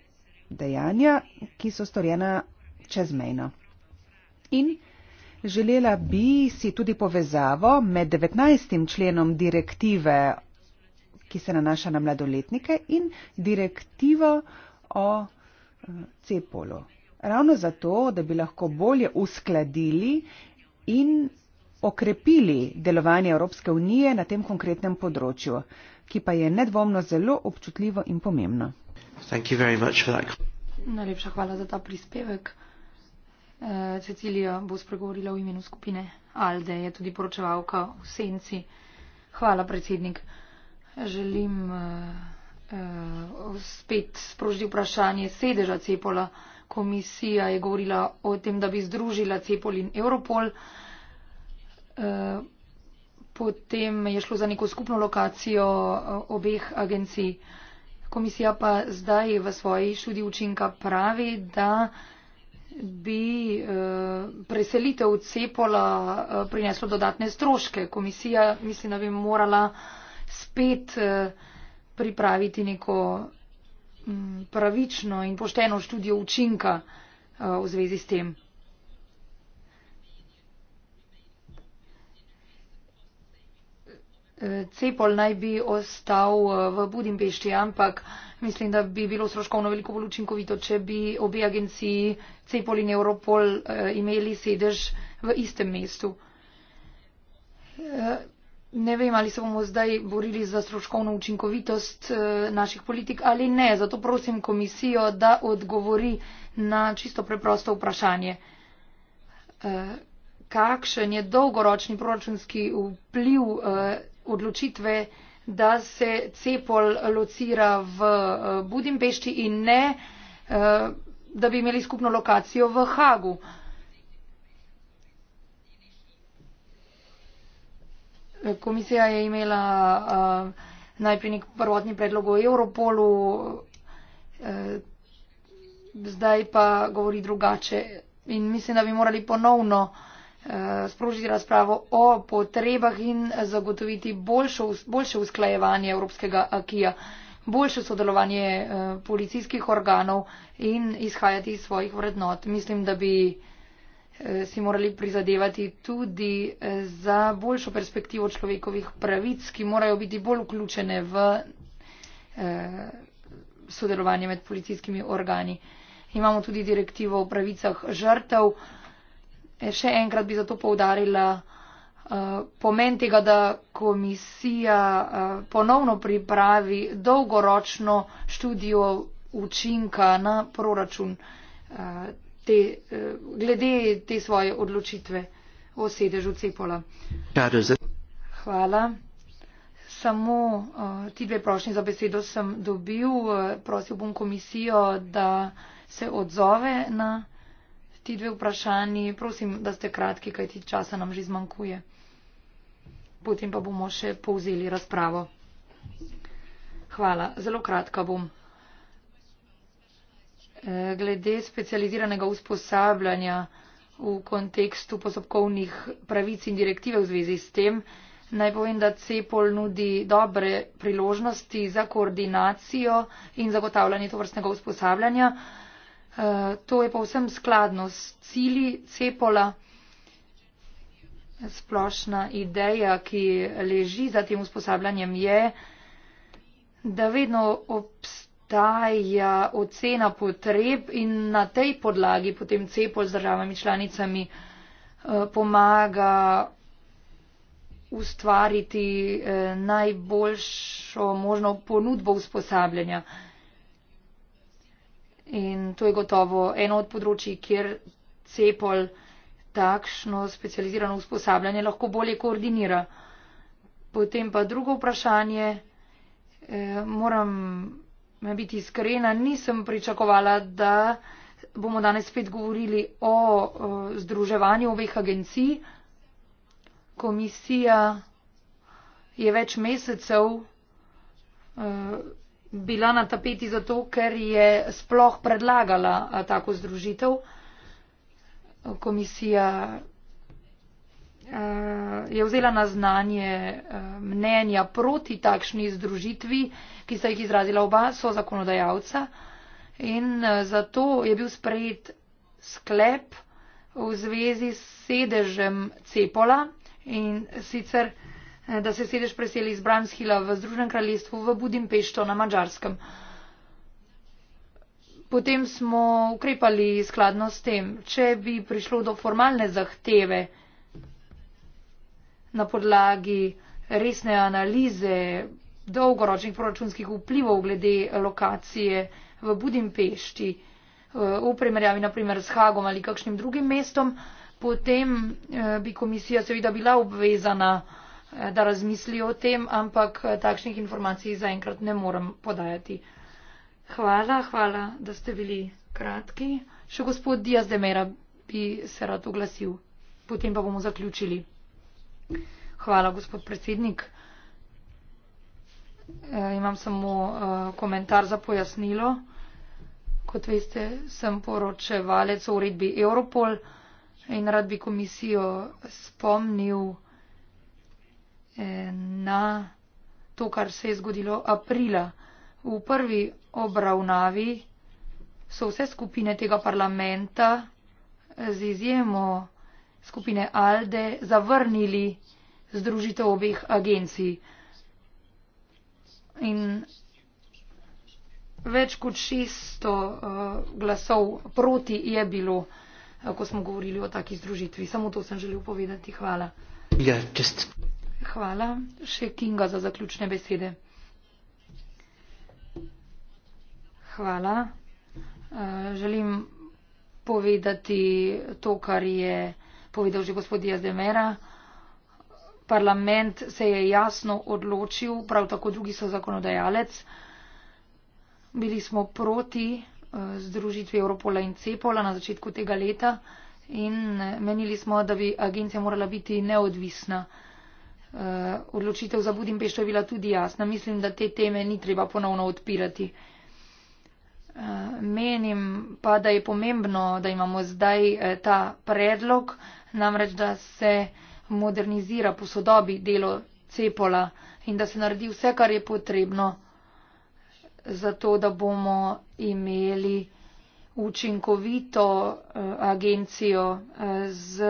dejanja, ki so storjena čezmejno. In želela bi si tudi povezavo med 19. členom direktive, ki se nanaša na mladoletnike, in direktivo o eh, cepolu. Ravno zato, da bi lahko bolje uskladili in okrepili delovanje Evropske unije na tem konkretnem področju, ki pa je nedvomno zelo občutljivo in pomembno. Najlepša hvala za ta prispevek. Uh, Cecilija bo spregovorila v imenu skupine Alde, je tudi poročevalka v Senci. Hvala, predsednik. Želim uh, uh, spet sprožiti vprašanje sedeža Cepola. Komisija je govorila o tem, da bi združila Cepol in Europol. Potem je šlo za neko skupno lokacijo obeh agencij. Komisija pa zdaj v svoji študiji učinka pravi, da bi eh, preselitev cepola eh, prineslo dodatne stroške. Komisija mislim, da bi morala spet eh, pripraviti neko mm, pravično in pošteno študijo učinka v zvezi s tem. Cepol naj bi ostal eh, v Budimpešti, ampak mislim, da bi bilo stroškovno veliko bolj učinkovito, če bi obe agenciji Cepol in Europol eh, imeli sedež v istem mestu. Eh, ne vem, ali se bomo zdaj borili za stroškovno učinkovitost naših politik ali ne. Zato prosim komisijo, da odgovori na čisto preprosto vprašanje. Kakšen je dolgoročni proračunski vpliv? odločitve da se cepol locira v eh, budimpešti in ne eh, da bi imeli skupno lokacijo v Hagu. Komisija je imela eh, najprej nek prvotni predlog o Europolu, zdaj pa govori drugače in mislim, da bi morali ponovno sprožiti razpravo o potrebah in zagotoviti boljšo, boljše usklajevanje Evropskega akija, boljše sodelovanje eh, policijskih organov in izhajati iz svojih vrednot. Mislim, da bi eh, si morali prizadevati tudi eh, za boljšo perspektivo človekovih pravic, ki morajo biti bolj vključene v sodelovanje med policijskimi organi. Imamo tudi direktivo o pravicah žrtev. Še enkrat bi zato povdarila uh, eh, pomen tega, da komisija uh, ponovno pripravi dolgoročno študijo učinka na proračun uh, te, uh, glede te svoje odločitve o sedežu Cepola. Hvala. Samo uh, ti dve prošnji za besedo sem dobil. Uh, prosil bom komisijo, da se odzove na ti dve vprašanji, prosim, da ste kratki, kaj ti časa nam že zmanjkuje. Potem pa bomo še povzeli razpravo. Hvala, zelo kratka bom. E, glede specializiranega usposabljanja v kontekstu posobkovnih pravic in direktive v zvezi s tem, naj povem, da CEPOL nudi dobre priložnosti za koordinacijo in zagotavljanje tovrstnega usposabljanja. Eh, to je povsem skladno s cili cepola. Splošna ideja, ki leži za tem usposabljanjem, je, da vedno obstaja ocena potreb in na tej podlagi potem cepol z državami članicami eh, pomaga ustvariti eh, najboljšo možno ponudbo usposabljanja in to je gotovo eno od področji, kjer cepol takšno specializirano usposabljanje lahko bolje koordinira. Potem pa drugo vprašanje. E, moram biti iskrena, nisem pričakovala, da bomo danes spet govorili o, o združevanju obeh agencij. Komisija je več mesecev. E, bila na tapeti zato, ker je sploh predlagala tako združitev. Komisija je vzela na znanje mnenja proti takšni združitvi, ki sta jih izrazila oba so zakonodajalca in zato je bil sprejet sklep v zvezi s sedežem Cepola in sicer Eh, da se sedež preseli iz Bramshila v Združenem kraljestvu v Budimpešto na Mačarskem. Potem smo ukrepali skladno s tem, če bi prišlo do formalne zahteve na podlagi resne analize dolgoročnih proračunskih vplivov glede lokacije v Budimpešti eh, v primerjavi naprimer s Hagom ali kakšnim drugim mestom, potem eh, bi komisija seveda bila obvezana Eh, da razmislijo o tem, ampak eh, takšnih informacij zaenkrat ne morem podajati. Hvala, hvala, da ste bili kratki. Še gospod Diaz de Mera bi se rad oglasil. Potem pa bomo zaključili. Hvala, gospod predsednik. E, imam samo e, komentar za pojasnilo. Kot veste, sem poročevalec o uredbi Europol in rad bi komisijo spomnil, Eh, na to, kar se je zgodilo aprila. V prvi obravnavi so vse skupine tega parlamenta z izjemo skupine Alde zavrnili združitev obeh agencij. In več kot 600 eh, glasov proti je bilo, eh, ko smo govorili o taki združitvi. Samo to sem želel povedati. Hvala. Yeah, ja, just... Hvala. Še Kinga za zaključne besede. Hvala. Eh, želim povedati to, kar je povedal že gospod Jazdemera. Parlament se je jasno odločil, prav tako drugi so zakonodajalec. Bili smo proti eh, združitvi Europola in Cepola na začetku tega leta in menili smo, da bi agencija morala biti neodvisna. Eh, odločitev za Budimpešto je bila tudi jasna. Mislim, da te teme ni treba ponovno odpirati. Eh, menim pa, da je pomembno, da imamo zdaj eh, ta predlog, namreč da se modernizira posodobi delo cepola in da se naredi vse, kar je potrebno, zato da bomo imeli učinkovito agencijo z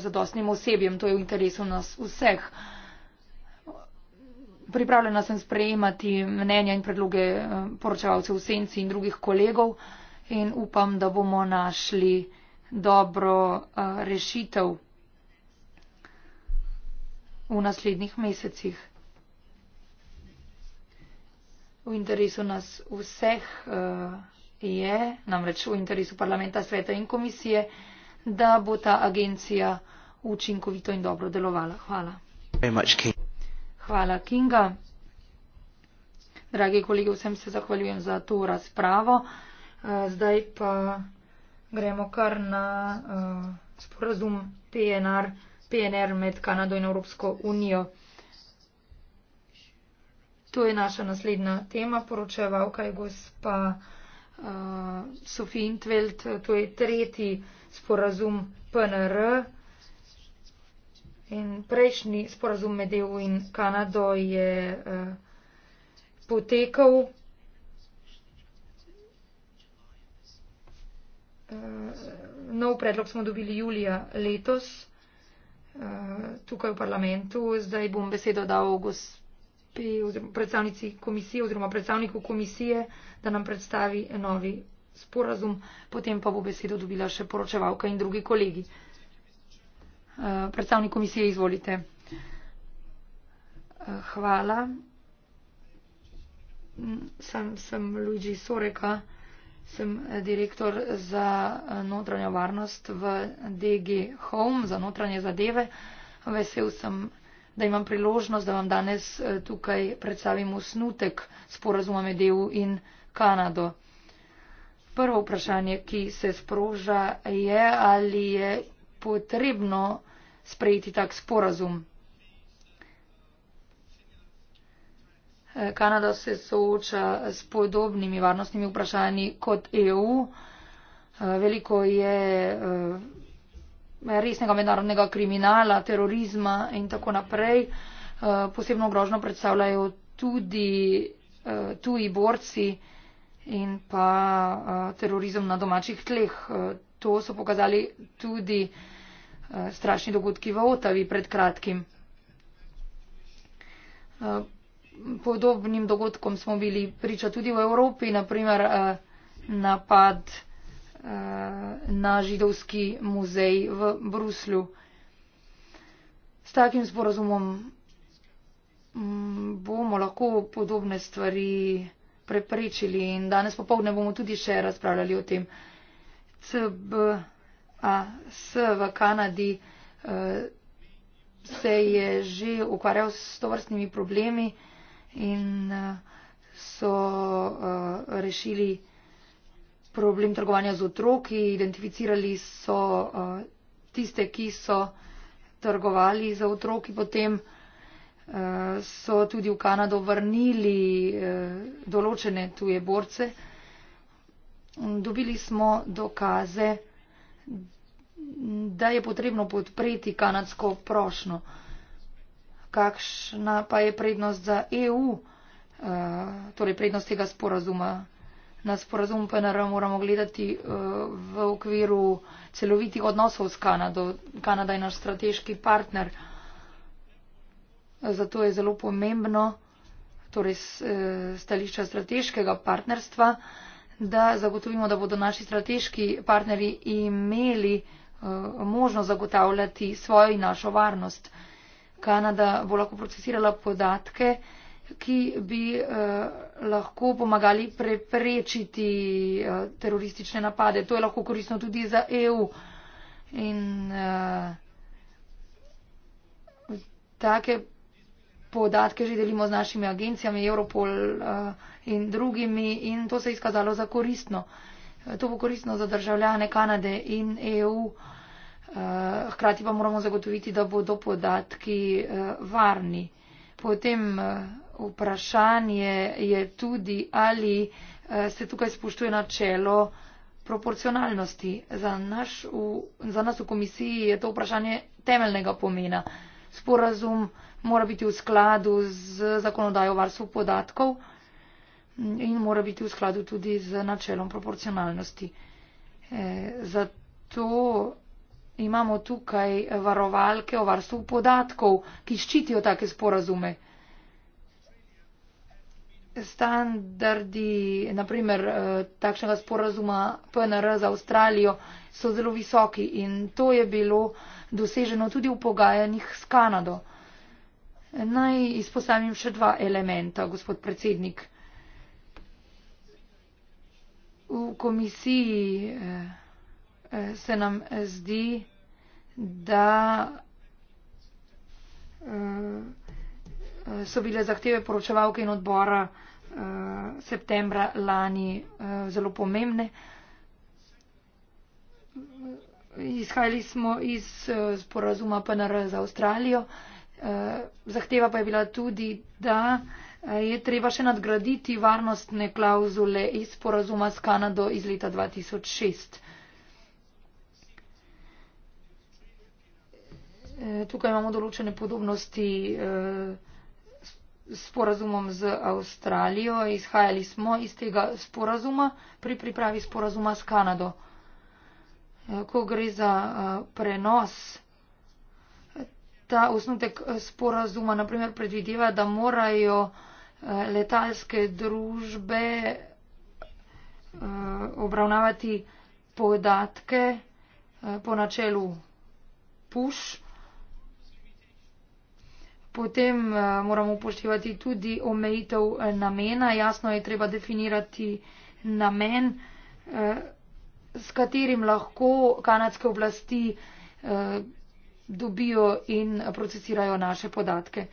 zadostnim osebjem. To je v interesu nas vseh pripravljena sem sprejemati mnenja in predloge eh, poročevalcev v senci in drugih kolegov in upam, da bomo našli dobro eh, rešitev v naslednjih mesecih. V interesu nas vseh eh, je, namreč v interesu parlamenta, sveta in komisije, da bo ta agencija učinkovito in dobro delovala. Hvala. Very much, King. Hvala, Kinga. Dragi kolegi, vsem se zahvaljujem za to razpravo. Eh, zdaj pa gremo kar na eh, sporazum PNR, PNR med Kanado in Evropsko unijo. To je naša naslednja tema, poročevalka je gospa uh, eh, Sofi Intveld, to je tretji sporazum PNR. In prejšnji sporazum med EU in Kanado je uh, potekal Uh, nov predlog smo dobili julija letos uh, tukaj v parlamentu. Zdaj bom besedo dal gospe, oziroma predstavnici komisije oziroma predstavniku komisije, da nam predstavi novi sporazum, potem pa bo besedo dobila še poročevalka in drugi kolegi. Uh, Eh, predstavnik komisije, izvolite. Eh, hvala. Mm, sem, sem Luigi Soreka, sem direktor za eh, notranjo varnost v DG Home za notranje zadeve. Vesel sem, da imam priložnost, da vam danes tukaj predstavim osnutek sporazuma med EU in Kanado. Prvo vprašanje, ki se sproža, je, ali je potrebno sprejeti tak sporazum. Kanada se sooča s podobnimi varnostnimi vprašanji kot EU. Veliko je eh, resnega mednarodnega kriminala, terorizma in tako naprej. Eh, posebno grožno predstavljajo tudi eh, tuji borci in pa terorizem na domačih tleh to so pokazali tudi uh, strašni dogodki v Otavi pred kratkim. Uh, podobnim dogodkom smo bili priča tudi v Evropi, naprimer uh, eh, napad uh, na židovski muzej v Bruslju. S takim sporazumom mm, bomo lahko podobne stvari preprečili in danes popovdne bomo tudi še razpravljali o tem. Uh, CBAS v Kanadi eh, se je že ukvarjal s tovrstnimi problemi in eh, so eh, rešili problem trgovanja z otroki, identificirali so tiste, ki so trgovali za otroki, potem so tudi v Kanado vrnili določene tuje borce dobili smo dokaze, da je potrebno podpreti kanadsko prošno. Kakšna pa je prednost za EU, eh, torej prednost tega sporazuma? Na sporazum PNR moramo gledati eh, v okviru celovitih odnosov s Kanado. Kanada je naš strateški partner, zato je zelo pomembno, torej eh, stališča strateškega partnerstva, da zagotovimo, da bodo naši strateški partnerji imeli eh, možnost zagotavljati svojo in našo varnost. Kanada bo lahko procesirala podatke, ki bi eh, lahko pomagali preprečiti eh, teroristične napade. To je lahko koristno tudi za EU. In, Take podatke že delimo z našimi agencijami, Europol eh, in drugimi in to se je izkazalo za koristno. Eh, to bo koristno za državljane Kanade in EU. Eh, hkrati pa moramo zagotoviti, da bodo podatki varni. Potem vprašanje je tudi, ali se tukaj spoštuje načelo proporcionalnosti. Za, naš, za nas v komisiji je to vprašanje temeljnega pomena. Sporazum mora biti v skladu z zakonodajo varstvu podatkov in mora biti v skladu tudi z načelom proporcionalnosti. E, zato imamo tukaj varovalke o varstvu podatkov, ki ščitijo take sporazume. Standardi, naprimer, e, takšnega sporazuma PNR za Avstralijo so zelo visoki in to je bilo doseženo tudi v pogajanjih s Kanado. Naj izpostavim še dva elementa, gospod predsednik. V komisiji eh, eh, se nam eh, zdi, da so bile zahteve poročevalke in odbora septembra lani zelo pomembne. Izhajali smo iz sporazuma PNR za Avstralijo. Eh, zahteva pa je bila tudi, da eh, je treba še nadgraditi varnostne klauzule iz sporazuma s Kanado iz leta 2006. Eh, tukaj imamo določene podobnosti s porazumom z Avstralijo. Izhajali smo iz tega sporazuma pri pripravi sporazuma s Kanado. Ko gre za prenos ta osnutek eh, sporazuma naprimer predvideva, da morajo eh, letalske družbe eh, obravnavati podatke po načelu PUŠ. Potem moramo upoštevati tudi omejitev namena. Jasno je treba definirati namen, s katerim lahko kanadske oblasti dobijo in procesirajo naše podatke.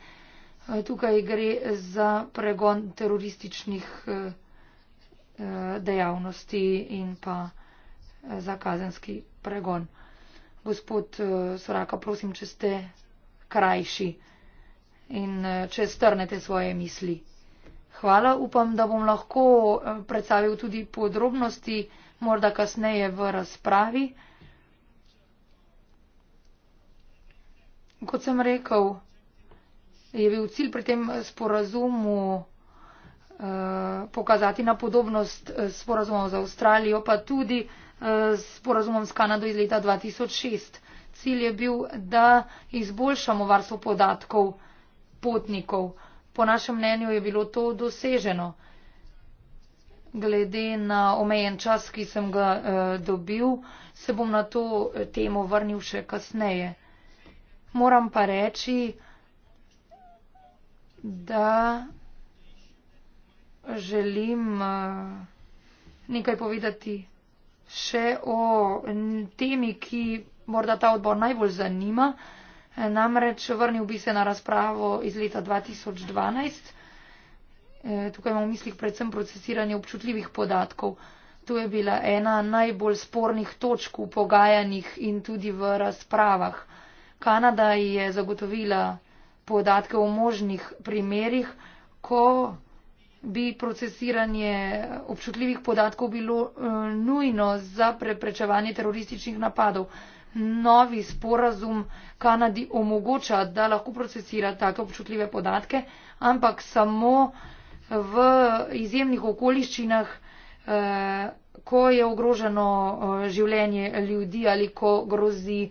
Eh, tukaj gre za pregon terorističnih eh, eh, dejavnosti in pa za kazenski pregon. Gospod Soraka, prosim, če ste krajši in če strnete svoje misli. Hvala, upam, da bom lahko predstavil tudi podrobnosti, morda kasneje v razpravi. Kot sem rekel, je bil cilj pri tem sporazumu eh, pokazati na podobnost s eh, sporazumom z Avstralijo, pa tudi eh, s sporazumom s Kanado iz leta 2006. Cilj je bil, da izboljšamo varstvo podatkov potnikov. Po našem mnenju je bilo to doseženo. Glede na omejen čas, ki sem ga dobil, se bom na to temo vrnil še kasneje moram pa reči, da želim eh, nekaj povedati še o temi, ki morda ta odbor najbolj zanima. Eh, namreč vrnil bi se na razpravo iz leta 2012. Eh, tukaj imam v mislih predvsem procesiranje občutljivih podatkov. To je bila ena najbolj spornih točk v pogajanjih in tudi v razpravah. Kanada je zagotovila podatke o možnih primerjih, ko bi procesiranje občutljivih podatkov bilo eh, nujno za preprečevanje terorističnih napadov. Novi sporazum Kanadi omogoča, da lahko procesira take občutljive podatke, ampak samo v izjemnih okoliščinah, eh, ko je ogroženo eh, življenje ljudi ali ko grozi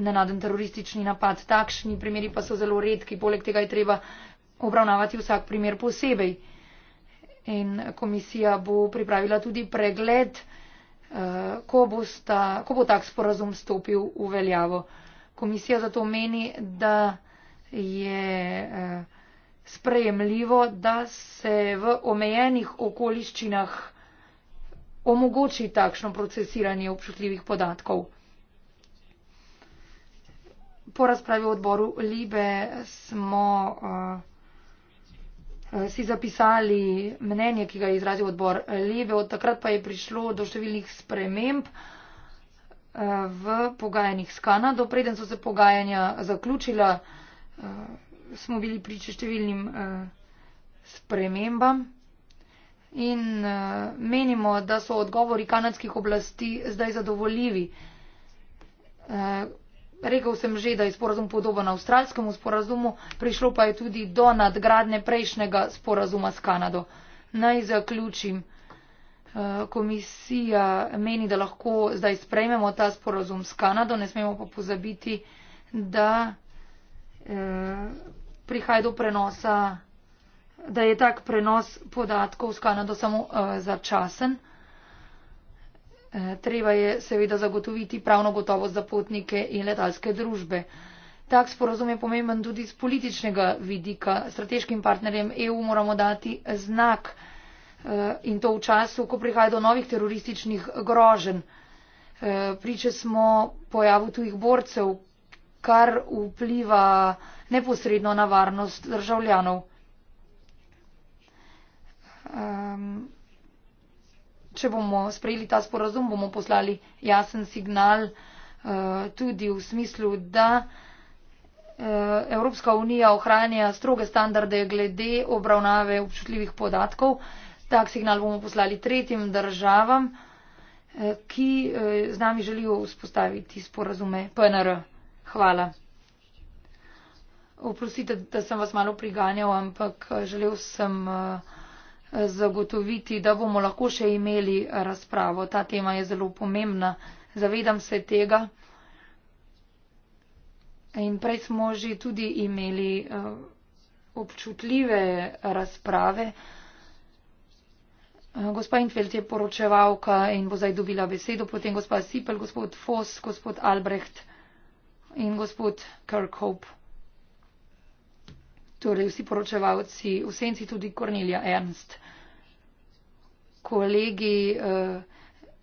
nenaden teroristični napad. Takšni primeri pa so zelo redki, poleg tega je treba obravnavati vsak primer posebej. In komisija bo pripravila tudi pregled, eh, ko bo, sta, ko bo tak sporazum stopil v veljavo. Komisija zato meni, da je eh, sprejemljivo, da se v omejenih okoliščinah omogoči takšno procesiranje občutljivih podatkov po razpravi v odboru Libe smo uh, si zapisali mnenje, ki ga je izrazil odbor Libe. Od takrat pa je prišlo do številnih sprememb eh, v pogajanjih s Kanado. Preden so se pogajanja zaključila, smo bili priče številnim spremembam in menimo, da so odgovori kanadskih oblasti zdaj zadovoljivi. Rekel sem že, da je sporazum podoben avstralskemu sporazumu, prišlo pa je tudi do nadgradne prejšnjega sporazuma s Kanado. Naj zaključim. Eh, komisija meni, da lahko zdaj sprejmemo ta sporazum s Kanado, ne smemo pa pozabiti, da eh, prihaja do prenosa, da je tak prenos podatkov s Kanado samo eh, začasen. Treba je seveda zagotoviti pravno gotovost za potnike in letalske družbe. Tak sporozum je pomemben tudi z političnega vidika. Strateškim partnerjem EU moramo dati znak eh, in to v času, ko prihaja do novih terorističnih grožen. Eh, priče smo pojavu tujih borcev, kar vpliva neposredno na varnost državljanov. Um, če bomo sprejeli ta sporazum, bomo poslali jasen signal uh, tudi v smislu, da eh, Evropska unija ohranja stroge standarde glede obravnave občutljivih podatkov. Tak signal bomo poslali tretjim državam, eh, ki z nami želijo vzpostaviti sporazume PNR. Hvala. Oprostite, da sem vas malo priganjal, ampak želel sem. Uh, zagotoviti, da bomo lahko še imeli razpravo. Ta tema je zelo pomembna, zavedam se tega. In prej smo že tudi imeli eh, občutljive razprave. Eh, gospa Infeld je poročevalka in bo zdaj dobila besedo, potem gospa Sipel, gospod Foss, gospod Albrecht in gospod Kirkhope. Torej vsi poročevalci v senci, tudi Kornelija Ernst kolegi, eh,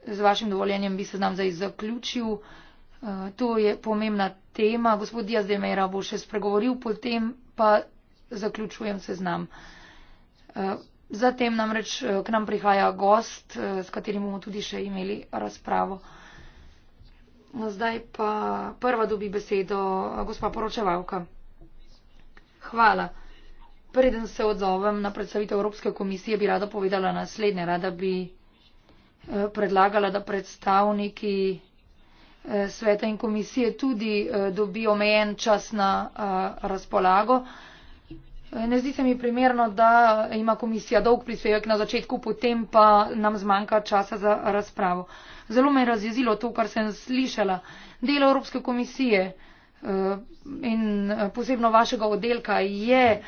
z vašim dovoljenjem bi se nam zdaj zaključil. Eh, to je pomembna tema. Gospod Diaz de Mera bo še spregovoril, potem pa zaključujem se z nam. Eh, zatem namreč k nam prihaja gost, s katerim bomo tudi še imeli razpravo. No, zdaj pa prva dobi besedo gospa poročevalka. Hvala. Preden se odzovem na predstavitev Evropske komisije, bi rada povedala naslednje. Rada bi eh, predlagala, da predstavniki eh, sveta in komisije tudi eh, dobijo omejen čas na razpolago. Ne zdi se mi primerno, da ima komisija dolg prispevek na začetku, potem pa nam zmanjka časa za razpravo. Zelo me je razjezilo to, kar sem slišala. Delo Evropske komisije Eh, in eh, posebno vašega oddelka je eh,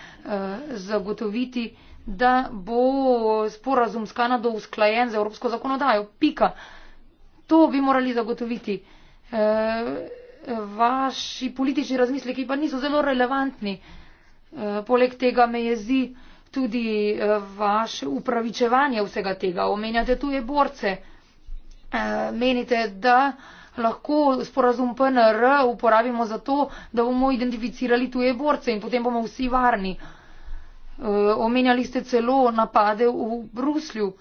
zagotoviti, da bo sporazum s Kanado usklajen z evropsko zakonodajo. Pika. To bi morali zagotoviti. Vaši politični razmisleki pa niso zelo relevantni. Poleg tega me jezi tudi vaše upravičevanje vsega tega. Omenjate tuje borce. Menite, da lahko sporazum PNR uporabimo za to, da bomo identificirali tuje borce in potem bomo vsi varni. Eh, omenjali ste celo napade v Bruslju.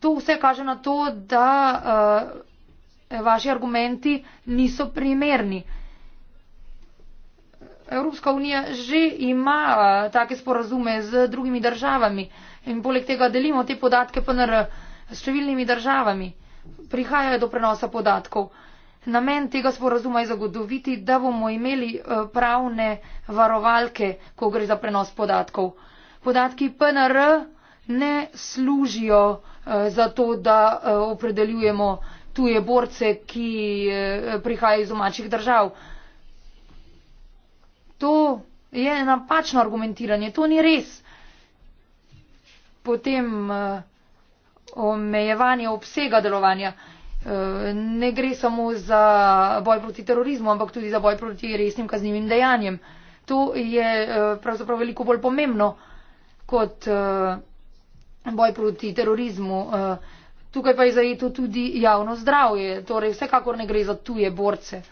To vse kaže na to, da eh, vaši argumenti niso primerni. Evropska unija že ima eh, take sporazume z drugimi državami in poleg tega delimo te podatke PNR s številnimi državami prihajajo do prenosa podatkov. Namen tega sporazuma je zagotoviti, da bomo imeli eh, pravne varovalke, ko gre za prenos podatkov. Podatki PNR ne služijo eh, za to, da eh, opredeljujemo tuje borce, ki prihajajo iz domačih držav. To je napačno argumentiranje, to ni res. Potem uh, omejevanje obsega delovanja. Eh, ne gre samo za boj proti terorizmu, ampak tudi za boj proti resnim kaznjivim dejanjem. To je eh, pravzaprav veliko bolj pomembno kot eh, boj proti terorizmu. Tukaj pa je zajeto tudi javno zdravje, torej vsekakor ne gre za tuje borce.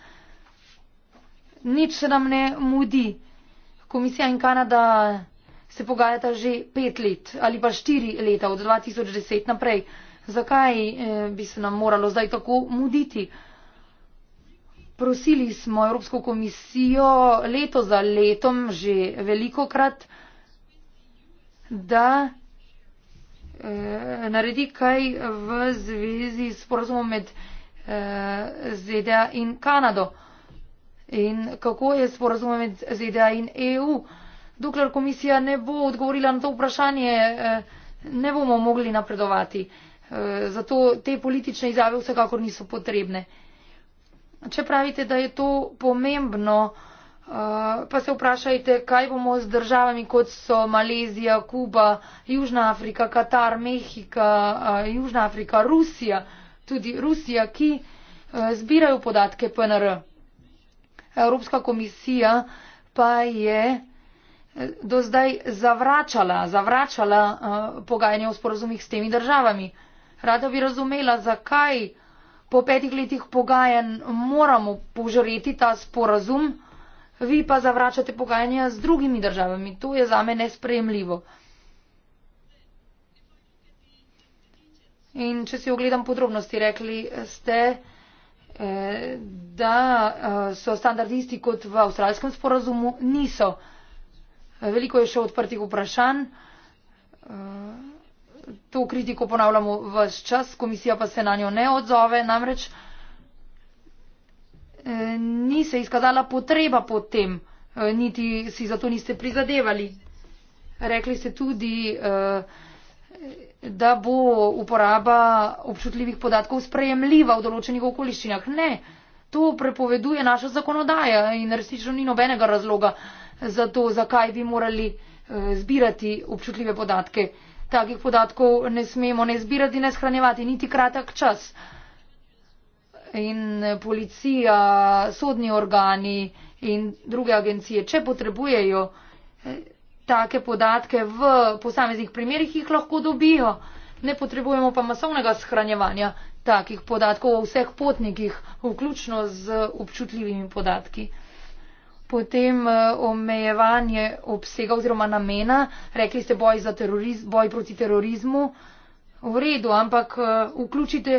Nič se nam ne mudi. Komisija in Kanada se pogajata že pet let ali pa štiri leta od 2010 naprej. Zakaj eh, bi se nam moralo zdaj tako muditi? Prosili smo Evropsko komisijo leto za letom že veliko krat, da e, naredi kaj v zvezi s porazumom med e, eh, ZDA in Kanado. In kako je s porazumom med ZDA in EU? dokler komisija ne bo odgovorila na to vprašanje, eh, ne bomo mogli napredovati. Eh, zato te politične izjave vsekakor niso potrebne. Če pravite, da je to pomembno, eh, pa se vprašajte, kaj bomo z državami, kot so Malezija, Kuba, Južna Afrika, Katar, Mehika, Južna Afrika, Rusija, tudi Rusija, ki zbirajo podatke PNR. Evropska komisija pa je do zdaj zavračala, zavračala uh, eh, pogajanje o sporozumih s temi državami. Rada bi razumela, zakaj po petih letih pogajanj moramo požreti ta sporozum, vi pa zavračate pogajanja z drugimi državami. To je zame nesprejemljivo. In če si ogledam podrobnosti, rekli ste, eh, da eh, so standardisti kot v avstralskem sporozumu niso veliko je še odprtih vprašanj. Eh, to kritiko ponavljamo vse čas, komisija pa se na njo ne odzove, namreč eh, ni se izkazala potreba po tem, eh, niti si zato niste prizadevali. Rekli ste tudi, da bo uporaba občutljivih podatkov sprejemljiva v določenih okoliščinah. Ne, to prepoveduje naša zakonodaja in resnično ni nobenega razloga, za to, zakaj bi morali eh, zbirati občutljive podatke. Takih podatkov ne smemo ne zbirati, ne shranjevati, niti kratek čas. In eh, policija, sodni organi in druge agencije, če potrebujejo eh, take podatke v posameznih primerih, jih lahko dobijo. Ne potrebujemo pa masovnega shranjevanja takih podatkov o vseh potnikih, vključno z občutljivimi podatki potem eh, omejevanje obsega oziroma namena, rekli ste boj, teroriz, boj proti terorizmu, v redu, ampak eh, vključite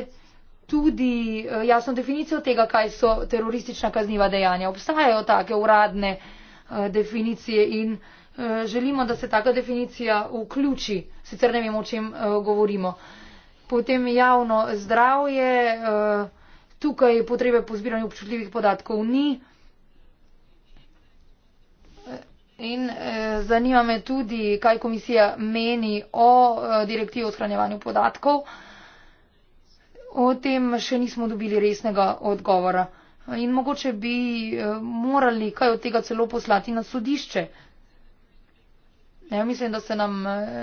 tudi eh, jasno definicijo tega, kaj so teroristična kazniva dejanja. Obstajajo take uradne definicije in želimo, da se taka definicija vključi, sicer ne vemo, o čem govorimo. Potem javno zdravje, tukaj potrebe po zbiranju občutljivih podatkov ni in eh, zanima me tudi, kaj komisija meni o eh, direktivi o shranjevanju podatkov. O tem še nismo dobili resnega odgovora. In mogoče bi eh, morali kaj od tega celo poslati na sodišče. Ja, mislim, da se nam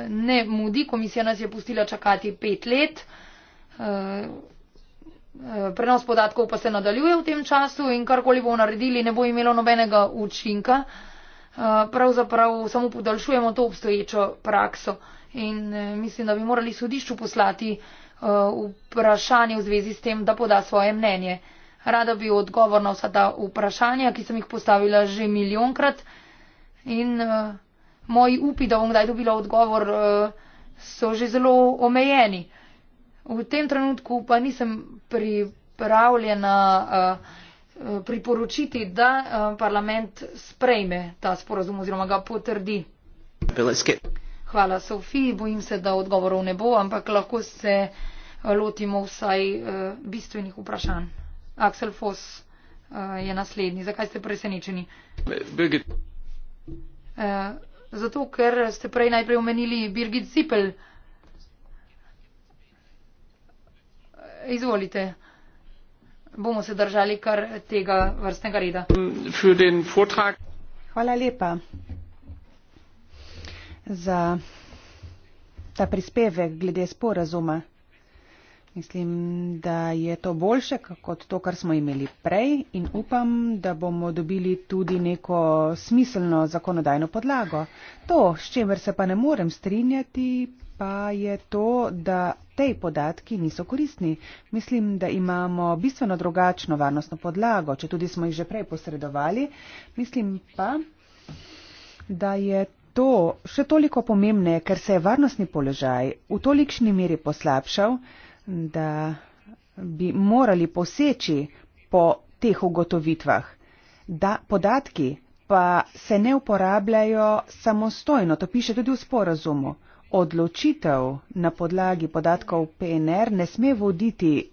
ne mudi. Komisija nas je pustila čakati pet let. Prenos podatkov pa se nadaljuje v tem času in karkoli bomo naredili, ne bo imelo nobenega učinka. Eh, pravzaprav samo podaljšujemo to obstoječo prakso in eh, mislim, da bi morali sodišču poslati eh, vprašanje v zvezi s tem, da poda svoje mnenje. Rada bi odgovor na vsa ta vprašanja, ki sem jih postavila že milijonkrat in moji upi, da bom kdaj dobila odgovor, so že zelo omejeni. V tem trenutku pa nisem pripravljena. Uh, Eh, priporočiti, da eh, parlament sprejme ta sporozum oziroma ga potrdi. Hvala Sofiji, bojim se, da odgovorov ne bo, ampak lahko se eh, lotimo vsaj bistvenih vprašanj. Aksel Fos je naslednji. Zakaj ste presenečeni? Zato, ker ste prej najprej omenili Birgit Zipel. Izvolite bomo se držali kar tega vrstnega reda. Hvala lepa za ta prispevek glede sporazuma. Mislim, da je to boljše kot to, kar smo imeli prej in upam, da bomo dobili tudi neko smiselno zakonodajno podlago. To, s čemer se pa ne morem strinjati, pa je to, da tej podatki niso koristni. Mislim, da imamo bistveno drugačno varnostno podlago, če tudi smo jih že prej posredovali. Mislim pa, da je to še toliko pomembne, ker se je varnostni položaj v tolikšni meri poslabšal, da bi morali poseči po teh ugotovitvah, da podatki pa se ne uporabljajo samostojno, to piše tudi v sporazumu odločitev na podlagi podatkov PNR ne sme voditi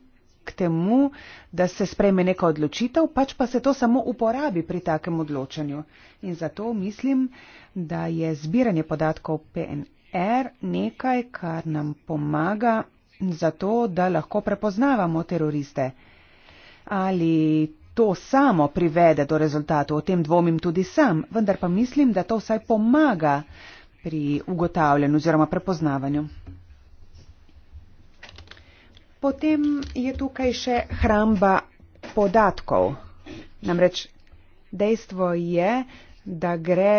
k temu, da se spreme neka odločitev, pač pa se to samo uporabi pri takem odločanju. In zato mislim, da je zbiranje podatkov PNR nekaj, kar nam pomaga zato, da lahko prepoznavamo teroriste. Ali to samo privede do rezultatov, o tem dvomim tudi sam, vendar pa mislim, da to vsaj pomaga pri ugotavljanju oziroma prepoznavanju. Potem je tukaj še hramba podatkov. Namreč dejstvo je, da gre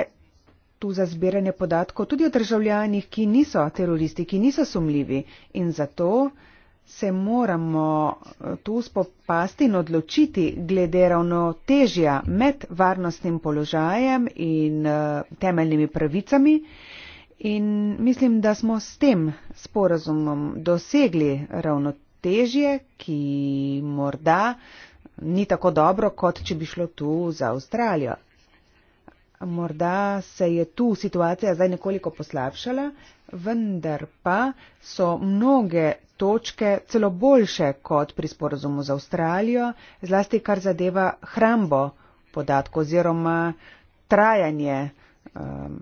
tu za zbiranje podatkov tudi o državljanih, ki niso teroristi, ki niso sumljivi in zato se moramo eh, tu spopasti in odločiti glede ravnotežja med varnostnim položajem in eh, temeljnimi pravicami. In mislim, da smo s tem sporazumom dosegli ravnotežje, ki morda ni tako dobro, kot če bi šlo tu za Avstralijo. Morda se je tu situacija zdaj nekoliko poslabšala, vendar pa so mnoge točke celo boljše kot pri sporazumu z Avstralijo, zlasti kar zadeva hrambo podatkov oziroma trajanje. Um,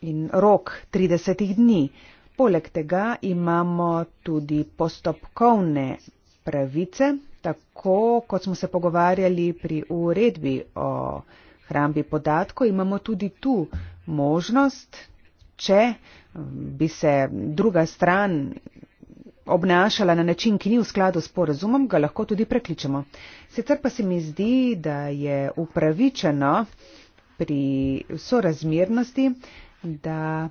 in rok 30 dni. Poleg tega imamo tudi postopkovne pravice, tako kot smo se pogovarjali pri uredbi o hrambi podatkov, imamo tudi tu možnost, če um, bi se druga stran obnašala na način, ki ni v skladu s porazumom, ga lahko tudi prekličemo. Sicer pa se mi zdi, da je upravičeno pri sorazmernosti, da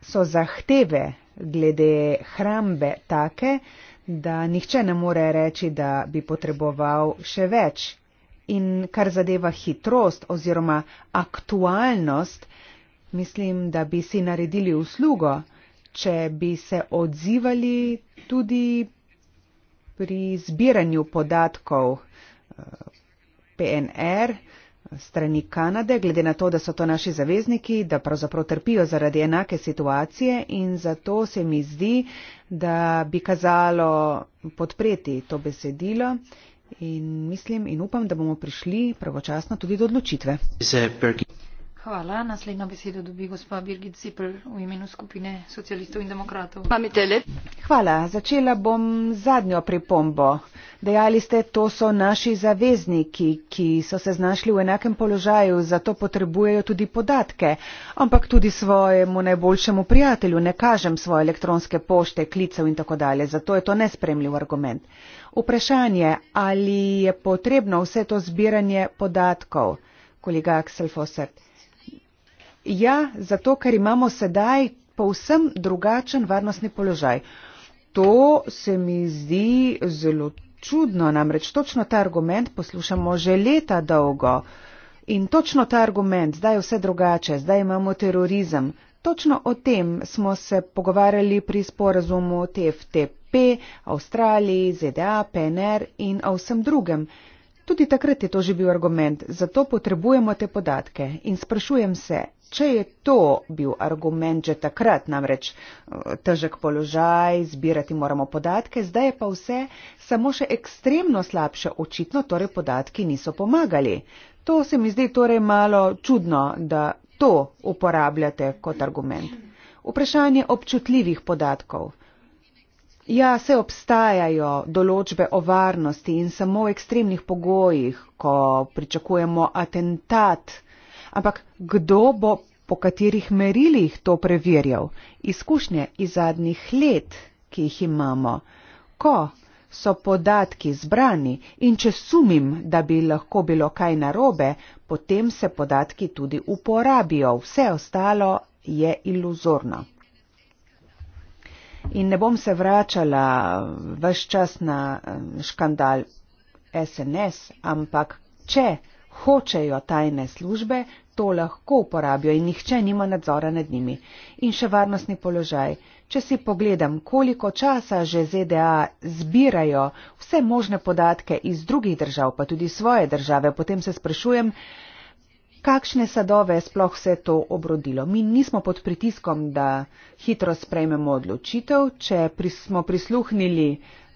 so zahteve glede hrambe take, da nihče ne more reči, da bi potreboval še več. In kar zadeva hitrost oziroma aktualnost, mislim, da bi si naredili uslugo, če bi se odzivali tudi pri zbiranju podatkov eh, PNR strani Kanade, glede na to, da so to naši zavezniki, da pravzaprav trpijo zaradi enake situacije in zato se mi zdi, da bi kazalo podpreti to besedilo in mislim in upam, da bomo prišli pravočasno tudi do odločitve. Zepergi. Hvala. Naslednjo besedo dobi gospa Birgit Zipel v imenu skupine socialistov in demokratov. Hvala. Začela bom zadnjo pripombo. Dejali ste, to so naši zavezniki, ki so se znašli v enakem položaju, zato potrebujejo tudi podatke. Ampak tudi svojemu najboljšemu prijatelju ne kažem svoje elektronske pošte, klicev in tako dalje. Zato je to nespremljiv argument. Vprašanje, ali je potrebno vse to zbiranje podatkov, kolega Axel Fossert. Ja, zato ker imamo sedaj povsem drugačen varnostni položaj. To se mi zdi zelo čudno, namreč točno ta argument poslušamo že leta dolgo. In točno ta argument, zdaj je vse drugače, zdaj imamo terorizem. Točno o tem smo se pogovarjali pri sporazumu TFTP, Avstraliji, ZDA, PNR in o vsem drugem. Tudi takrat je to že bil argument, zato potrebujemo te podatke. In sprašujem se, Če je to bil argument že takrat, namreč eh, težek položaj, zbirati moramo podatke, zdaj je pa vse samo še ekstremno slabše, očitno torej podatki niso pomagali. To se mi zdi torej malo čudno, da to uporabljate kot argument. Vprašanje občutljivih podatkov. Ja, se obstajajo določbe o varnosti in samo v ekstremnih pogojih, ko pričakujemo atentat, ampak kdo bo po katerih merilih to preverjal? Izkušnje iz zadnjih let, ki jih imamo, ko so podatki zbrani in če sumim, da bi lahko bilo kaj narobe, potem se podatki tudi uporabijo, vse ostalo je iluzorno. In ne bom se vračala vse čas na eh, škandal SNS, ampak če hočejo tajne službe, to lahko uporabijo in nihče nima nadzora nad njimi. In še varnostni položaj. Če si pogledam, koliko časa že ZDA zbirajo vse možne podatke iz drugih držav, pa tudi svoje države, potem se sprašujem, kakšne sadove je sploh vse to obrodilo. Mi nismo pod pritiskom, da hitro sprejmemo odločitev, če pri, smo prisluhnili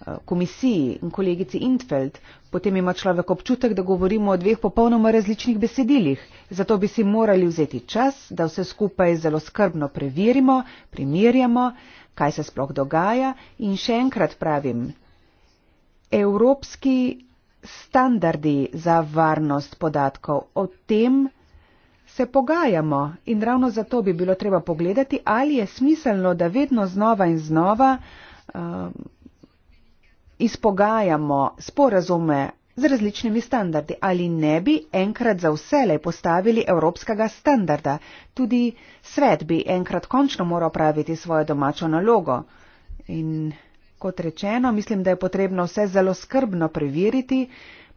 Eh, komisiji in kolegici Intfeld, potem ima človek občutek, da govorimo o dveh popolnoma različnih besedilih. Zato bi si morali vzeti čas, da vse skupaj zelo skrbno preverimo, primerjamo, kaj se sploh dogaja in še enkrat pravim, evropski standardi za varnost podatkov o tem se pogajamo in ravno zato bi bilo treba pogledati, ali je smiselno, da vedno znova in znova uh, izpogajamo sporazume z različnimi standardi, ali ne bi enkrat za vsele postavili evropskega standarda. Tudi svet bi enkrat končno moral praviti svojo domačo nalogo. In kot rečeno, mislim, da je potrebno vse zelo skrbno preveriti,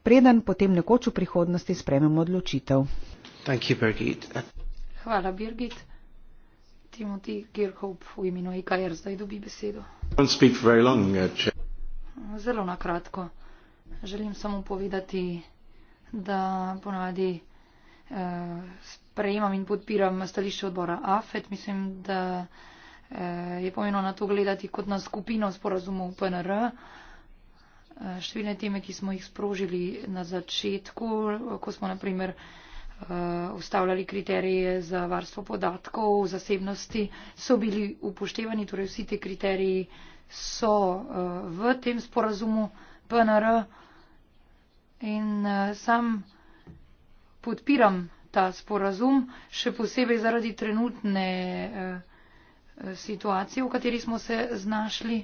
preden potem nekoč v prihodnosti sprememo odločitev. You, Hvala, Birgit. Timothy Gerhope v imenu IKR e zdaj dobi besedo. Long, uh, Zelo na kratko. Želim samo povedati, da ponavadi eh, sprejemam in podpiram stališče odbora AFET. Mislim, da eh, je pomeno na to gledati kot na skupino sporazumov PNR. Eh, številne teme, ki smo jih sprožili na začetku, ko smo naprimer eh, ustavljali kriterije za varstvo podatkov, zasebnosti, so bili upoštevani, torej vsi te kriteriji so eh, v tem sporazumu PNR in eh, sam podpiram ta sporazum, še posebej zaradi trenutne eh, situacije, v kateri smo se znašli.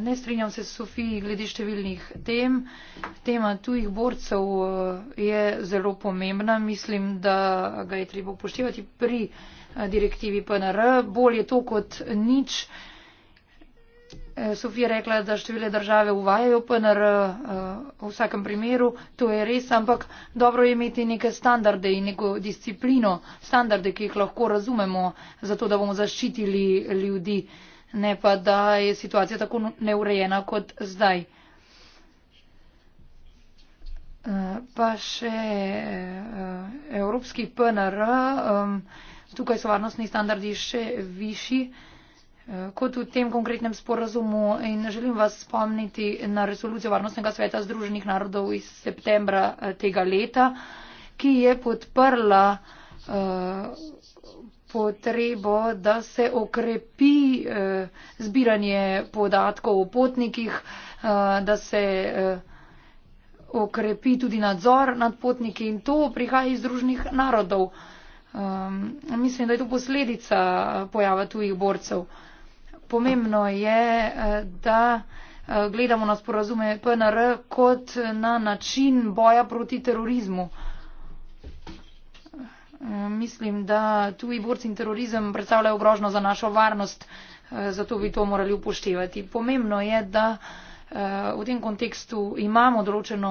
Ne strinjam se s Sofiji glede številnih tem. Tema tujih borcev je zelo pomembna. Mislim, da ga je treba upoštevati pri direktivi PNR. Bolje to kot nič. Sofija rekla, da številne države uvajajo PNR eh, v vsakem primeru. To je res, ampak dobro je imeti neke standarde in neko disciplino, standarde, ki jih lahko razumemo, zato da bomo zaščitili ljudi, ne pa da je situacija tako neurejena kot zdaj. Eh, pa še eh, evropski PNR. Tukaj so varnostni standardi še višji kot v tem konkretnem sporazumu in želim vas spomniti na resolucijo Varnostnega sveta Združenih narodov iz septembra eh, tega leta, ki je podprla uh, potrebo, da se okrepi uh, zbiranje podatkov o potnikih, uh, da se uh, okrepi tudi nadzor nad potniki in to prihaja iz Združenih narodov. Um, mislim, da je to posledica pojava tujih borcev. Uh, pomembno je, eh, da eh, gledamo na sporazume PNR kot na način boja proti terorizmu. Eh, mislim, da tuji borci in terorizem predstavljajo grožno za našo varnost, zato bi to morali upoštevati. Pomembno je, da v tem kontekstu imamo določeno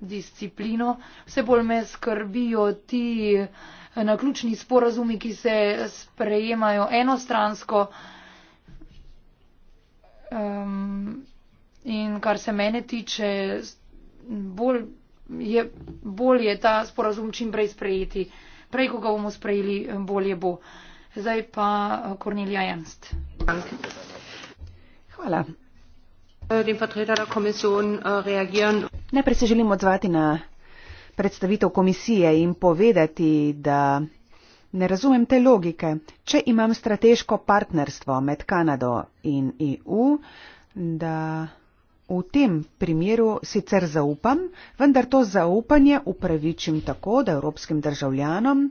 disciplino. Vse bolj me skrbijo ti naključni sporazumi, ki se sprejemajo enostransko, Um, in kar se mene tiče, bolj je, bolj je ta sporazum čim prej sprejeti. Prej, ko ga bomo sprejeli, bolje bo. Zdaj pa eh, Kornelija Janst. Hvala. Äh, äh, Najprej se želim odzvati na predstavitev komisije in povedati, da Ne razumem te logike. Če imam strateško partnerstvo med Kanado in EU, da v tem primeru sicer zaupam, vendar to zaupanje upravičim tako, da evropskim državljanom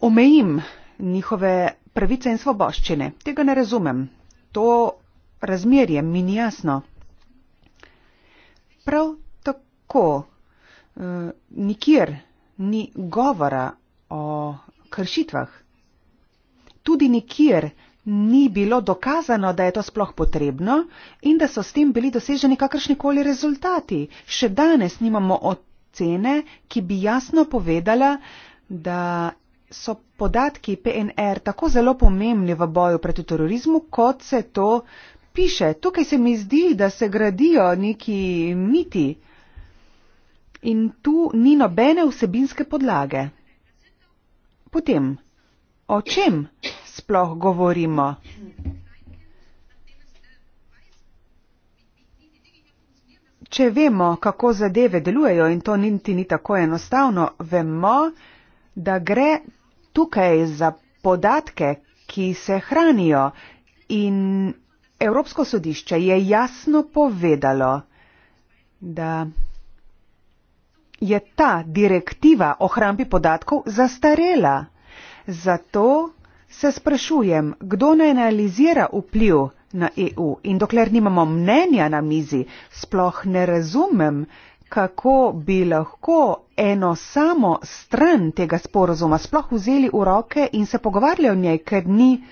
omejim njihove pravice in svoboščine. Tega ne razumem. To razmerje mi ni jasno. Prav tako eh, nikjer ni govora o kršitvah. Tudi nikjer ni bilo dokazano, da je to sploh potrebno in da so s tem bili doseženi kakršnikoli rezultati. Še danes nimamo ocene, ki bi jasno povedala, da so podatki PNR tako zelo pomembni v boju proti terorizmu, kot se to piše. Tukaj se mi zdi, da se gradijo neki miti. In tu ni nobene vsebinske podlage. Potem, o čem sploh govorimo? Če vemo, kako zadeve delujejo in to niti ni tako enostavno, vemo, da gre tukaj za podatke, ki se hranijo in Evropsko sodišče je jasno povedalo, da je ta direktiva o hrambi podatkov zastarela. Zato se sprašujem, kdo ne analizira vpliv na EU in dokler nimamo mnenja na mizi, sploh ne razumem, kako bi lahko eno samo stran tega sporozuma sploh vzeli v roke in se pogovarjali o njej, ker ni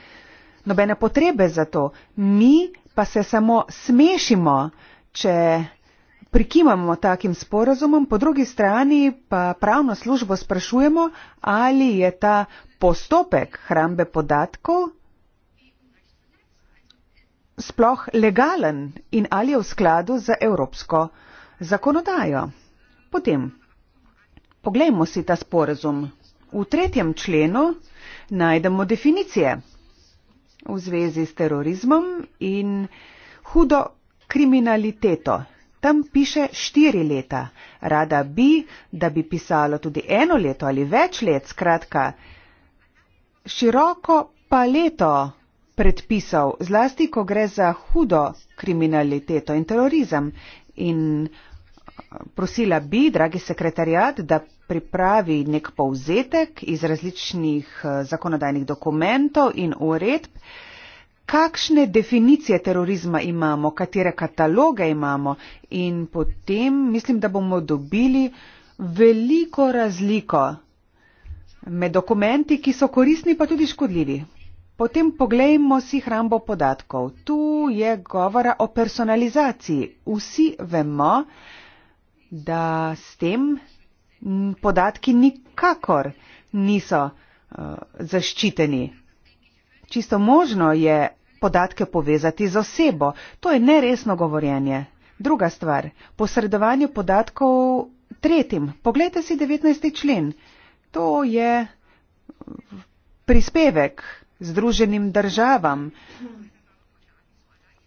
nobene potrebe za to. Mi pa se samo smešimo, če prikimamo takim sporazumom, po drugi strani pa pravno službo sprašujemo, ali je ta postopek hrambe podatkov sploh legalen in ali je v skladu za evropsko zakonodajo. Potem, poglejmo si ta sporazum. V tretjem členu najdemo definicije v zvezi s terorizmom in hudo kriminaliteto. Tam piše štiri leta. Rada bi, da bi pisalo tudi eno leto ali več let, skratka. Široko paleto predpisov, zlasti, ko gre za hudo kriminaliteto in terorizem. In eh, prosila bi, dragi sekretarjat, da pripravi nek povzetek iz različnih eh, zakonodajnih dokumentov in uredb, kakšne definicije terorizma imamo, katere kataloge imamo in potem mislim, da bomo dobili veliko razliko med dokumenti, ki so korisni pa tudi škodljivi. Potem poglejmo si hrambo podatkov. Tu je govora o personalizaciji. Vsi vemo, da s tem podatki nikakor niso uh, zaščiteni. Čisto možno je podatke povezati z osebo. To je neresno govorjenje. Druga stvar, posredovanje podatkov tretjim. Poglejte si 19. člen. To je prispevek združenim državam.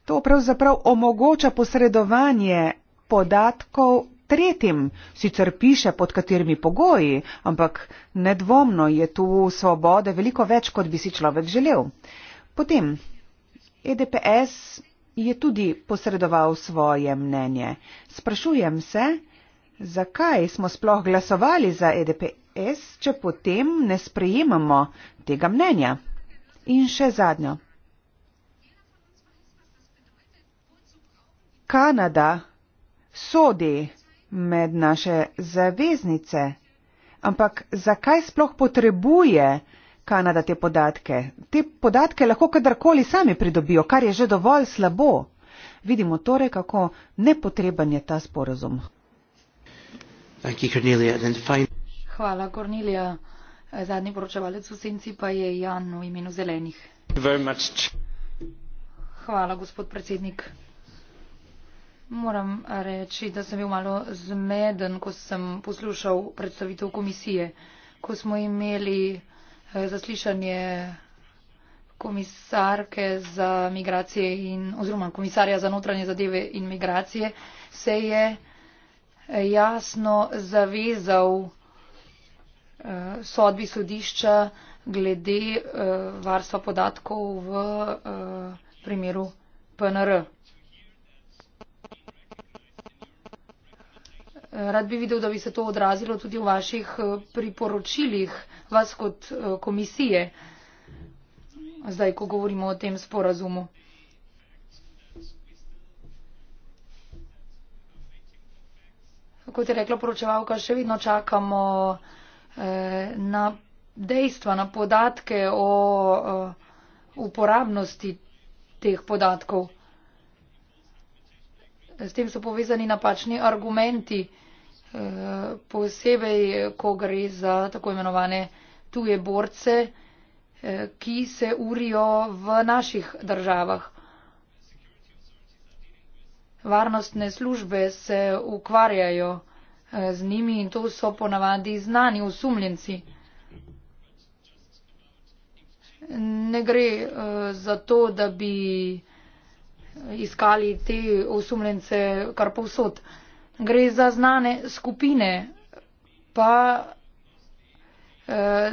To pravzaprav omogoča posredovanje podatkov tretjim, sicer piše pod katerimi pogoji, ampak nedvomno je tu svobode veliko več, kot bi si človek želel. Potem, EDPS je tudi posredoval svoje mnenje. Sprašujem se, zakaj smo sploh glasovali za EDPS, če potem ne sprejemamo tega mnenja. In še zadnjo. Kanada sodi med naše zaveznice. Ampak zakaj sploh potrebuje Kanada te podatke? Te podatke lahko kadarkoli sami pridobijo, kar je že dovolj slabo. Vidimo torej, kako nepotreben je ta sporozum. Hvala, Kornilija. Zadnji poročevalec v senci pa je Jan v imenu zelenih. Hvala, gospod predsednik. Moram reči, da sem bil malo zmeden, ko sem poslušal predstavitev komisije, ko smo imeli eh, zaslišanje komisarke za migracije in oziroma komisarja za notranje zadeve in migracije, se je eh, jasno zavezal eh, sodbi sodišča glede varstva podatkov v primeru PNR. rad bi videl, da bi se to odrazilo tudi v vaših eh, priporočilih vas kot eh, komisije, zdaj, ko govorimo o tem sporazumu. Kot je rekla poročevalka, še vedno čakamo eh, na dejstva, na podatke o uporabnosti teh podatkov s tem so povezani napačni argumenti, eh, posebej, ko gre za tako imenovane tuje borce, eh, ki se urijo v naših državah. Varnostne službe se ukvarjajo eh, z njimi in to so ponavadi znani osumljenci. Ne gre uh, za to, da bi uh, iskali te osumljence kar povsod. Gre za znane skupine, pa eh,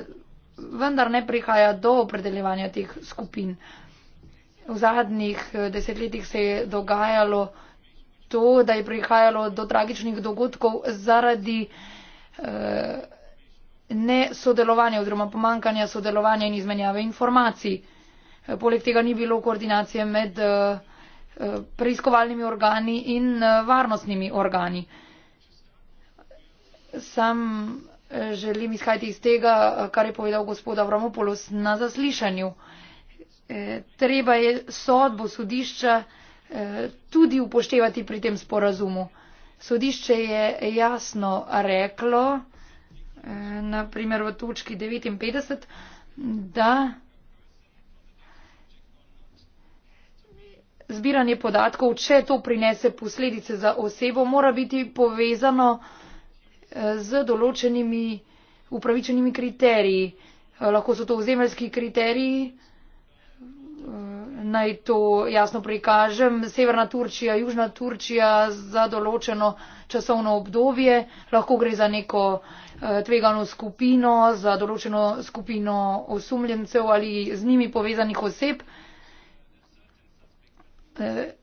vendar ne prihaja do opredeljevanja teh skupin. V zadnjih eh, desetletjih se je dogajalo to, da je prihajalo do tragičnih dogodkov zaradi eh, nesodelovanja oziroma pomankanja sodelovanja in izmenjave informacij. Eh, poleg tega ni bilo koordinacije med. Eh, preiskovalnimi organi in eh, varnostnimi organi. Sam eh, želim izhajati iz tega, eh, kar je povedal gospod Avramopoulos na zaslišanju. Treba je sodbo sodišča tudi upoštevati pri tem sporazumu. Sodišče je jasno reklo, na primer v točki 59, da zbiranje podatkov če to prinese posledice za osebo mora biti povezano eh, z določenimi upravičenimi kriteriji eh, lahko so to ozemeljski kriteriji eh, naj to jasno prikažem severna turčija južna turčija za določeno časovno obdobje lahko gre za neko tvegano skupino za določeno skupino osumljencev ali z njimi povezanih oseb Eh,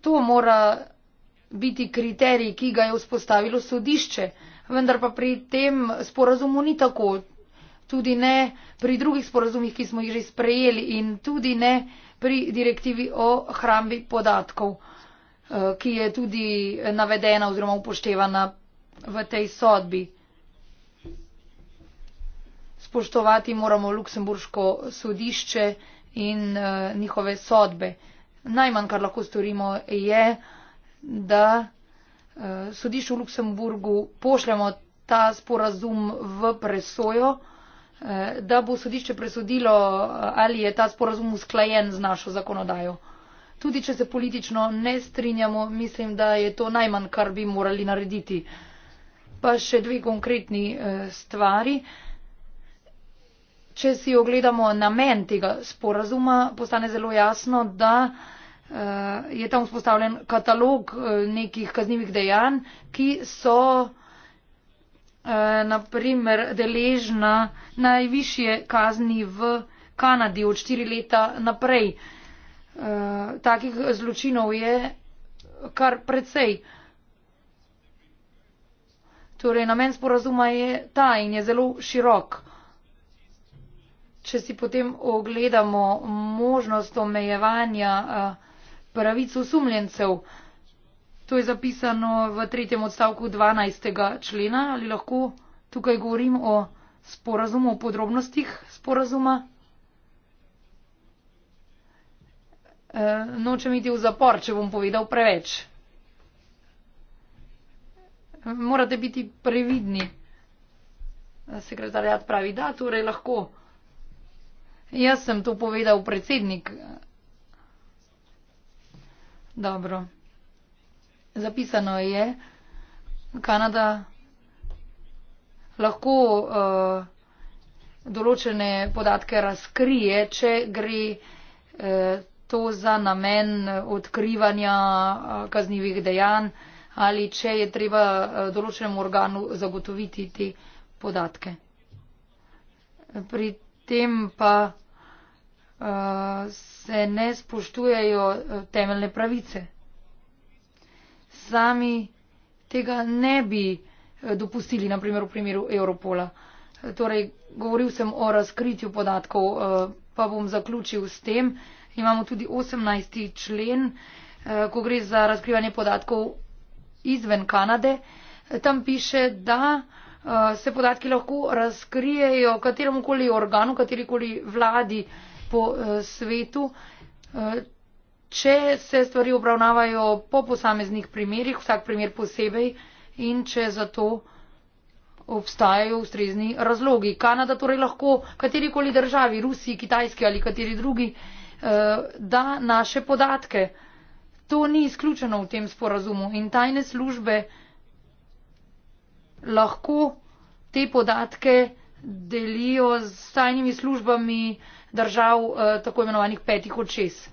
to mora biti kriterij, ki ga je vzpostavilo sodišče. Vendar pa pri tem sporazumu ni tako. Tudi ne pri drugih sporazumih, ki smo jih že sprejeli in tudi ne pri direktivi o hrambi podatkov, eh, ki je tudi navedena oziroma upoštevana v tej sodbi. Spoštovati moramo Luksemburško sodišče in eh, njihove sodbe. Najmanj, kar lahko storimo, je, da uh, sodišču v Luksemburgu pošljemo ta sporazum v presojo, uh, da bo sodišče presodilo, eh, ali je ta sporazum usklajen z našo zakonodajo. Tudi, če se politično ne strinjamo, mislim, da je to najmanj, kar bi morali narediti. Pa še dve konkretni uh, stvari. Če si ogledamo namen tega sporazuma, postane zelo jasno, da uh, Eh, je tam vzpostavljen katalog eh, nekih kaznjivih dejanj, ki so eh, naprimer deležna najvišje kazni v Kanadi od 4 leta naprej. Takih zločinov je kar precej. Torej, namen sporazuma je ta in je zelo širok. Če si potem ogledamo možnost omejevanja uh, pravic osumljencev. To je zapisano v tretjem odstavku 12. člena. Ali lahko tukaj govorim o sporazumu, o podrobnostih sporazuma? E, nočem iti v zapor, če bom povedal preveč. Morate biti previdni. Sekretarjat pravi, da, torej lahko. Jaz sem to povedal predsednik. Dobro. Zapisano je, Kanada lahko uh, določene podatke razkrije, če gre uh, to za namen odkrivanja uh, eh, kaznjivih dejanj ali če je treba uh, določenemu organu zagotoviti te podatke. Pri tem pa uh, se ne spoštujejo eh, temeljne pravice. Sami tega ne bi eh, dopustili, naprimer v primeru Europola. Eh, torej, govoril sem o razkritju podatkov, pa bom zaključil s tem. Imamo tudi 18. člen, ko gre za razkrivanje podatkov izven Kanade. Tam piše, da se podatki lahko razkrijejo kateremu koli organu, kateri koli vladi, po eh, svetu. Eh, če se stvari obravnavajo po posameznih primerjih, vsak primer posebej in če za to obstajajo ustrezni razlogi. Kanada torej lahko katerikoli državi, Rusiji, Kitajski ali kateri drugi, eh, da naše podatke. To ni izključeno v tem sporazumu in tajne službe lahko te podatke delijo s tajnimi službami držav eh, tako imenovanih petih očes.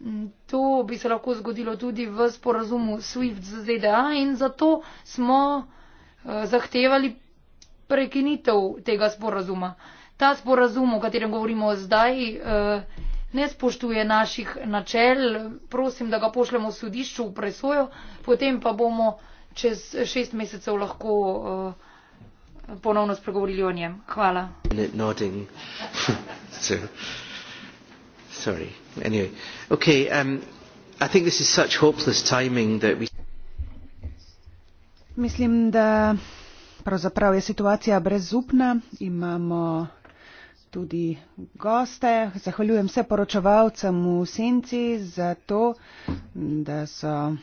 Mm, to bi se lahko zgodilo tudi v sporazumu SWIFT z ZDA in zato smo eh, zahtevali prekinitev tega sporazuma. Ta sporazum, o katerem govorimo zdaj, eh, ne spoštuje naših načel. Prosim, da ga pošljemo v sodišču v presojo, potem pa bomo čez šest mesecev lahko ponovno spregovorili o njem. Hvala. (laughs) Um, Mislim, da pravzaprav je situacija brezupna. Imamo tudi goste. Zahvaljujem se poročevalcem v senci za to, da so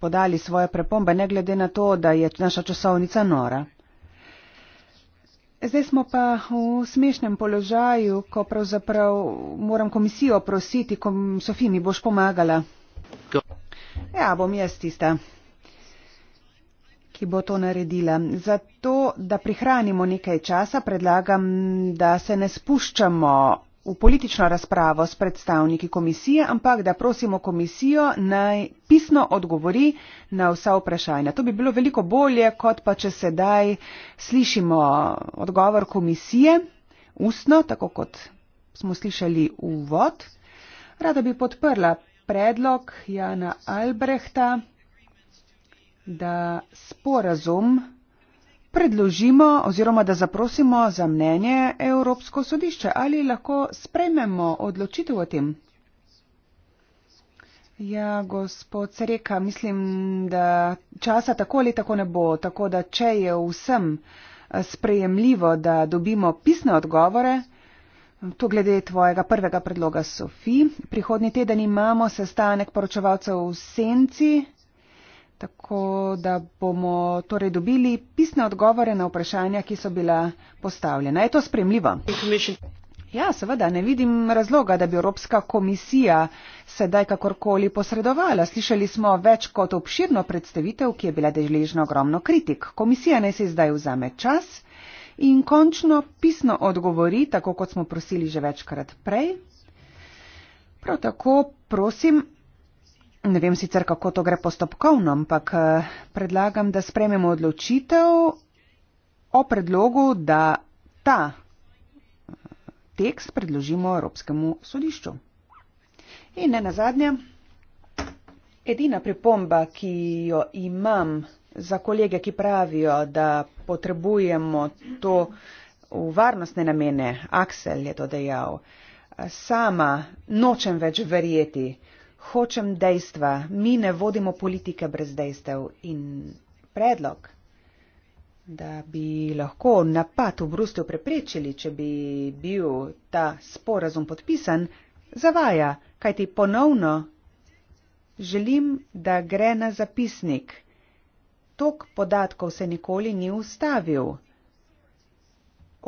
podali svoje prepombe, ne glede na to, da je naša časovnica nora. Zdaj smo pa v smešnem položaju, ko pravzaprav moram komisijo prositi, ko Sofij mi boš pomagala. Ja, bom jaz tista, ki bo to naredila. Zato, da prihranimo nekaj časa, predlagam, da se ne spuščamo v politično razpravo s predstavniki komisije, ampak da prosimo komisijo naj pisno odgovori na vsa vprašanja. To bi bilo veliko bolje, kot pa če sedaj slišimo odgovor komisije ustno, tako kot smo slišali uvod. Rada bi podprla predlog Jana Albrehta, da sporazum predložimo oziroma da zaprosimo za mnenje Evropsko sodišče ali lahko sprejmemo odločitev o tem. Ja, gospod Sreka, mislim, da časa tako ali tako ne bo, tako da če je vsem eh, sprejemljivo, da dobimo pisne odgovore, to glede tvojega prvega predloga, Sofi, prihodni teden imamo sestanek poročevalcev v Senci. Tako da bomo torej dobili pisne odgovore na vprašanja, ki so bila postavljena. Je to spremljivo? Ja, seveda, ne vidim razloga, da bi Evropska komisija sedaj kakorkoli posredovala. Slišali smo več kot obširno predstavitev, ki je bila deležna ogromno kritik. Komisija naj se zdaj vzame čas in končno pisno odgovori, tako kot smo prosili že večkrat prej. Prav tako prosim, Ne vem sicer, kako to gre postopkovno, ampak eh, predlagam, da sprememo odločitev o predlogu, da ta eh, tekst predložimo Evropskemu sodišču. In ne nazadnje, edina pripomba, ki jo imam za kolege, ki pravijo, da potrebujemo to v varnostne namene, Aksel je to dejal, eh, sama nočem več verjeti, hočem dejstva, mi ne vodimo politike brez dejstev in predlog, da bi lahko napad v Bruslju preprečili, če bi bil ta sporazum podpisan, zavaja, kajti ponovno želim, da gre na zapisnik. Tok podatkov se nikoli ni ustavil.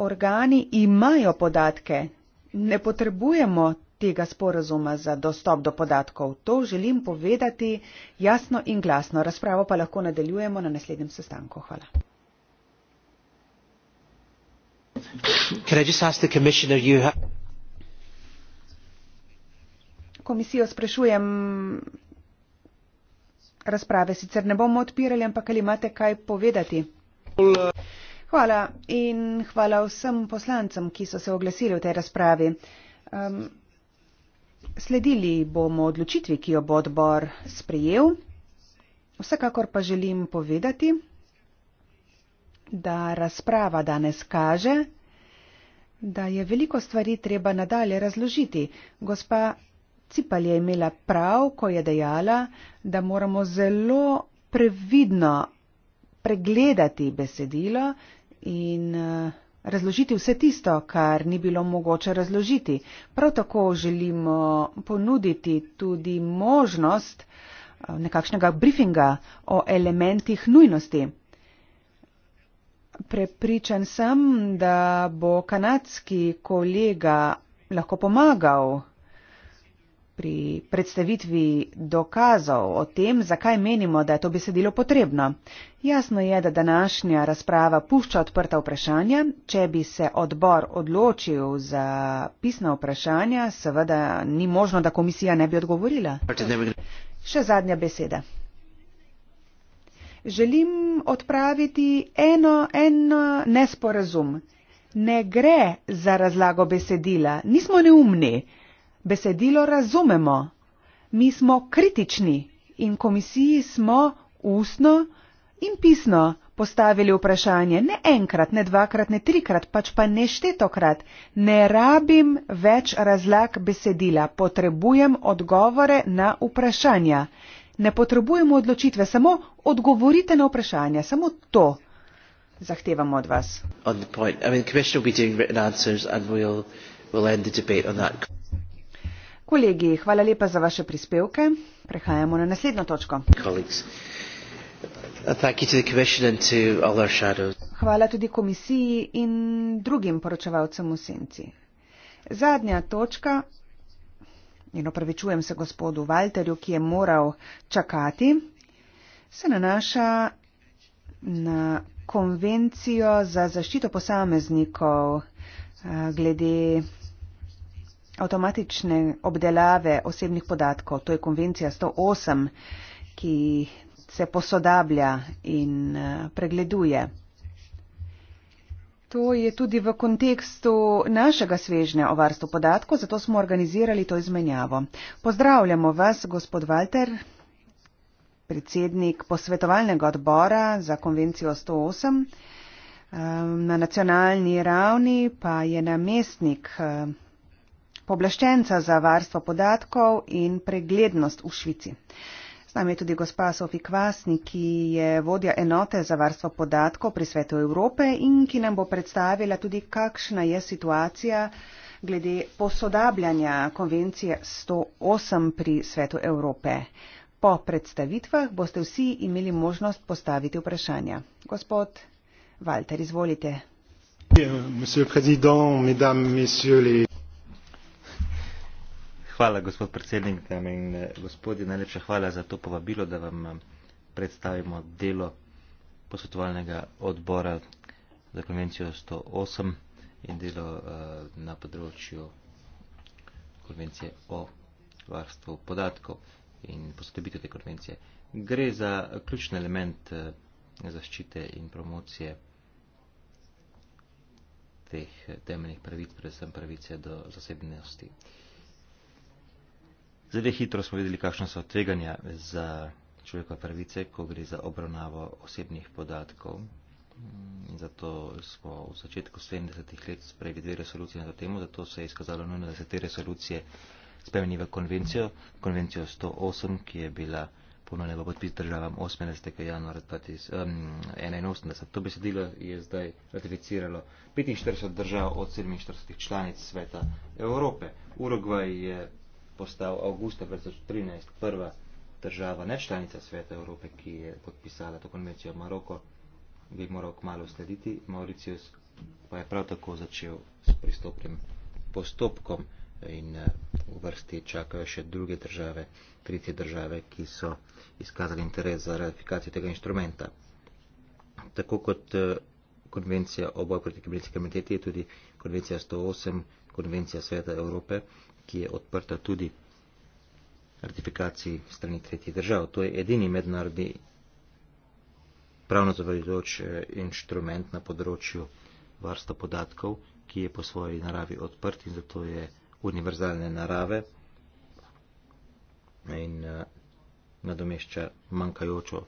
Organi imajo podatke, ne potrebujemo tega sporazuma za dostop do podatkov. To želim povedati jasno in glasno. Razpravo pa lahko nadaljujemo na naslednjem sestanku. Hvala. Komisijo sprašujem. Razprave sicer ne bomo odpirali, ampak ali imate kaj povedati? Hvala in hvala vsem poslancem, ki so se oglasili v tej razpravi. Um, Sledili bomo odločitvi, ki jo bo odbor sprejel. Vsekakor pa želim povedati, da razprava danes kaže, da je veliko stvari treba nadalje razložiti. Gospa Cipal je imela prav, ko je dejala, da moramo zelo previdno pregledati besedilo in uh, razložiti vse tisto, kar ni bilo mogoče razložiti. Prav tako želimo ponuditi tudi možnost eh, nekakšnega briefinga o elementih nujnosti. Prepričan sem, da bo kanadski kolega lahko pomagal pri predstavitvi dokazov o tem, zakaj menimo, da je to besedilo potrebno. Jasno je, da današnja razprava pušča odprta vprašanja. Če bi se odbor odločil za pisna vprašanja, seveda ni možno, da komisija ne bi odgovorila. Še zadnja beseda. Želim odpraviti eno, eno nesporazum. Ne gre za razlago besedila, nismo neumni besedilo razumemo. Mi smo kritični in komisiji smo ustno in pisno postavili vprašanje ne enkrat, ne dvakrat, ne trikrat, pač pa neštetokrat. Ne rabim več razlag besedila, potrebujem odgovore na vprašanja. Ne potrebujemo odločitve, samo odgovorite na vprašanja, samo to zahtevamo od vas. Kolegi, hvala lepa za vaše prispevke. Prehajamo na naslednjo točko. Uh, hvala tudi komisiji in drugim poročevalcem v senci. Zadnja točka, in opravičujem se gospodu Walterju, ki je moral čakati, se nanaša na konvencijo za zaščito posameznikov uh, glede avtomatične obdelave osebnih podatkov. To je konvencija 108, ki se posodablja in eh, pregleduje. To je tudi v kontekstu našega svežnja o varstvu podatkov, zato smo organizirali to izmenjavo. Pozdravljamo vas, gospod Walter, predsednik posvetovalnega odbora za konvencijo 108. Eh, na nacionalni ravni pa je namestnik eh, pooblaščenca za varstvo podatkov in preglednost v Švici. Z nami je tudi gospa Sofi Kvasni, ki je vodja enote za varstvo podatkov pri svetu Evrope in ki nam bo predstavila tudi, kakšna je situacija glede posodabljanja konvencije 108 pri svetu Evrope. Po predstavitvah boste vsi imeli možnost postaviti vprašanja. Gospod Walter, izvolite. Monsieur le Président, Mesdames, Messieurs les Hvala, gospod predsednik. Eh, gospodje, najlepša hvala za to povabilo, da vam eh, predstavimo delo posvetovalnega odbora za konvencijo 108 in delo uh, na področju konvencije o varstvu podatkov in posodobitev te konvencije. Gre za ključni element uh, zaščite in promocije teh temeljnih pravic, predvsem pravice do zasebnosti. Uh, Zelo hitro smo videli, kakšno so tveganja za človekove pravice, ko gre za obravnavo osebnih podatkov. In zato smo v začetku 70-ih let sprejeli dve resolucije na to temo, zato se je izkazalo nujno, da se te resolucije spremeni v konvencijo, konvencijo 108, ki je bila ponovno v podpis državam 18. januarja 2081. To besedilo je zdaj ratificiralo 45 držav od 47 članic sveta Evrope. Urugvaj je postal avgusta 2013 prva država, ne članica Sveta Evrope, ki je podpisala to konvencijo Maroko, bi moral kmalo slediti. Mauricius pa je prav tako začel s pristopnim postopkom in eh, v vrsti čakajo še druge države, tretje države, ki so izkazali interes za ratifikacijo tega inštrumenta. Tako kot eh, konvencija o boju proti kibernetski kriminaliteti je tudi konvencija 108, konvencija Sveta Evrope, ki je odprta tudi ratifikaciji strani tretjih držav. To je edini mednarodni pravno zavezujoč eh, inštrument na področju varstva podatkov, ki je po svoji naravi odprt in zato je univerzalne narave in eh, nadomešča manjkajočo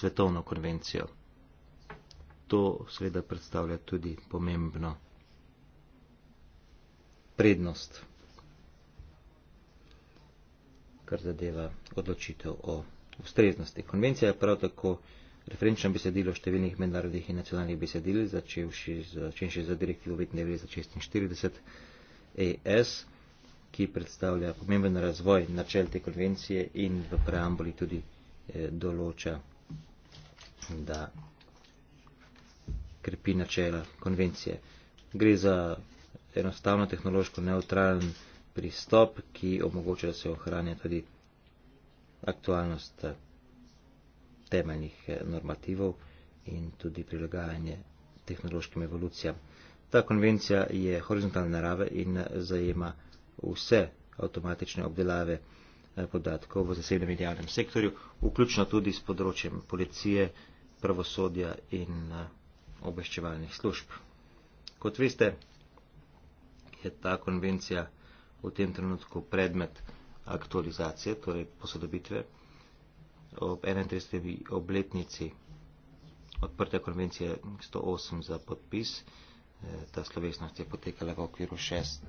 svetovno konvencijo. To seveda predstavlja tudi pomembno prednost kar zadeva odločitev o ustreznosti. Konvencija je prav tako referenčno besedilo številnih mednarodnih in nacionalnih besedil, začenši za direktivo 1946 AS, e ki predstavlja pomemben razvoj načel te konvencije in v preambuli tudi eh, določa, da krepi načela konvencije. Gre za enostavno tehnološko neutralno pristop, ki omogoča, da se ohranja tudi aktualnost eh, temeljnih eh, normativov in tudi prilagajanje tehnološkim evolucijam. Ta konvencija je horizontalne narave in eh, zajema vse avtomatične obdelave podatkov v zasebnem in javnem sektorju, vključno tudi s področjem policije, pravosodja in obveščevalnih služb. Kot veste, je ta konvencija v tem trenutku predmet aktualizacije, torej posodobitve ob 31. obletnici odprte konvencije 108 za podpis. E, ta slovesnost je potekala v okviru 6.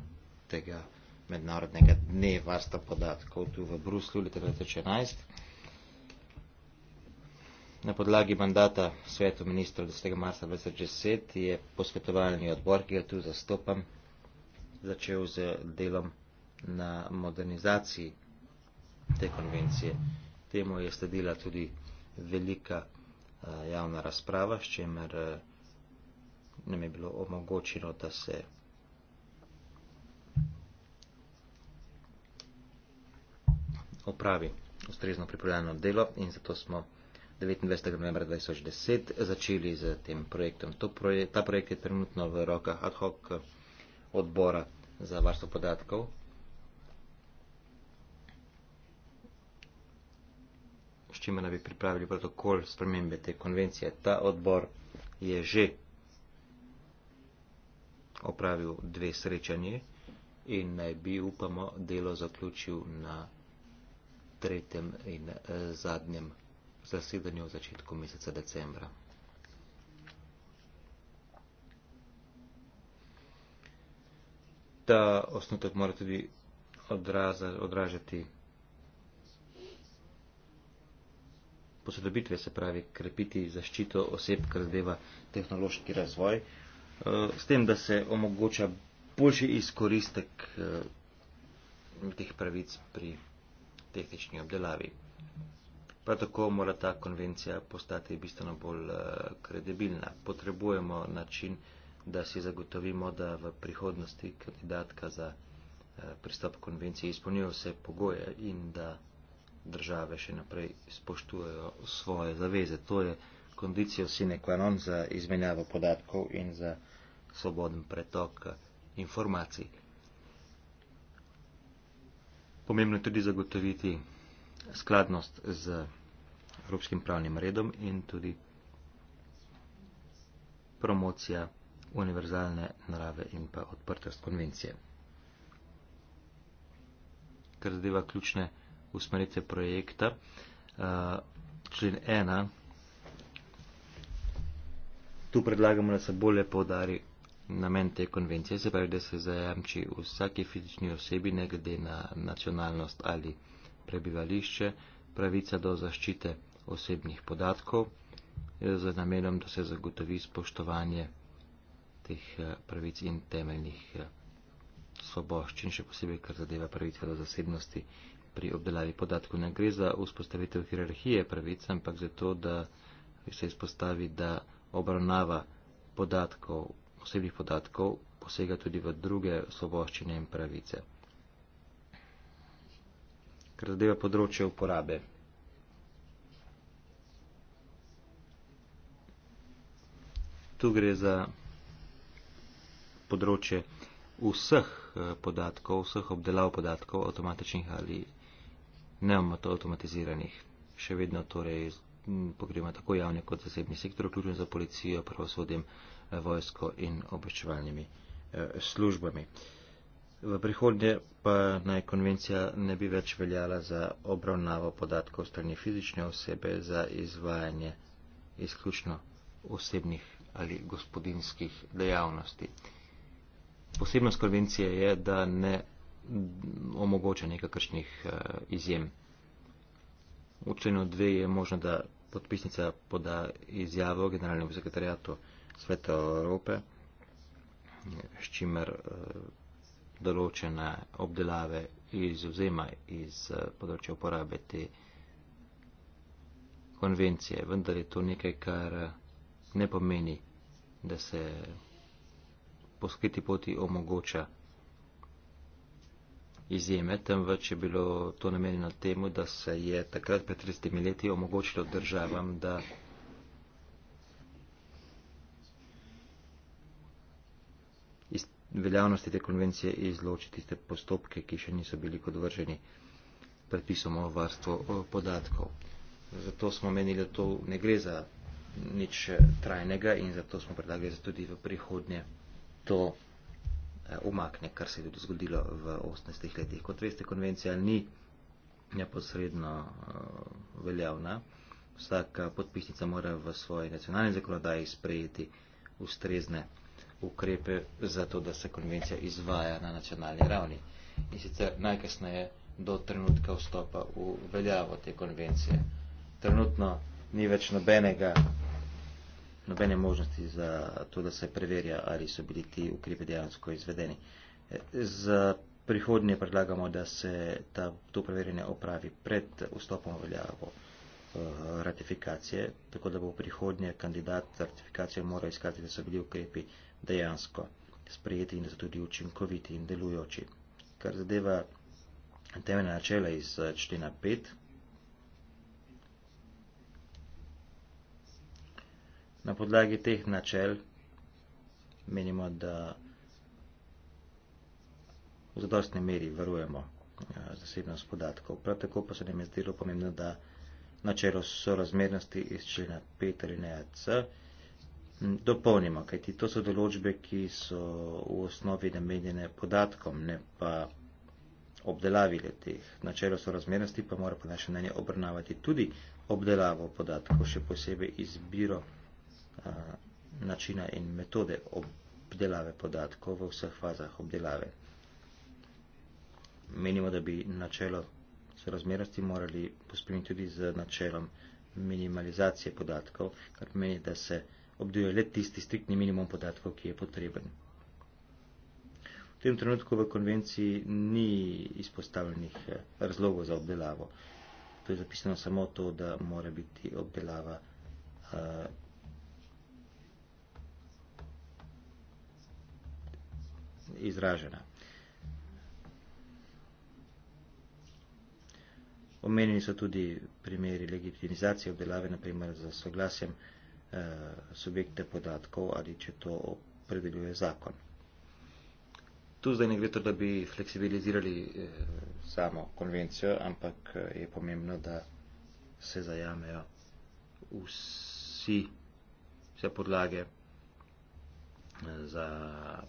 mednarodnega dne varstva podatkov tu v Bruslju leta 2011. Na podlagi mandata svetu ministrov 10. marca 2010 je posvetovalni odbor, ki ga tu zastopam, začel z delom na modernizaciji te konvencije. Temu je sledila tudi velika eh, javna razprava, s čemer eh, nam je bilo omogočeno, da se opravi ustrezno pripravljeno delo in zato smo 29. novembra 2010 začeli z tem projektom. To projek, ta projekt je trenutno v rokah ad hoc eh, odbora za varstvo podatkov. čime naj bi pripravili protokol spremembe te konvencije. Ta odbor je že opravil dve srečanje in naj bi, upamo, delo zaključil na tretjem in eh, zadnjem zasedanju v začetku meseca decembra. Ta osnutek mora tudi odraza, odražati posodobitve, se pravi krepiti zaščito oseb, kar zadeva tehnološki razvoj, eh, s tem, da se omogoča boljši izkoristek eh, teh pravic pri tehnični obdelavi. Prav tako mora ta konvencija postati bistveno bolj eh, kredibilna. Potrebujemo način, da si zagotovimo, da v prihodnosti kandidatka za pristop konvencije izpolnjuje vse pogoje in da države še naprej spoštujejo svoje zaveze. To je kondicijo sine qua non za izmenjavo podatkov in za svoboden pretok eh, informacij. Pomembno je tudi zagotoviti skladnost z evropskim pravnim redom in tudi promocija univerzalne narave in pa odprtost konvencije. Kar zadeva ključne usmeritve projekta. Eh, člen 1. Tu predlagamo, da se bolje povdari namen te konvencije, se pravi, da se zajamči vsaki fizični osebi, ne glede na nacionalnost ali prebivališče, pravica do zaščite osebnih podatkov eh, za namenom, da se zagotovi spoštovanje teh eh, pravic in temeljnih svoboščin, še posebej, kar zadeva pravice do zasebnosti pri obdelavi podatkov. Ne gre za vzpostavitev hierarhije pravic, ampak zato, da se izpostavi, da obravnava podatkov, osebnih podatkov posega tudi v druge svoboščine in pravice. Kar zadeva področje uporabe. Tu gre za področje vseh eh, podatkov, vseh obdelav podatkov, avtomatičnih ali nemamo to avtomatiziranih. Še vedno torej pogrema tako javne kot zasebni sektor, vključno za policijo, pravosodjem, eh, vojsko in obveščevalnimi eh, službami. V prihodnje pa naj konvencija ne bi več veljala za obravnavo podatkov strani fizične osebe za izvajanje izključno osebnih ali gospodinskih dejavnosti. Posebnost konvencije je, da ne omogoča nekakršnih eh, izjem. V členu 2 je možno, da podpisnica poda izjavo Generalnemu sekretarijatu Sveta Evrope, s čimer eh, določene obdelave izuzema iz eh, področja uporabe te konvencije. Vendar je to nekaj, kar ne pomeni, da se po skriti poti omogoča izjeme, temveč je bilo to namenjeno temu, da se je takrat pred 30 leti omogočilo državam, da iz veljavnosti te konvencije izloči tiste postopke, ki še niso bili podvrženi predpisom o varstvu podatkov. Zato smo menili, da to ne gre za nič eh, trajnega in zato smo predlagali, da tudi v prihodnje to umakne, kar se je tudi zgodilo v 18 letih. Kot veste, konvencija ni neposredno eh, veljavna. Vsaka podpisnica mora v svoji nacionalni zakonodaji sprejeti ustrezne ukrepe za to, da se konvencija izvaja na nacionalni ravni. In sicer najkasneje do trenutka vstopa v veljavo te konvencije. Trenutno ni več nobenega nobene možnosti za to, da se preverja, ali so bili ti ukrepe dejansko izvedeni. E, za prihodnje predlagamo, da se ta, to preverjanje opravi pred vstopom v veljavo e, ratifikacije, tako da bo prihodnje kandidat ratifikacije mora iskati, da so bili ukrepi dejansko sprejeti in da so tudi učinkoviti in delujoči. Kar zadeva temeljna načela iz e, člena 5, Na podlagi teh načel menimo, da v zadostni meri varujemo ja, zasebnost podatkov. Prav tako pa se nam je zdelo pomembno, da načelo sorazmernosti iz člena 5 ali ne C dopolnimo, kajti to so določbe, ki so v osnovi namenjene podatkom, ne pa obdelavi letih. Načelo sorazmernosti pa mora po našem mnenju obrnavati tudi obdelavo podatkov, še posebej izbiro podatkov načina in metode obdelave podatkov v vseh fazah obdelave. Menimo, da bi načelo sorazmernosti morali pospremiti tudi z načelom minimalizacije podatkov, kar pomeni, da se obdeluje le tisti striktni minimum podatkov, ki je potreben. V tem trenutku v konvenciji ni izpostavljenih eh, razlogov za obdelavo. To je zapisano samo to, da mora biti obdelava uh, izražena. Omenjeni so tudi primeri legitimizacije obdelave, naprimer za soglasjem eh, subjekte podatkov ali če to predeljuje zakon. Tu zdaj ne gre to, da bi fleksibilizirali eh, samo konvencijo, ampak eh, je pomembno, da se zajamejo vsi, vse podlage za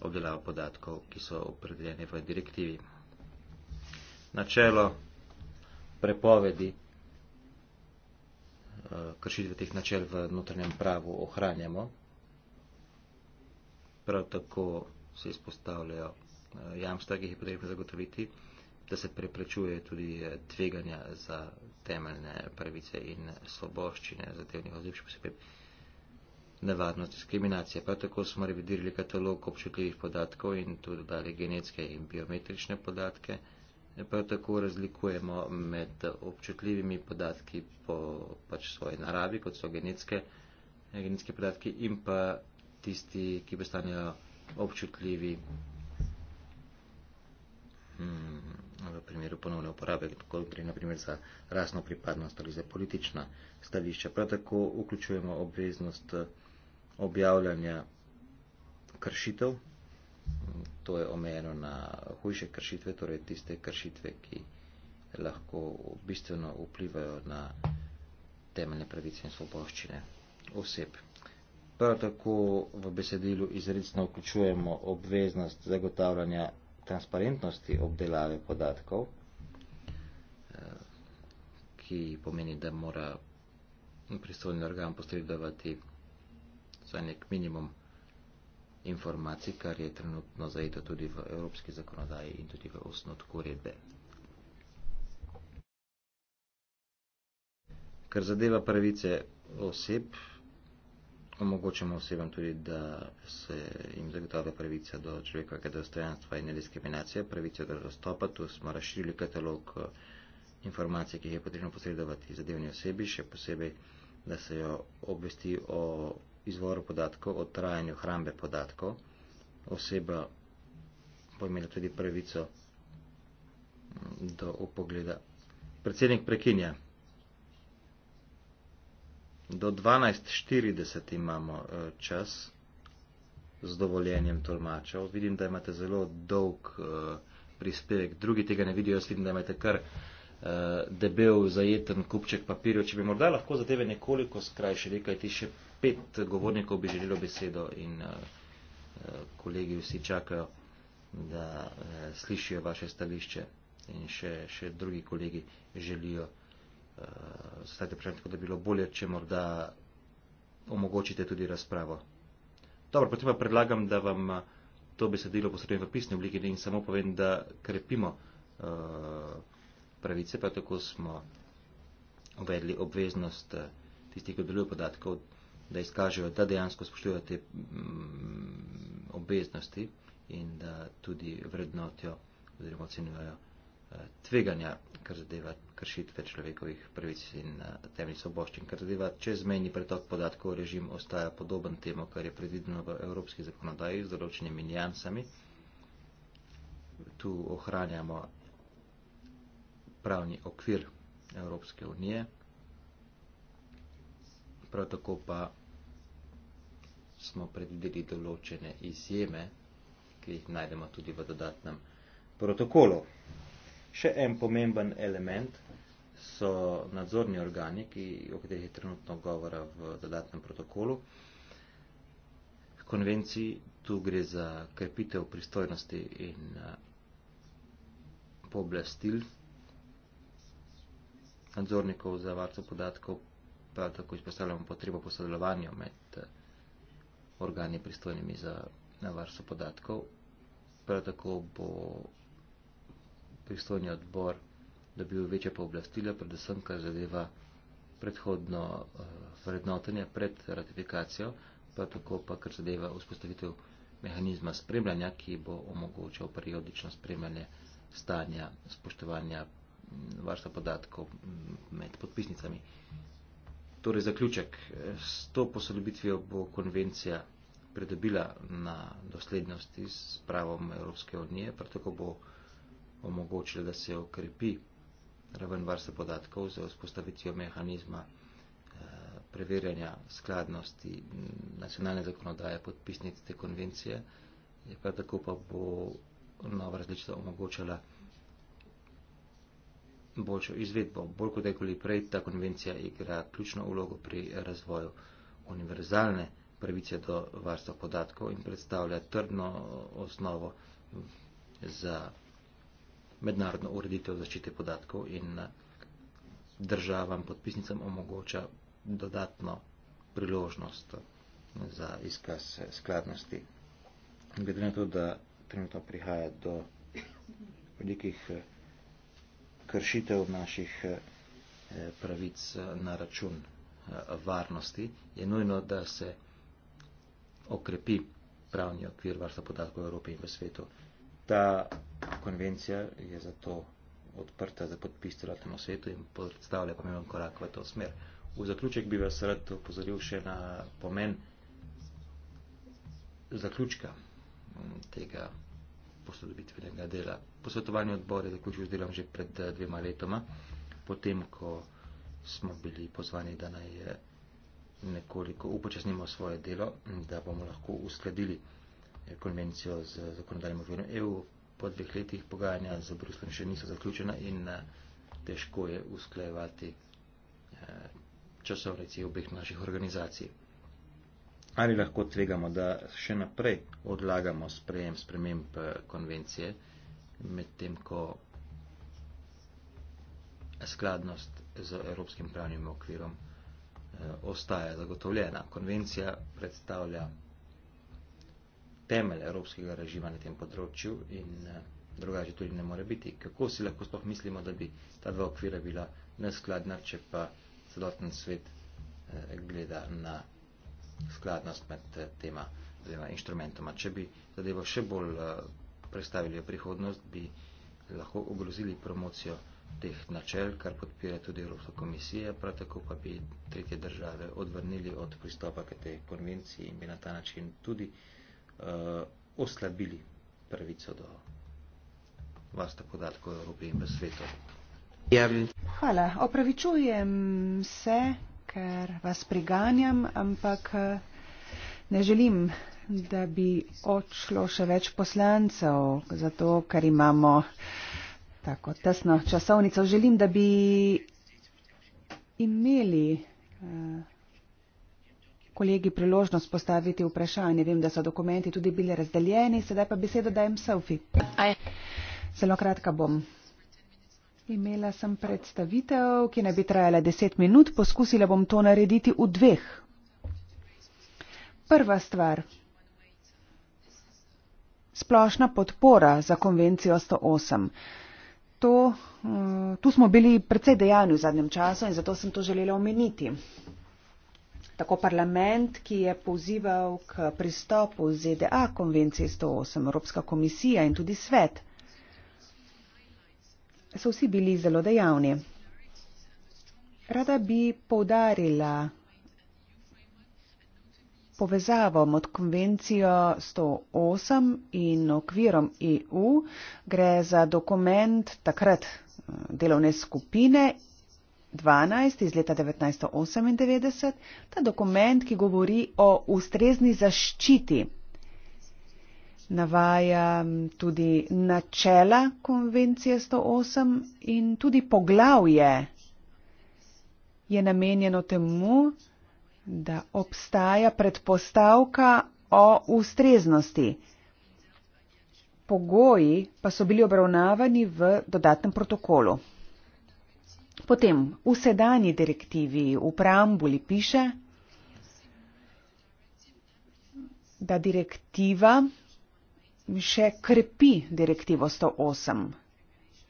obdelavo podatkov, ki so opredeljeni v direktivi. Načelo prepovedi eh, kršitve teh načel v notranjem pravu ohranjamo. Prav tako se izpostavljajo eh, jamstva, ki jih je potrebno zagotoviti, da se preprečuje tudi eh, tveganja za temeljne pravice in svoboščine zadevnih ozirov, še posebej nevarnost diskriminacije. Prav tako smo revidirali katalog občutljivih podatkov in tudi dodali genetske in biometrične podatke. Prav tako razlikujemo med občutljivimi podatki po pač svoji naravi, kot so genetske, genetske podatki, in pa tisti, ki postanejo občutljivi hmm, v primeru ponovne uporabe, kot gre naprimer za rasno pripadnost ali za politična stališča. Prav tako vključujemo obveznost objavljanja kršitev. To je omejeno na hujše kršitve, torej tiste kršitve, ki lahko bistveno vplivajo na temeljne pravice in svoboščine oseb. Prav tako v besedilu izredno vključujemo obveznost zagotavljanja transparentnosti obdelave podatkov, eh, ki pomeni, da mora pristojni organ posredovati zanje k minimum informacij, kar je trenutno zajeto tudi v evropski zakonodaji in tudi v osnotku uredbe. Kar zadeva pravice oseb, omogočamo osebam tudi, da se jim zagotavlja pravica do človekovega dostojanstva in nediskriminacije, pravice do dostopa, tu smo razširili katalog eh, informacij, ki jih je potrebno posredovati zadevni osebi, še posebej, da se jo obvesti o izvoru podatkov, o trajanju hrambe podatkov. Oseba bo imela tudi pravico mm, do upogleda. Predsednik prekinja. Do 12.40 imamo e, čas z dovoljenjem tolmačev. Vidim, da imate zelo dolg e, prispevek. Drugi tega ne vidijo, jaz vidim, da imate kar e, debel, zajeten kupček papirja. Če bi morda lahko zadeve nekoliko skrajšali, kaj ti še pet govornikov bi želelo besedo in eh, kolegi vsi čakajo, da eh, slišijo vaše stališče in še, še drugi kolegi želijo. Zdaj, eh, tako da bi bilo bolje, če morda omogočite tudi razpravo. Dobro, potem pa predlagam, da vam to besedilo posredujem v pisni obliki in samo povem, da krepimo pravice, pa tako smo uvedli obveznost tistih, ki delujejo podatkov, da izkažejo, da dejansko spoštujejo te mm, obveznosti in da tudi vrednotijo oziroma ocenjujejo eh, tveganja, kar zadeva kršitve človekovih pravic in eh, temeljnih svoboščin, kar zadeva čezmejni pretok podatkov, režim ostaja podoben temu, kar je predvideno v evropski zakonodaji z določenimi nijansami. Tu ohranjamo pravni okvir Evropske unije, prav tako pa smo predvideli določene izjeme, ki jih najdemo tudi v dodatnem protokolu. Še en pomemben element so nadzorni organi, ki, o katerih je trenutno govora v dodatnem protokolu. V konvenciji tu gre za krepitev pristojnosti in eh, pooblastil nadzornikov za varstvo podatkov, prav tako izpostavljamo potrebo po sodelovanju med organi pristojnimi za varstvo podatkov. Prav tako bo pristojni odbor dobil večje pooblastila, predvsem kar zadeva predhodno eh, vrednotenje pred ratifikacijo, prav tako pa kar zadeva vzpostavitev mehanizma spremljanja, ki bo omogočal periodično spremljanje stanja spoštovanja varstva podatkov med podpisnicami. Torej, zaključek. S to posodobitvijo bo konvencija pridobila na doslednosti s pravom Evropske unije, prav tako bo omogočila, da se okrepi raven varstva podatkov za vzpostavitvijo mehanizma eh, preverjanja skladnosti nacionalne zakonodaje podpisnice te konvencije, prav tako pa bo nova različica omogočala boljšo izvedbo. Bolj kot ekoli prej, ta konvencija igra ključno ulogo pri razvoju univerzalne pravice do varstva podatkov in predstavlja trdno osnovo za mednarodno ureditev zaščite podatkov in državam podpisnicam omogoča dodatno priložnost za izkaz skladnosti. Glede na to, da trenutno prihaja do velikih kršitev naših eh, pravic eh, na račun eh, varnosti, je nujno, da se okrepi pravni okvir varstva podatkov v Evropi in v svetu. Ta konvencija je zato odprta za podpis celotnemu svetu in predstavlja pomemben korak v to smer. V zaključek bi vas rad upozoril še na pomen zaključka tega posodobitvenega dela. Posvetovanje odbor je zaključil z delom že pred eh, dvema letoma, potem, ko smo bili pozvani, da naj eh, nekoliko upočasnimo svoje delo, da bomo lahko uskladili eh, konvencijo z zakonodajnim okvirom EU. Po dveh letih pogajanja z Bruslem še niso zaključena in težko je usklajevati časovnici obeh naših organizacij ali lahko tvegamo, da še naprej odlagamo sprejem sprememb eh, konvencije, medtem ko skladnost z evropskim pravnim okvirom eh, ostaja zagotovljena. Konvencija predstavlja temelj evropskega režima na tem področju in eh, drugače tudi ne more biti. Kako si lahko sploh mislimo, da bi ta dva okvira bila neskladna, če pa celoten svet gleda na skladnost med eh, tema oziroma inštrumentoma. Če bi zadevo še bolj eh, predstavili v prihodnost, bi lahko ogrozili promocijo teh načel, kar podpira tudi Evropska komisija, prav tako pa bi tretje države odvrnili od pristopa k tej konvenciji in bi na ta način tudi uh, oslabili pravico do varstva podatkov v Evropi in v svetu. Hvala. Opravičujem se ker vas priganjam, ampak eh, ne želim, da bi odšlo še več poslancev, zato ker imamo tako tesno časovnico. Želim, da bi imeli eh, kolegi priložnost postaviti vprašanje. Vem, da so dokumenti tudi bili razdeljeni, sedaj pa besedo dajem Sofi. Zelo kratka bom. Imela sem predstavitev, ki ne bi trajala deset minut, poskusila bom to narediti v dveh. Prva stvar. Splošna podpora za konvencijo 108. To, mm, tu smo bili predvsej dejani v zadnjem času in zato sem to želela omeniti. Tako parlament, ki je pozival k pristopu ZDA konvencije 108, Evropska komisija in tudi svet so vsi bili zelo dejavni. Rada bi povdarila povezavo med konvencijo 108 in okvirom EU. Gre za dokument takrat eh, delovne skupine 12 iz leta 1998. Ta dokument, ki govori o ustrezni zaščiti navaja tudi načela konvencije 108 in tudi poglavje je namenjeno temu, da obstaja predpostavka o ustreznosti. Pogoji pa so bili obravnavani v dodatnem protokolu. Potem v sedanji direktivi v preambuli piše, da direktiva še krepi direktivo 108.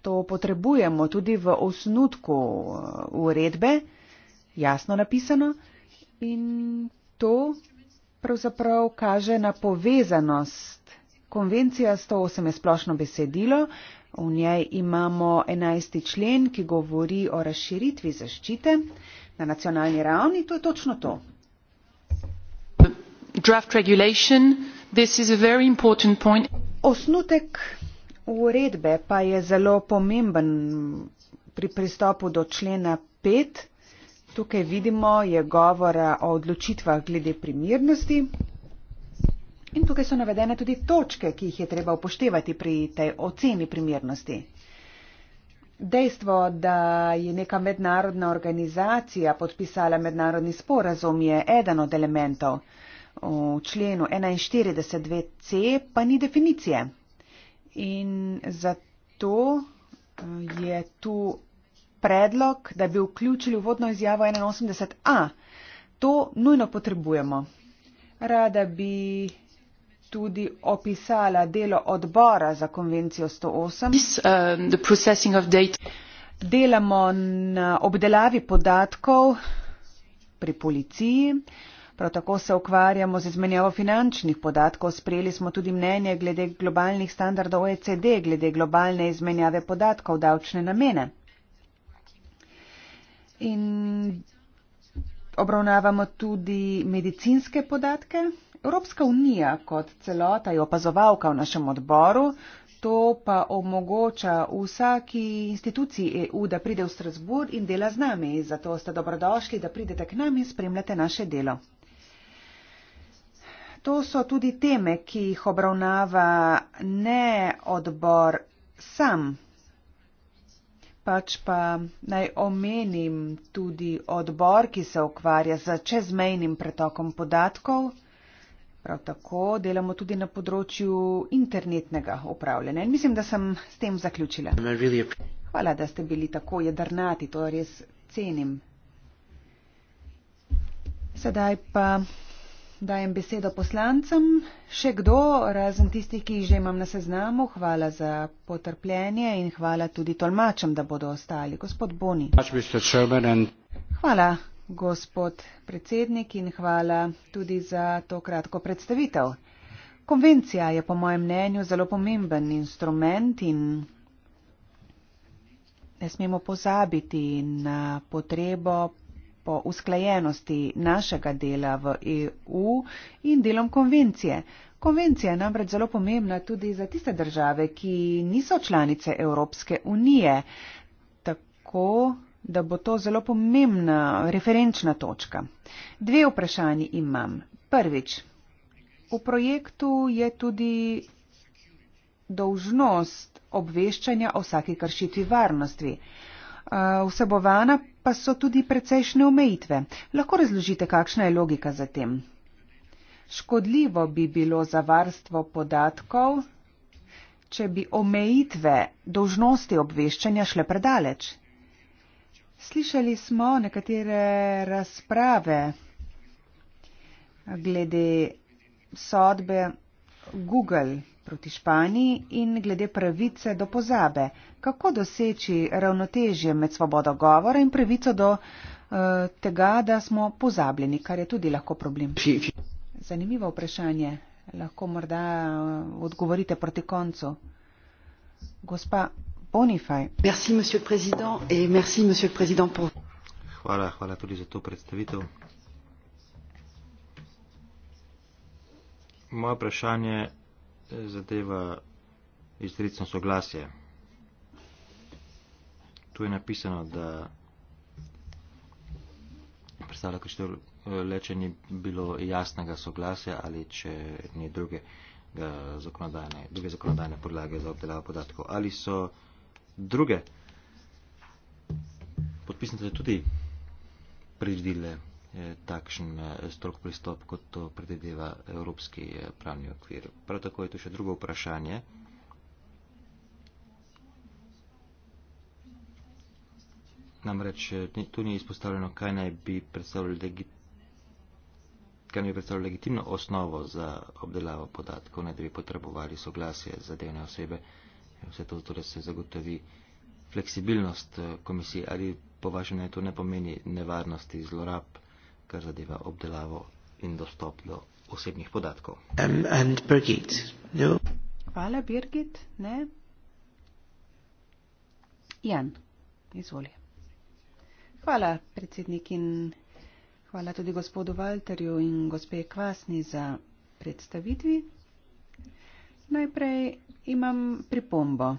To potrebujemo tudi v osnutku uh, uredbe, jasno napisano, in to pravzaprav kaže na povezanost. Konvencija 108 je splošno besedilo, v njej imamo 11. člen, ki govori o razširitvi zaščite na nacionalni ravni, to je točno to. Draft regulation osnutek uredbe pa je zelo pomemben pri pristopu do člena 5. Tukaj vidimo je govora o odločitvah glede primirnosti. In tukaj so navedene tudi točke, ki jih je treba upoštevati pri tej oceni primernosti. Dejstvo, da je neka mednarodna organizacija podpisala mednarodni sporazum, je eden od elementov v členu 41.2c pa ni definicije. In zato eh, je tu predlog, da bi vključili vodno izjavo 81a. To nujno potrebujemo. Rada bi tudi opisala delo odbora za konvencijo 108. This, uh, Delamo na obdelavi podatkov pri policiji. Uh, Prav tako se ukvarjamo z izmenjavo finančnih podatkov. Sprejeli smo tudi mnenje glede globalnih standardov OECD, glede globalne izmenjave podatkov davčne namene. In obravnavamo tudi medicinske podatke. Evropska unija kot celota je opazovalka v našem odboru, to pa omogoča vsaki instituciji EU, da pride v Strasbourg in dela z nami. Zato ste dobrodošli, da pridete k nam in spremljate naše delo. To so tudi teme, ki jih obravnava ne odbor sam, pač pa naj omenim tudi odbor, ki se ukvarja z čezmejnim pretokom podatkov. Prav tako delamo tudi na področju internetnega upravljanja. In mislim, da sem s tem zaključila. Hvala, da ste bili tako jedrnati, to res cenim. Sedaj pa Dajem besedo poslancem. Še kdo, razen tistih, ki jih že imam na seznamu, hvala za potrpljenje in hvala tudi tolmačem, da bodo ostali. Gospod Boni. Hvala, gospod predsednik, in hvala tudi za to kratko predstavitev. Konvencija je po mojem mnenju zelo pomemben instrument in ne smemo pozabiti na potrebo po usklajenosti našega dela v EU in delom konvencije. Konvencija je namreč zelo pomembna tudi za tiste države, ki niso članice Evropske unije, tako da bo to zelo pomembna referenčna točka. Dve vprašanji imam. Prvič, v projektu je tudi dolžnost obveščanja o vsaki kršitvi varnosti. Eh, vsebovana pa so tudi precejšnje omejitve. Lahko razložite, kakšna je logika za tem? Škodljivo bi bilo za varstvo podatkov, če bi omejitve dožnosti obveščanja šle predaleč. Slišali smo nekatere razprave glede sodbe Google proti Španiji in glede pravice do pozabe. Kako doseči ravnotežje med svobodo govora in pravico do eh, tega, da smo pozabljeni, kar je tudi lahko problem? Zanimivo vprašanje. Lahko morda eh, odgovorite proti koncu. Gospa Bonifaj. Merci, monsieur président, et merci, monsieur président, pour. Hvala, hvala tudi za to predstavitev. Moje vprašanje zadeva izrecno soglasje. Tu je napisano, da predstavlja kršitev eh, le, če ni bilo jasnega soglasja ali če ni druge zakonodajne, druge zakonodajne podlage za obdelavo podatkov. Ali so druge podpisnice tudi predvidile takšen eh, strok pristop, kot to predvideva evropski eh, pravni okvir. Prav tako je tu še drugo vprašanje. Namreč eh, tu ni izpostavljeno, kaj naj bi predstavljalo legitimnost kar mi predstavlja legitimno osnovo za obdelavo podatkov, ne da bi potrebovali soglasje za delne osebe. Vse to zato, da se zagotovi fleksibilnost komisije. Ali po vašem ne to ne pomeni nevarnosti zlorab? kar zadeva obdelavo in dostop do osebnih podatkov. Um, Birgit, no? Hvala, Birgit. Ne? Jan, izvoli. Hvala, predsednik, in hvala tudi gospodu Walterju in gospe Kvasni za predstavitvi. Najprej imam pripombo.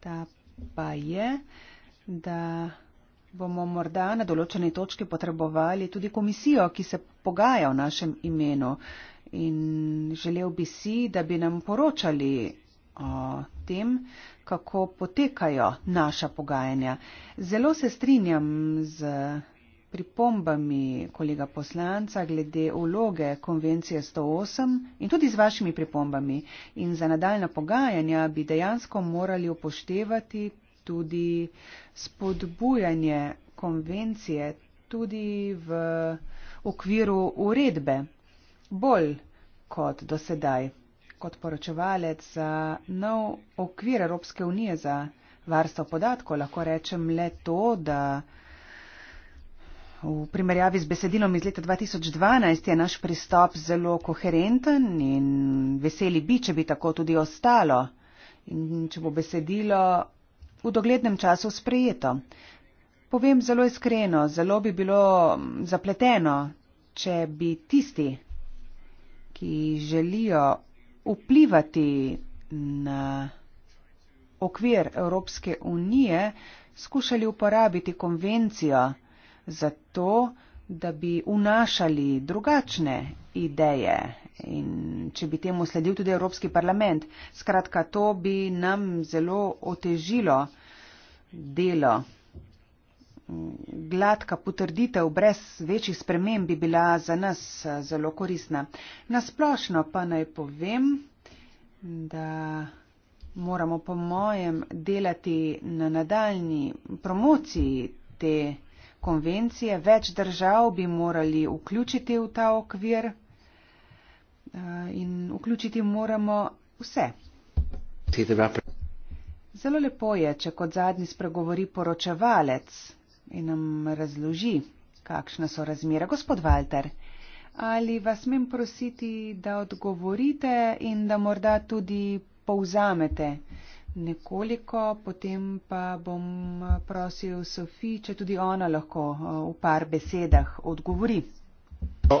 Ta pa je, da bomo morda na določene točke potrebovali tudi komisijo, ki se pogaja o našem imenu. In želel bi si, da bi nam poročali o tem, kako potekajo naša pogajanja. Zelo se strinjam z pripombami kolega poslanca glede vloge konvencije 108 in tudi z vašimi pripombami. In za nadaljna pogajanja bi dejansko morali upoštevati tudi spodbujanje konvencije tudi v okviru uredbe, bolj kot do sedaj, kot poročevalec za nov okvir Evropske unije za varstvo podatkov. Lahko rečem le to, da v primerjavi z besedilom iz leta 2012 je naš pristop zelo koherenten in veseli bi, če bi tako tudi ostalo. In če bo besedilo v doglednem času sprejeto. Povem zelo iskreno, zelo bi bilo zapleteno, če bi tisti, ki želijo vplivati na okvir Evropske unije, skušali uporabiti konvencijo za to, da bi unašali drugačne ideje in če bi temu sledil tudi Evropski parlament. Skratka, to bi nam zelo otežilo delo. Gladka potrditev brez večjih sprememb bi bila za nas eh, zelo korisna. Nasplošno pa naj povem, da moramo po mojem delati na nadaljni promociji te konvencije. Več držav bi morali vključiti v ta okvir. Eh, in vključiti moramo vse. Zelo lepo je, če kot zadnji spregovori poročevalec in nam razloži, kakšna so razmera. Gospod Walter, ali vas smem prositi, da odgovorite in da morda tudi povzamete nekoliko, potem pa bom prosil Sofi, če tudi ona lahko eh, v par besedah odgovori. No,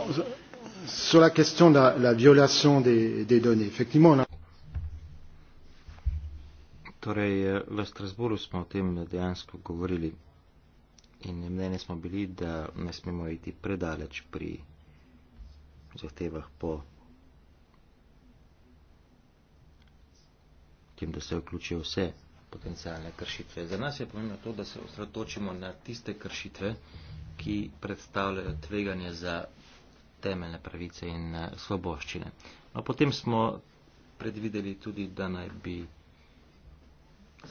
sur la question de la, la violation des, des données, effectivement, on a. Torej, eh, v Strasburu smo o tem dejansko govorili in mnenje smo bili, da ne smemo iti predaleč pri zahtevah po tem, da se vključijo vse potencijalne kršitve. Za nas je pomembno to, da se osredotočimo na tiste kršitve, ki predstavljajo tveganje za temeljne pravice in eh, svoboščine. No, potem smo predvideli tudi, da naj bi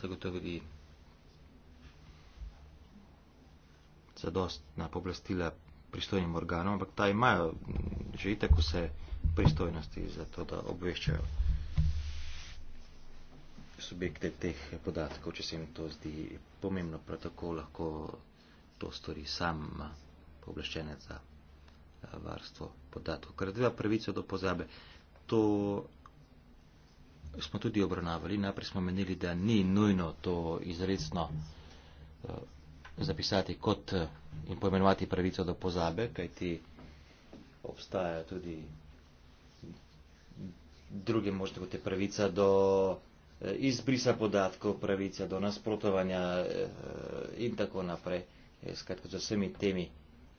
zagotovili zadostna poblastila pristojnim organom, ampak ta imajo že itak vse pristojnosti za to, da obveščajo subjekte teh podatkov, če se jim to zdi pomembno, prav tako lahko to stori sam pooblaščenec za varstvo podatkov. Ker dva pravica do pozabe. To smo tudi obravnavali. Najprej smo menili, da ni nujno to izredno eh, zapisati kot eh, in pojmenovati pravico do pozabe, kajti obstaja tudi druge možnosti kot je pravica do eh, izbrisa podatkov, pravica do nasprotovanja in tako naprej. Skratka, z vsemi temi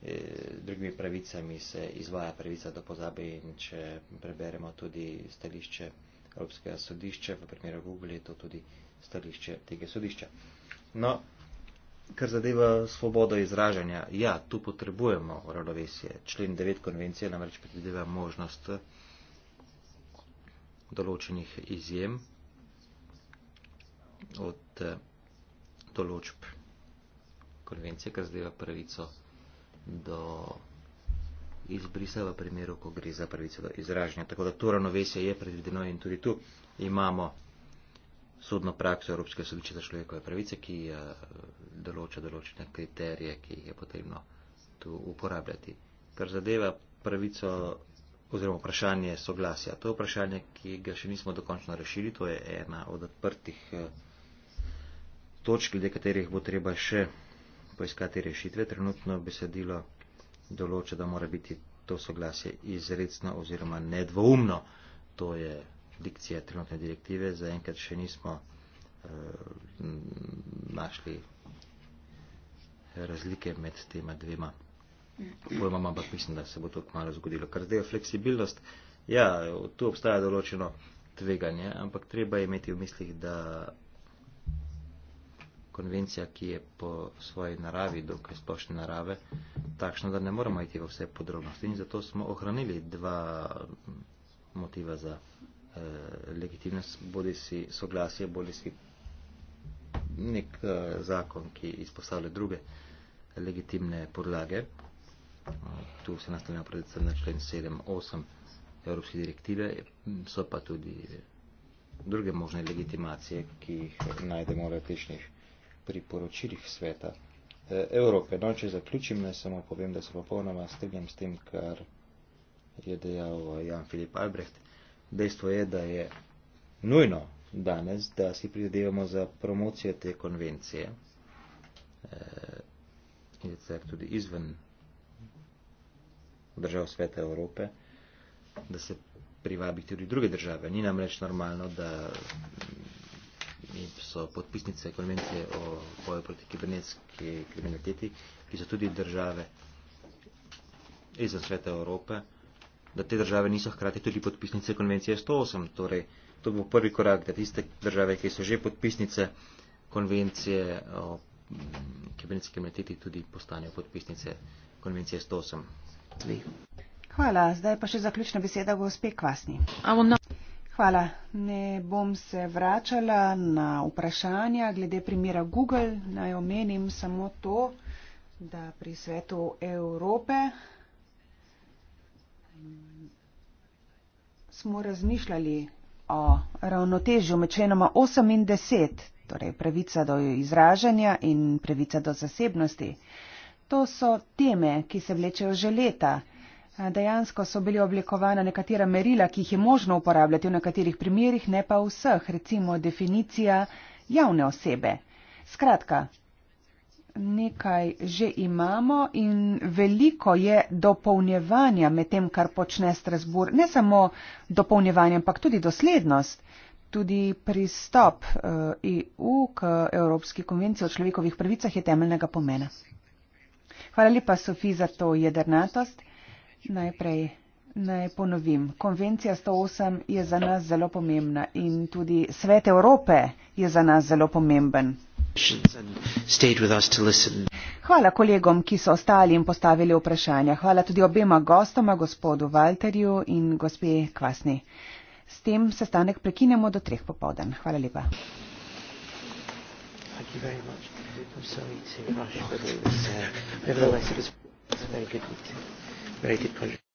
Eh, drugimi pravicami se izvaja pravica do pozabe in če preberemo tudi stališče Evropskega sodišča, v primeru Google je to tudi stališče tega sodišča. No, kar zadeva svobodo izražanja, ja, tu potrebujemo ravnovesje. Člen 9 konvencije namreč predvideva možnost določenih izjem od eh, določb konvencije, kar zadeva pravico do izbrisa v primeru, ko gre za pravico do izražanja. Tako da to ravnovesje je predvideno in tudi tu imamo sodno prakso Evropske sodiče za človekove pravice, ki uh, določa določene kriterije, ki jih je potrebno tu uporabljati. Kar zadeva pravico oziroma vprašanje soglasja, to je vprašanje, ki ga še nismo dokončno rešili, to je ena od odprtih uh, točk, glede katerih bo treba še. Uh, poiskati rešitve. Trenutno besedilo določa, da mora biti to soglasje izredno oziroma nedvoumno. To je dikcija trenutne direktive. Zaenkrat še nismo uh, našli razlike med tema dvema pojmama, ampak mislim, da se bo to kmalo zgodilo. Kar zdaj je fleksibilnost, ja, tu obstaja določeno tveganje, ampak treba imeti v mislih, da konvencija, ki je po svoji naravi, dokaj splošne narave, takšna, da ne moramo iti v vse podrobnosti. In zato smo ohranili dva motiva za eh, legitimnost, bodi si soglasje, bodi si nek eh, zakon, ki izpostavlja druge legitimne podlage. Tu se nastavljamo predvsem na člen 7.8 Evropske direktive, so pa tudi druge možne legitimacije, ki jih najdemo v različnih priporočilih sveta e, Evrope. No, če zaključim, ne samo povem, da se popolnoma strinjam s tem, kar je dejal eh, Jan Filip Albrecht. Dejstvo je, da je nujno danes, da si pridevamo za promocijo te konvencije eh, in tudi izven držav sveta Evrope, da se privabi tudi druge države. Ni namreč normalno, da so podpisnice konvencije o boju proti kibernetski kriminaliteti, ki so tudi države izven sveta Evrope, da te države niso hkrati tudi podpisnice konvencije 108. Torej, to bo prvi korak, da tiste države, ki so že podpisnice konvencije o mm, kibernetski kriminaliteti, tudi postanejo podpisnice konvencije 108. Hvala. Zdaj pa še zaključna beseda gospe Kvasni. Hvala. Ne bom se vračala na vprašanja glede primera Google. Naj omenim samo to, da pri svetu Evrope smo razmišljali o ravnotežju med členoma 8 in 10, torej pravica do izražanja in pravica do zasebnosti. To so teme, ki se vlečejo že leta. Dejansko so bili oblikovana nekatera merila, ki jih je možno uporabljati v nekaterih primerjih, ne pa vseh, recimo definicija javne osebe. Skratka, nekaj že imamo in veliko je dopolnjevanja med tem, kar počne Strasbur. Ne samo dopolnjevanje, ampak tudi doslednost, tudi pristop EU e k Evropski konvenciji o človekovih pravicah je temeljnega pomena. Hvala lepa, Sofi, za to jedrnatost najprej naj ponovim. Konvencija 108 je za nas zelo pomembna in tudi Svet Evrope je za nas zelo pomemben. Hvala kolegom, ki so ostali in postavili vprašanja. Hvala tudi obema gostoma, gospodu Walterju in gospe Kvasni. S tem sestanek prekinemo do treh popovdan. Hvala lepa. Thank you very much. I'm sorry to rush, but it was, uh, nevertheless, it was a very good meeting great pleasure.